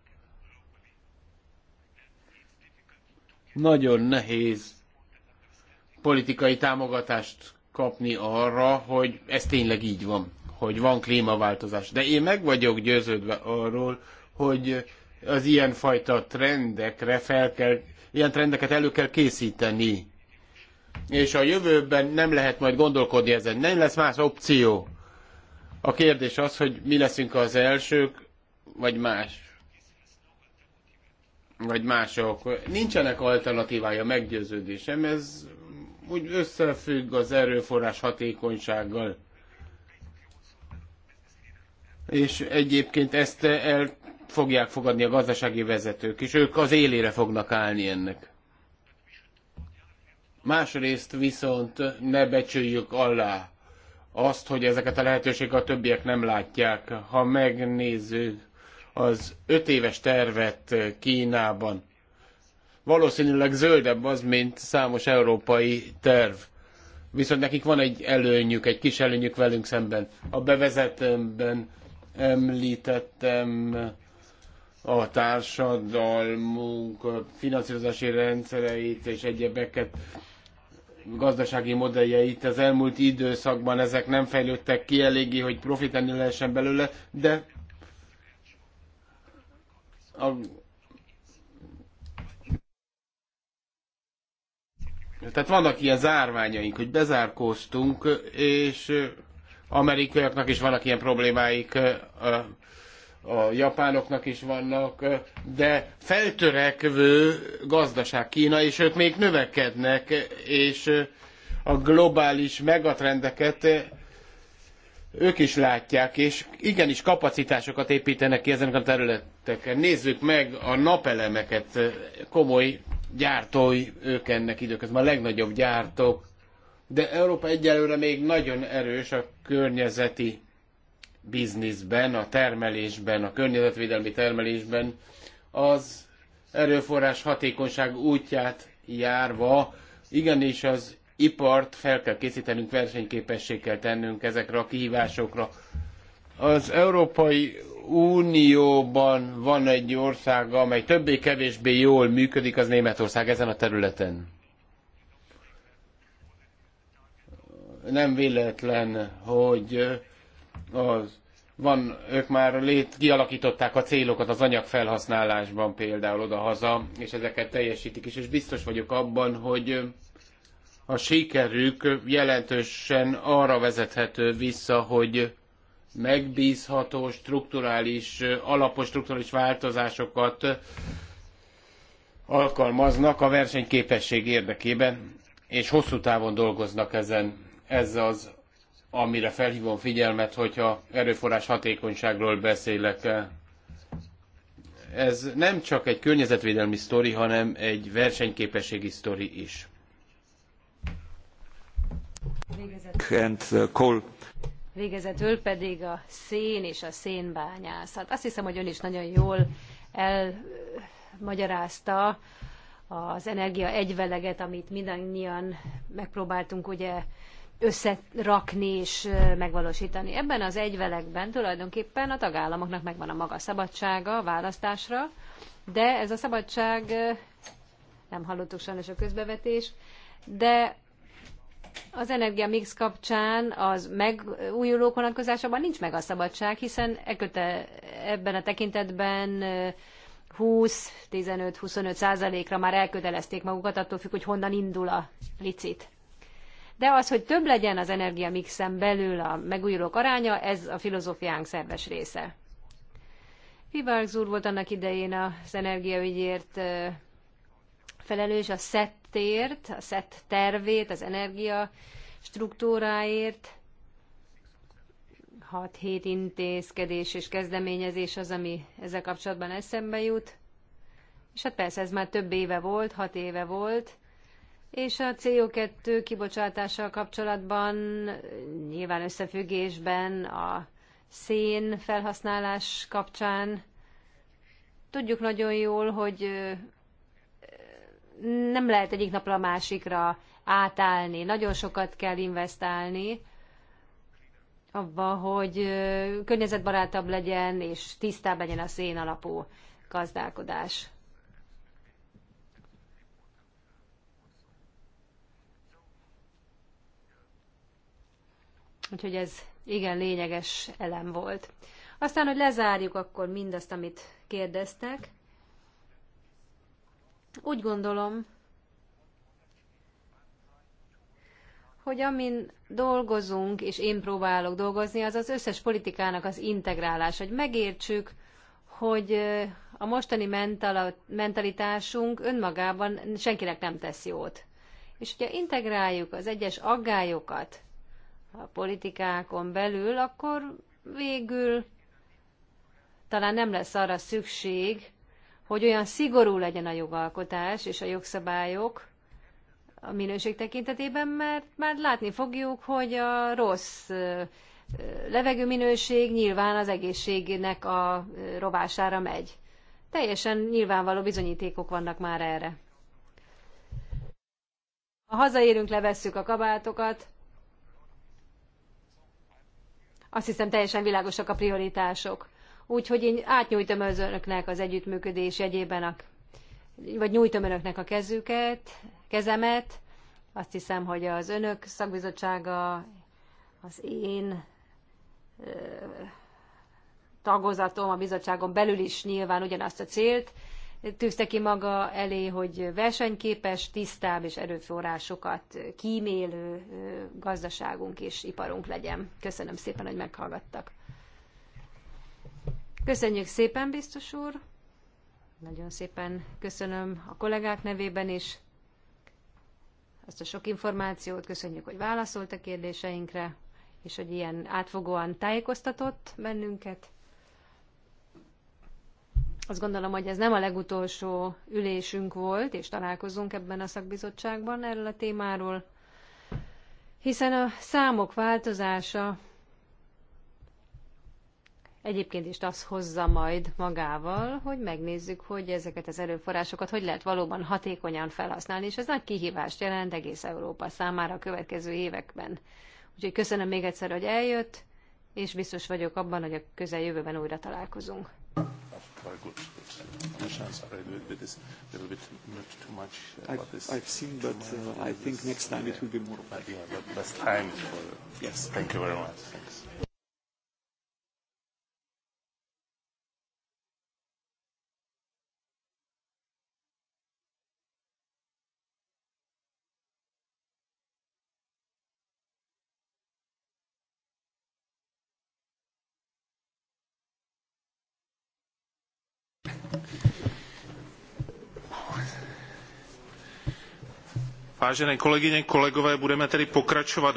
nagyon nehéz politikai támogatást kapni arra, hogy ez tényleg így van hogy van klímaváltozás. De én meg vagyok győződve arról, hogy az ilyenfajta trendekre fel kell, ilyen trendeket elő kell készíteni. És a jövőben nem lehet majd gondolkodni ezen, nem lesz más opció. A kérdés az, hogy mi leszünk az elsők, vagy más. Vagy mások. Nincsenek alternatívája meggyőződésem, ez úgy összefügg az erőforrás hatékonysággal és egyébként ezt el fogják fogadni a gazdasági vezetők, és ők az élére fognak állni ennek. Másrészt viszont ne becsüljük alá azt, hogy ezeket a lehetőséget a többiek nem látják. Ha megnézzük az öt éves tervet Kínában, valószínűleg zöldebb az, mint számos európai terv. Viszont nekik van egy előnyük, egy kis előnyük velünk szemben. A bevezetőben említettem a társadalmunk a finanszírozási rendszereit és egyebeket, gazdasági modelljeit az elmúlt időszakban ezek nem fejlődtek ki eléggé, hogy profitálni lehessen belőle, de a Tehát vannak ilyen zárványaink, hogy bezárkóztunk, és amerikaiaknak is vannak ilyen problémáik, a japánoknak is vannak, de feltörekvő gazdaság Kína, és ők még növekednek, és a globális megatrendeket ők is látják, és igenis kapacitásokat építenek ki ezen a területeken. Nézzük meg a napelemeket, komoly gyártói ők ennek időközben, a legnagyobb gyártók de Európa egyelőre még nagyon erős a környezeti bizniszben, a termelésben, a környezetvédelmi termelésben az erőforrás hatékonyság útját járva, igenis az ipart fel kell készítenünk, versenyképessé kell tennünk ezekre a kihívásokra. Az Európai Unióban van egy ország, amely többé-kevésbé jól működik, az Németország ezen a területen. Nem véletlen, hogy az van, ők már lét, kialakították a célokat az anyagfelhasználásban például oda haza, és ezeket teljesítik is, és biztos vagyok abban, hogy a sikerük jelentősen arra vezethető vissza, hogy megbízható, strukturális, alapos strukturális változásokat alkalmaznak a versenyképesség érdekében, és hosszú távon dolgoznak ezen ez az, amire felhívom figyelmet, hogyha erőforrás hatékonyságról beszélek. Ez nem csak egy környezetvédelmi sztori, hanem egy versenyképességi sztori is. Végezetül. Uh, Végezetül pedig a szén és a szénbányászat. Azt hiszem, hogy ön is nagyon jól elmagyarázta az energia egyveleget, amit mindannyian megpróbáltunk ugye összerakni és megvalósítani. Ebben az egyvelekben tulajdonképpen a tagállamoknak megvan a maga szabadsága a választásra, de ez a szabadság, nem hallottuk sajnos a közbevetés, de az energia mix kapcsán az megújulók vonatkozásában nincs meg a szabadság, hiszen eköte, ebben a tekintetben 20-15-25 százalékra már elkötelezték magukat, attól függ, hogy honnan indul a licit de az, hogy több legyen az energiamixen belül a megújulók aránya, ez a filozófiánk szerves része. Pivarks úr volt annak idején az energiaügyért felelős, a szettért, a szett tervét, az energia struktúráért. 6-7 intézkedés és kezdeményezés az, ami ezzel kapcsolatban eszembe jut. És hát persze ez már több éve volt, hat éve volt, és a CO2 kibocsátással kapcsolatban nyilván összefüggésben a szén felhasználás kapcsán tudjuk nagyon jól, hogy nem lehet egyik napra a másikra átállni. Nagyon sokat kell investálni abba, hogy környezetbarátabb legyen és tisztább legyen a szén alapú gazdálkodás. Úgyhogy ez igen lényeges elem volt. Aztán, hogy lezárjuk akkor mindazt, amit kérdeztek. Úgy gondolom, hogy amin dolgozunk, és én próbálok dolgozni, az az összes politikának az integrálás, hogy megértsük, hogy a mostani mentalitásunk önmagában senkinek nem tesz jót. És hogyha integráljuk az egyes aggályokat, a politikákon belül, akkor végül talán nem lesz arra szükség, hogy olyan szigorú legyen a jogalkotás és a jogszabályok a minőség tekintetében, mert már látni fogjuk, hogy a rossz levegőminőség nyilván az egészségnek a rovására megy. Teljesen nyilvánvaló bizonyítékok vannak már erre. Ha hazaérünk, levesszük a kabátokat, azt hiszem teljesen világosak a prioritások. Úgyhogy én átnyújtom az önöknek az együttműködés jegyében, a, vagy nyújtom önöknek a kezüket, kezemet. Azt hiszem, hogy az önök szakbizottsága, az én ö, tagozatom a bizottságon belül is nyilván ugyanazt a célt tűzte ki maga elé, hogy versenyképes, tisztább és erőforrásokat kímélő gazdaságunk és iparunk legyen. Köszönöm szépen, hogy meghallgattak. Köszönjük szépen, biztos úr! Nagyon szépen köszönöm a kollégák nevében is azt a sok információt, köszönjük, hogy válaszolt a kérdéseinkre, és hogy ilyen átfogóan tájékoztatott bennünket. Azt gondolom, hogy ez nem a legutolsó ülésünk volt, és találkozunk ebben a szakbizottságban erről a témáról, hiszen a számok változása egyébként is azt hozza majd magával, hogy megnézzük, hogy ezeket az erőforrásokat hogy lehet valóban hatékonyan felhasználni, és ez nagy kihívást jelent egész Európa számára a következő években. Úgyhogy köszönöm még egyszer, hogy eljött, és biztos vagyok abban, hogy a közeljövőben újra találkozunk are good. But are a little bit, is a little bit not too much uh, about I've, this. I've seen, but uh, I think next time yeah. it will be more. But, yeah, but best time for. Yes. Thank you very much. Thanks. Vážené kolegyně, kolegové, budeme tedy pokračovat.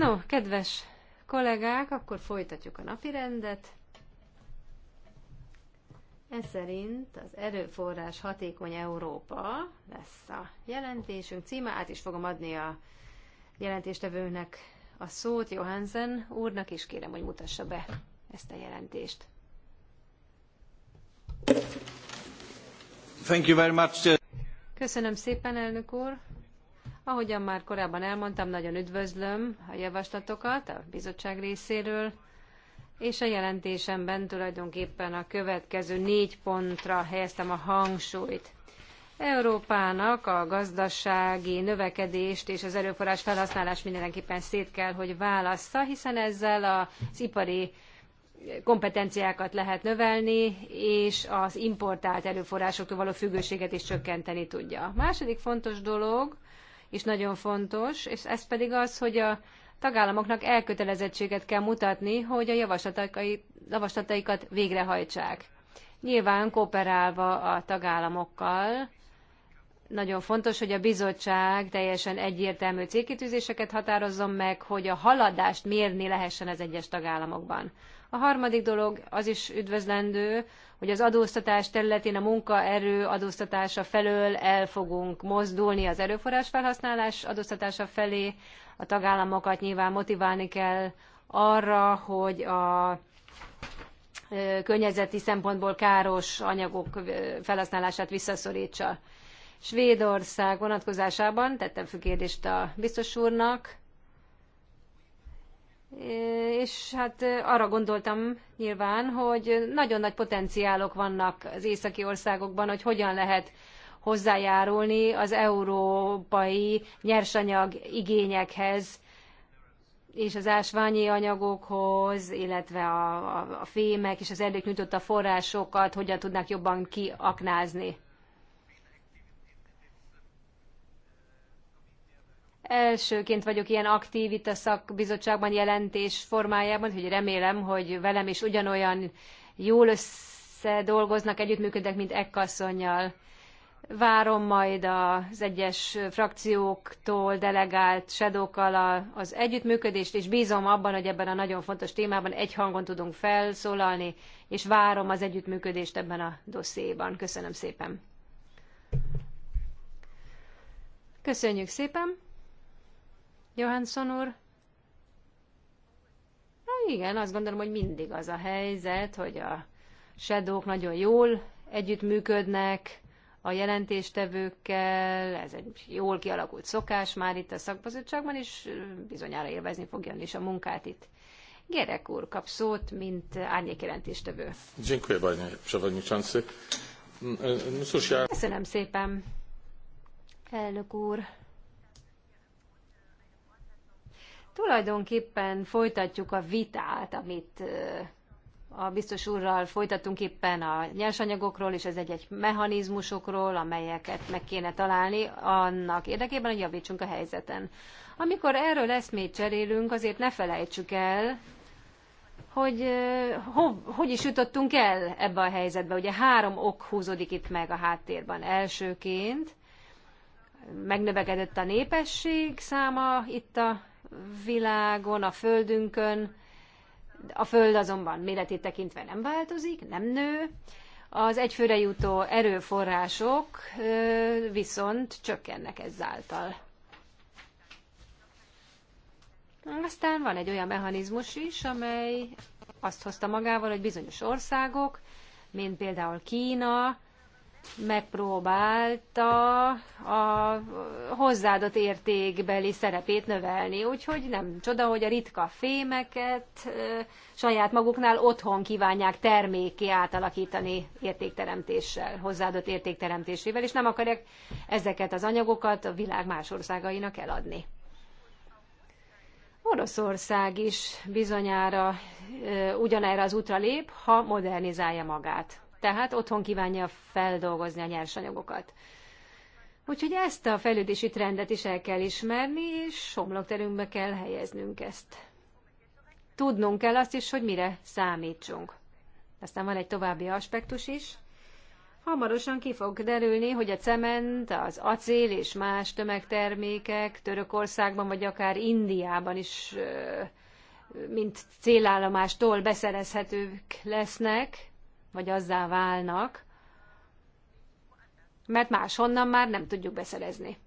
No, kedves kollégák, akkor folytatjuk a napirendet. Ez szerint az erőforrás hatékony Európa lesz a jelentésünk címe. Át is fogom adni a jelentéstevőnek a szót, Johansen úrnak, és kérem, hogy mutassa be ezt a jelentést. Köszönöm szépen, elnök úr. Ahogyan már korábban elmondtam, nagyon üdvözlöm a javaslatokat a bizottság részéről, és a jelentésemben tulajdonképpen a következő négy pontra helyeztem a hangsúlyt. Európának a gazdasági növekedést és az erőforrás felhasználást mindenképpen szét kell, hogy válassza, hiszen ezzel az ipari kompetenciákat lehet növelni, és az importált erőforrásoktól való függőséget is csökkenteni tudja. A második fontos dolog, és nagyon fontos, és ez pedig az, hogy a tagállamoknak elkötelezettséget kell mutatni, hogy a javaslataikat végrehajtsák. Nyilván kooperálva a tagállamokkal, nagyon fontos, hogy a bizottság teljesen egyértelmű célkitűzéseket határozzon meg, hogy a haladást mérni lehessen az egyes tagállamokban. A harmadik dolog az is üdvözlendő, hogy az adóztatás területén a munkaerő adóztatása felől el fogunk mozdulni az erőforrás felhasználás adóztatása felé. A tagállamokat nyilván motiválni kell arra, hogy a környezeti szempontból káros anyagok felhasználását visszaszorítsa. Svédország vonatkozásában tettem fő kérdést a biztos úrnak, és hát arra gondoltam nyilván, hogy nagyon nagy potenciálok vannak az északi országokban, hogy hogyan lehet hozzájárulni az európai nyersanyag igényekhez, és az ásványi anyagokhoz, illetve a, a, a fémek és az erdők nyújtotta forrásokat hogyan tudnak jobban kiaknázni. Elsőként vagyok ilyen aktív itt a szakbizottságban jelentés formájában, hogy remélem, hogy velem is ugyanolyan jól összedolgoznak, együttműködnek, mint Ekkasszonynal. Várom majd az egyes frakcióktól delegált sedókkal az együttműködést, és bízom abban, hogy ebben a nagyon fontos témában egy hangon tudunk felszólalni, és várom az együttműködést ebben a dossziéban. Köszönöm szépen. Köszönjük szépen! Johansson úr? Na igen, azt gondolom, hogy mindig az a helyzet, hogy a shadowk nagyon jól együttműködnek a jelentéstevőkkel, ez egy jól kialakult szokás már itt a szakbazottságban, és bizonyára élvezni fogja is a munkát itt. Gerek úr kap szót, mint jelentéstevő. Mm, e, Köszönöm szépen, elnök úr. Tulajdonképpen folytatjuk a vitát, amit a biztos úrral folytattunk éppen a nyersanyagokról és ez egy-egy mechanizmusokról, amelyeket meg kéne találni annak érdekében, hogy javítsunk a helyzeten. Amikor erről eszmét cserélünk, azért ne felejtsük el, hogy ho, hogy is jutottunk el ebbe a helyzetbe. Ugye három ok húzódik itt meg a háttérben. Elsőként megnövekedett a népesség száma itt a világon, a földünkön. A föld azonban méretét tekintve nem változik, nem nő. Az egyfőre jutó erőforrások viszont csökkennek ezáltal. Aztán van egy olyan mechanizmus is, amely azt hozta magával, hogy bizonyos országok, mint például Kína, megpróbálta a hozzáadott értékbeli szerepét növelni, úgyhogy nem csoda, hogy a ritka fémeket saját maguknál otthon kívánják terméki átalakítani értékteremtéssel, hozzáadott értékteremtésével, és nem akarják ezeket az anyagokat a világ más országainak eladni. Oroszország is bizonyára ugyanerre az útra lép, ha modernizálja magát tehát otthon kívánja feldolgozni a nyersanyagokat. Úgyhogy ezt a fejlődési trendet is el kell ismerni, és somlokterünkbe kell helyeznünk ezt. Tudnunk kell azt is, hogy mire számítsunk. Aztán van egy további aspektus is. Hamarosan ki fog derülni, hogy a cement, az acél és más tömegtermékek Törökországban vagy akár Indiában is mint célállomástól beszerezhetők lesznek, vagy azzá válnak, mert máshonnan már nem tudjuk beszerezni.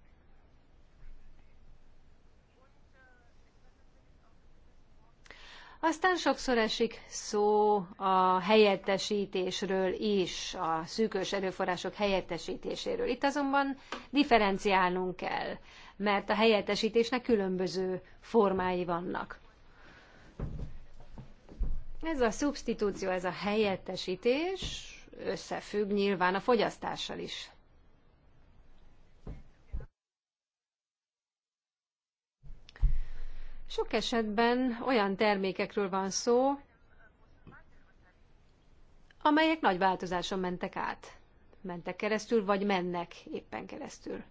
Aztán sokszor esik szó a helyettesítésről is, a szűkös erőforrások helyettesítéséről. Itt azonban differenciálnunk kell, mert a helyettesítésnek különböző formái vannak. Ez a szubstitúció, ez a helyettesítés összefügg nyilván a fogyasztással is. Sok esetben olyan termékekről van szó, amelyek nagy változáson mentek át. Mentek keresztül, vagy mennek éppen keresztül.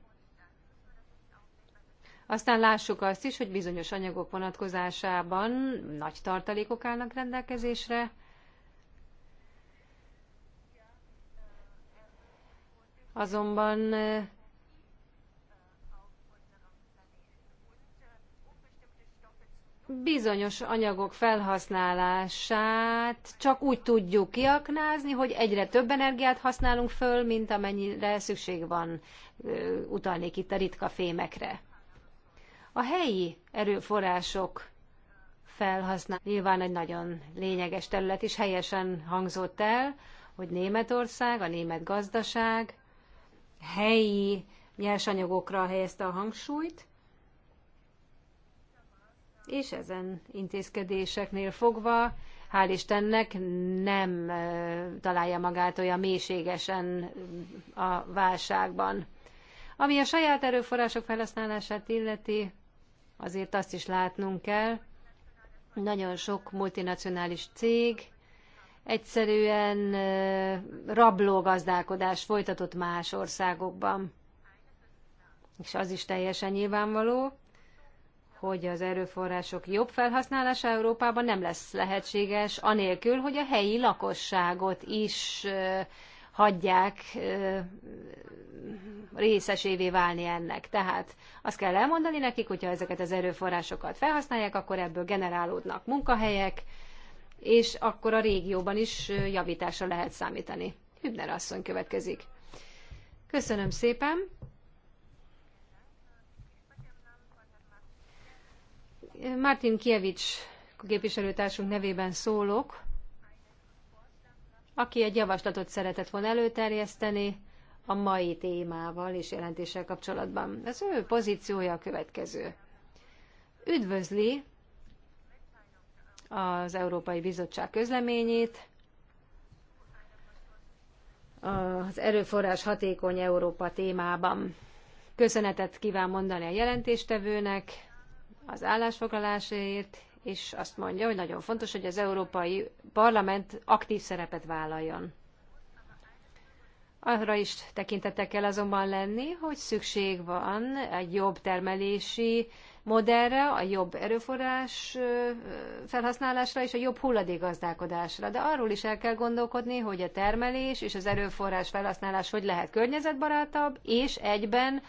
Aztán lássuk azt is, hogy bizonyos anyagok vonatkozásában nagy tartalékok állnak rendelkezésre, Azonban bizonyos anyagok felhasználását csak úgy tudjuk kiaknázni, hogy egyre több energiát használunk föl, mint amennyire szükség van. Utalnék itt a ritka fémekre. A helyi erőforrások felhasználása, Nyilván egy nagyon lényeges terület is helyesen hangzott el, hogy Németország, a német gazdaság helyi nyersanyagokra helyezte a hangsúlyt, és ezen intézkedéseknél fogva, hál' Istennek, nem találja magát olyan mélységesen a válságban. Ami a saját erőforrások felhasználását illeti, azért azt is látnunk kell, nagyon sok multinacionális cég egyszerűen rabló gazdálkodást folytatott más országokban. És az is teljesen nyilvánvaló, hogy az erőforrások jobb felhasználása Európában nem lesz lehetséges, anélkül, hogy a helyi lakosságot is hagyják részesévé válni ennek. Tehát azt kell elmondani nekik, hogyha ezeket az erőforrásokat felhasználják, akkor ebből generálódnak munkahelyek, és akkor a régióban is javításra lehet számítani. Hübner asszony következik. Köszönöm szépen! Martin Kievics képviselőtársunk nevében szólok, aki egy javaslatot szeretett volna előterjeszteni a mai témával és jelentéssel kapcsolatban. Az ő pozíciója a következő. Üdvözli az Európai Bizottság közleményét, az erőforrás hatékony Európa témában. Köszönetet kíván mondani a jelentéstevőnek az állásfoglalásért, és azt mondja, hogy nagyon fontos, hogy az Európai Parlament aktív szerepet vállaljon. Arra is tekintettel kell azonban lenni, hogy szükség van egy jobb termelési modellre, a jobb erőforrás felhasználásra és a jobb hulladékgazdálkodásra. De arról is el kell gondolkodni, hogy a termelés és az erőforrás felhasználás hogy lehet környezetbarátabb, és egyben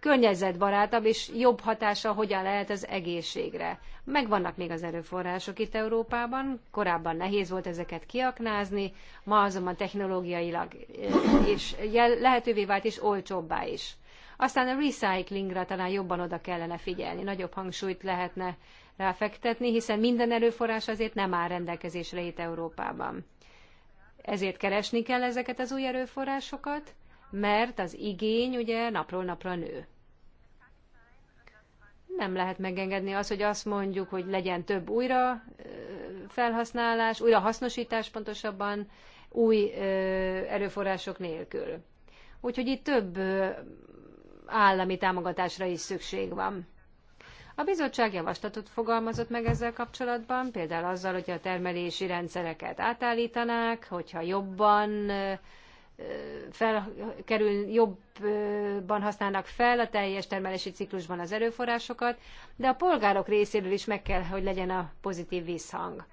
környezetbarátabb és jobb hatása hogyan lehet az egészségre. Megvannak még az erőforrások itt Európában, korábban nehéz volt ezeket kiaknázni, ma azonban technológiailag eh, és lehetővé vált és olcsóbbá is. Aztán a recyclingra talán jobban oda kellene figyelni, nagyobb hangsúlyt lehetne ráfektetni, hiszen minden erőforrás azért nem áll rendelkezésre itt Európában. Ezért keresni kell ezeket az új erőforrásokat, mert az igény ugye napról napra nő. Nem lehet megengedni az, hogy azt mondjuk, hogy legyen több újra felhasználás, újra hasznosítás pontosabban, új erőforrások nélkül. Úgyhogy itt több állami támogatásra is szükség van. A bizottság javaslatot fogalmazott meg ezzel kapcsolatban, például azzal, hogy a termelési rendszereket átállítanák, hogyha jobban felkerül, jobban használnak fel a teljes termelési ciklusban az erőforrásokat, de a polgárok részéről is meg kell, hogy legyen a pozitív visszhang.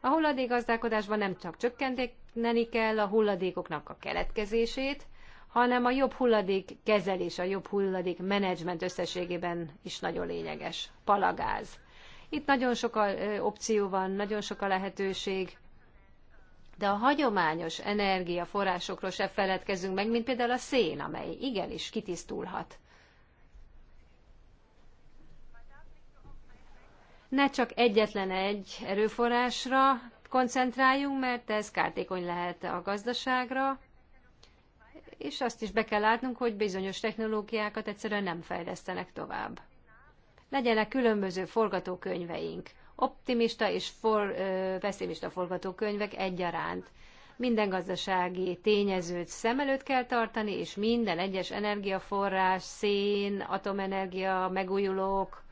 A hulladékgazdálkodásban nem csak csökkenteni kell a hulladékoknak a keletkezését, hanem a jobb hulladék kezelés, a jobb hulladék menedzsment összességében is nagyon lényeges. Palagáz. Itt nagyon sok opció van, nagyon sok a lehetőség, de a hagyományos energiaforrásokról se feledkezünk meg, mint például a szén, amely igenis kitisztulhat. Ne csak egyetlen egy erőforrásra koncentráljunk, mert ez kártékony lehet a gazdaságra, és azt is be kell látnunk, hogy bizonyos technológiákat egyszerűen nem fejlesztenek tovább. Legyenek különböző forgatókönyveink optimista és for, pessimista forgatókönyvek egyaránt. Minden gazdasági tényezőt szem előtt kell tartani, és minden egyes energiaforrás, szén, atomenergia, megújulók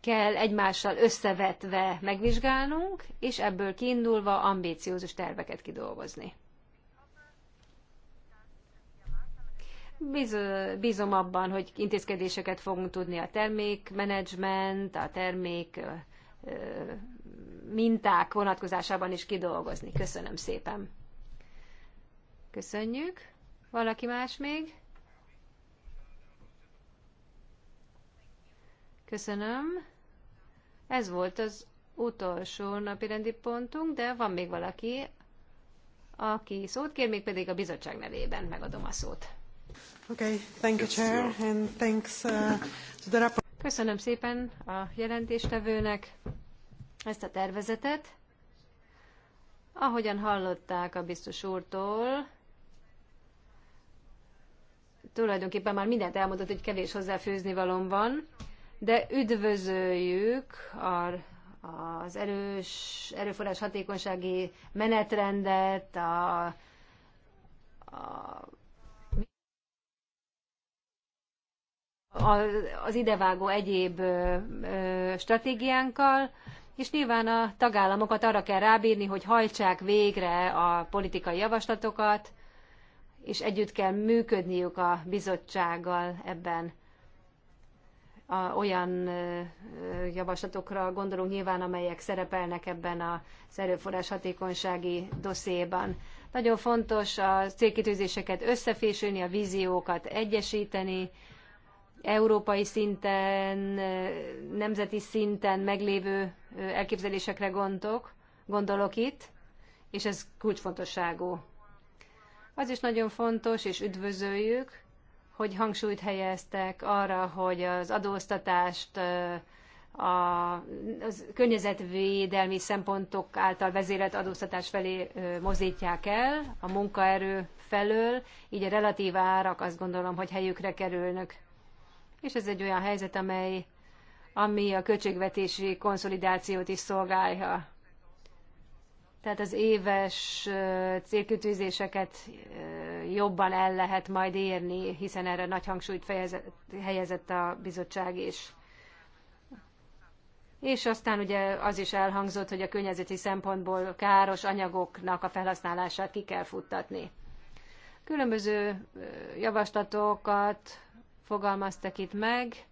kell egymással összevetve megvizsgálnunk, és ebből kiindulva ambíciózus terveket kidolgozni. bízom abban, hogy intézkedéseket fogunk tudni a termékmenedzsment, a termék minták vonatkozásában is kidolgozni. Köszönöm szépen. Köszönjük. Valaki más még? Köszönöm. Ez volt az utolsó napirendi pontunk, de van még valaki, aki szót kér, még pedig a bizottság nevében megadom a szót. Okay, thank you, Chair, and thanks uh, to the rapport. Köszönöm szépen a jelentéstevőnek ezt a tervezetet. Ahogyan hallották a biztos úrtól, tulajdonképpen már mindent elmondott, hogy kevés hozzáfőzni valom van, de üdvözöljük a, az erős erőforrás hatékonysági menetrendet, a, a az idevágó egyéb stratégiánkkal, és nyilván a tagállamokat arra kell rábírni, hogy hajtsák végre a politikai javaslatokat, és együtt kell működniük a bizottsággal ebben. A, olyan ö, javaslatokra gondolunk nyilván, amelyek szerepelnek ebben a erőforrás hatékonysági dosszéban. Nagyon fontos a célkitűzéseket összefésülni, a víziókat egyesíteni, európai szinten, nemzeti szinten meglévő elképzelésekre gondolok, gondolok itt, és ez kulcsfontosságú. Az is nagyon fontos, és üdvözöljük, hogy hangsúlyt helyeztek arra, hogy az adóztatást a, az környezetvédelmi szempontok által vezérelt adóztatás felé mozítják el a munkaerő felől, így a relatív árak azt gondolom, hogy helyükre kerülnek és ez egy olyan helyzet, amely ami a költségvetési konszolidációt is szolgálja. Tehát az éves célkütőzéseket jobban el lehet majd érni, hiszen erre nagy hangsúlyt fejezett, helyezett a bizottság is. És aztán ugye az is elhangzott, hogy a környezeti szempontból káros anyagoknak a felhasználását ki kell futtatni. Különböző javaslatokat fogalmaztak itt meg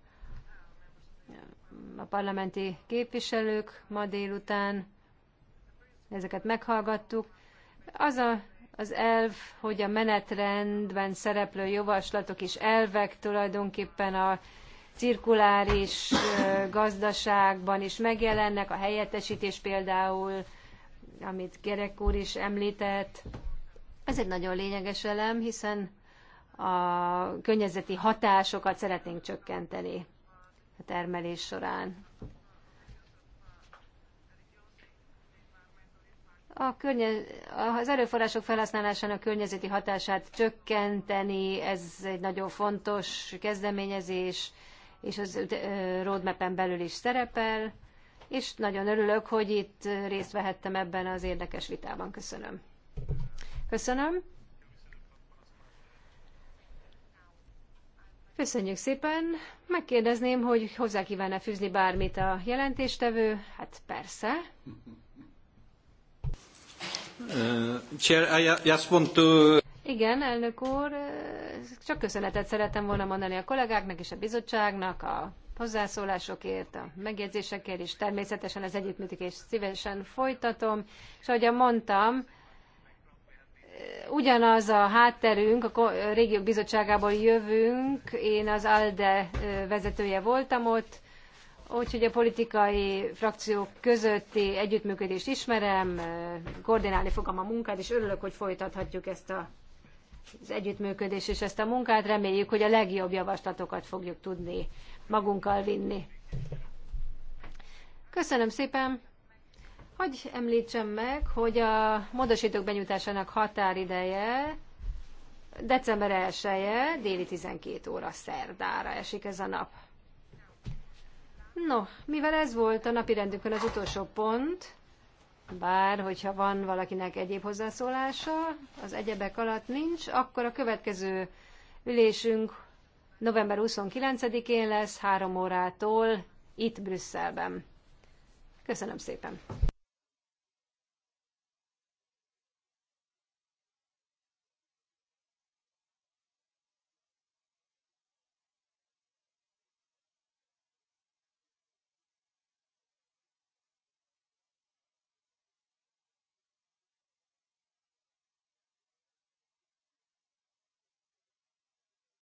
a parlamenti képviselők ma délután. Ezeket meghallgattuk. Az a, az elv, hogy a menetrendben szereplő javaslatok és elvek tulajdonképpen a cirkuláris gazdaságban is megjelennek, a helyettesítés például, amit Gerek úr is említett. Ez egy nagyon lényeges elem, hiszen a környezeti hatásokat szeretnénk csökkenteni a termelés során. A környe, az erőforrások felhasználásának környezeti hatását csökkenteni, ez egy nagyon fontos kezdeményezés, és az roadmap-en belül is szerepel, és nagyon örülök, hogy itt részt vehettem ebben az érdekes vitában. Köszönöm. Köszönöm. Köszönjük szépen. Megkérdezném, hogy hozzá kívánna fűzni bármit a jelentéstevő? Hát persze. Uh, chair, I just want to... Igen, elnök úr, uh, csak köszönetet szeretem volna mondani a kollégáknak és a bizottságnak a hozzászólásokért, a megjegyzésekért, és természetesen az együttműködést szívesen folytatom. És ahogy mondtam, ugyanaz a hátterünk, a régió bizottságából jövünk, én az ALDE vezetője voltam ott, úgyhogy a politikai frakciók közötti együttműködést ismerem, koordinálni fogom a munkát, és örülök, hogy folytathatjuk ezt a, az együttműködést és ezt a munkát. Reméljük, hogy a legjobb javaslatokat fogjuk tudni magunkkal vinni. Köszönöm szépen! Hogy említsem meg, hogy a módosítók benyújtásának határideje december 1 -e, déli 12 óra szerdára esik ez a nap. No, mivel ez volt a napi rendünkön az utolsó pont, bár hogyha van valakinek egyéb hozzászólása, az egyebek alatt nincs, akkor a következő ülésünk november 29-én lesz, 3 órától itt Brüsszelben. Köszönöm szépen!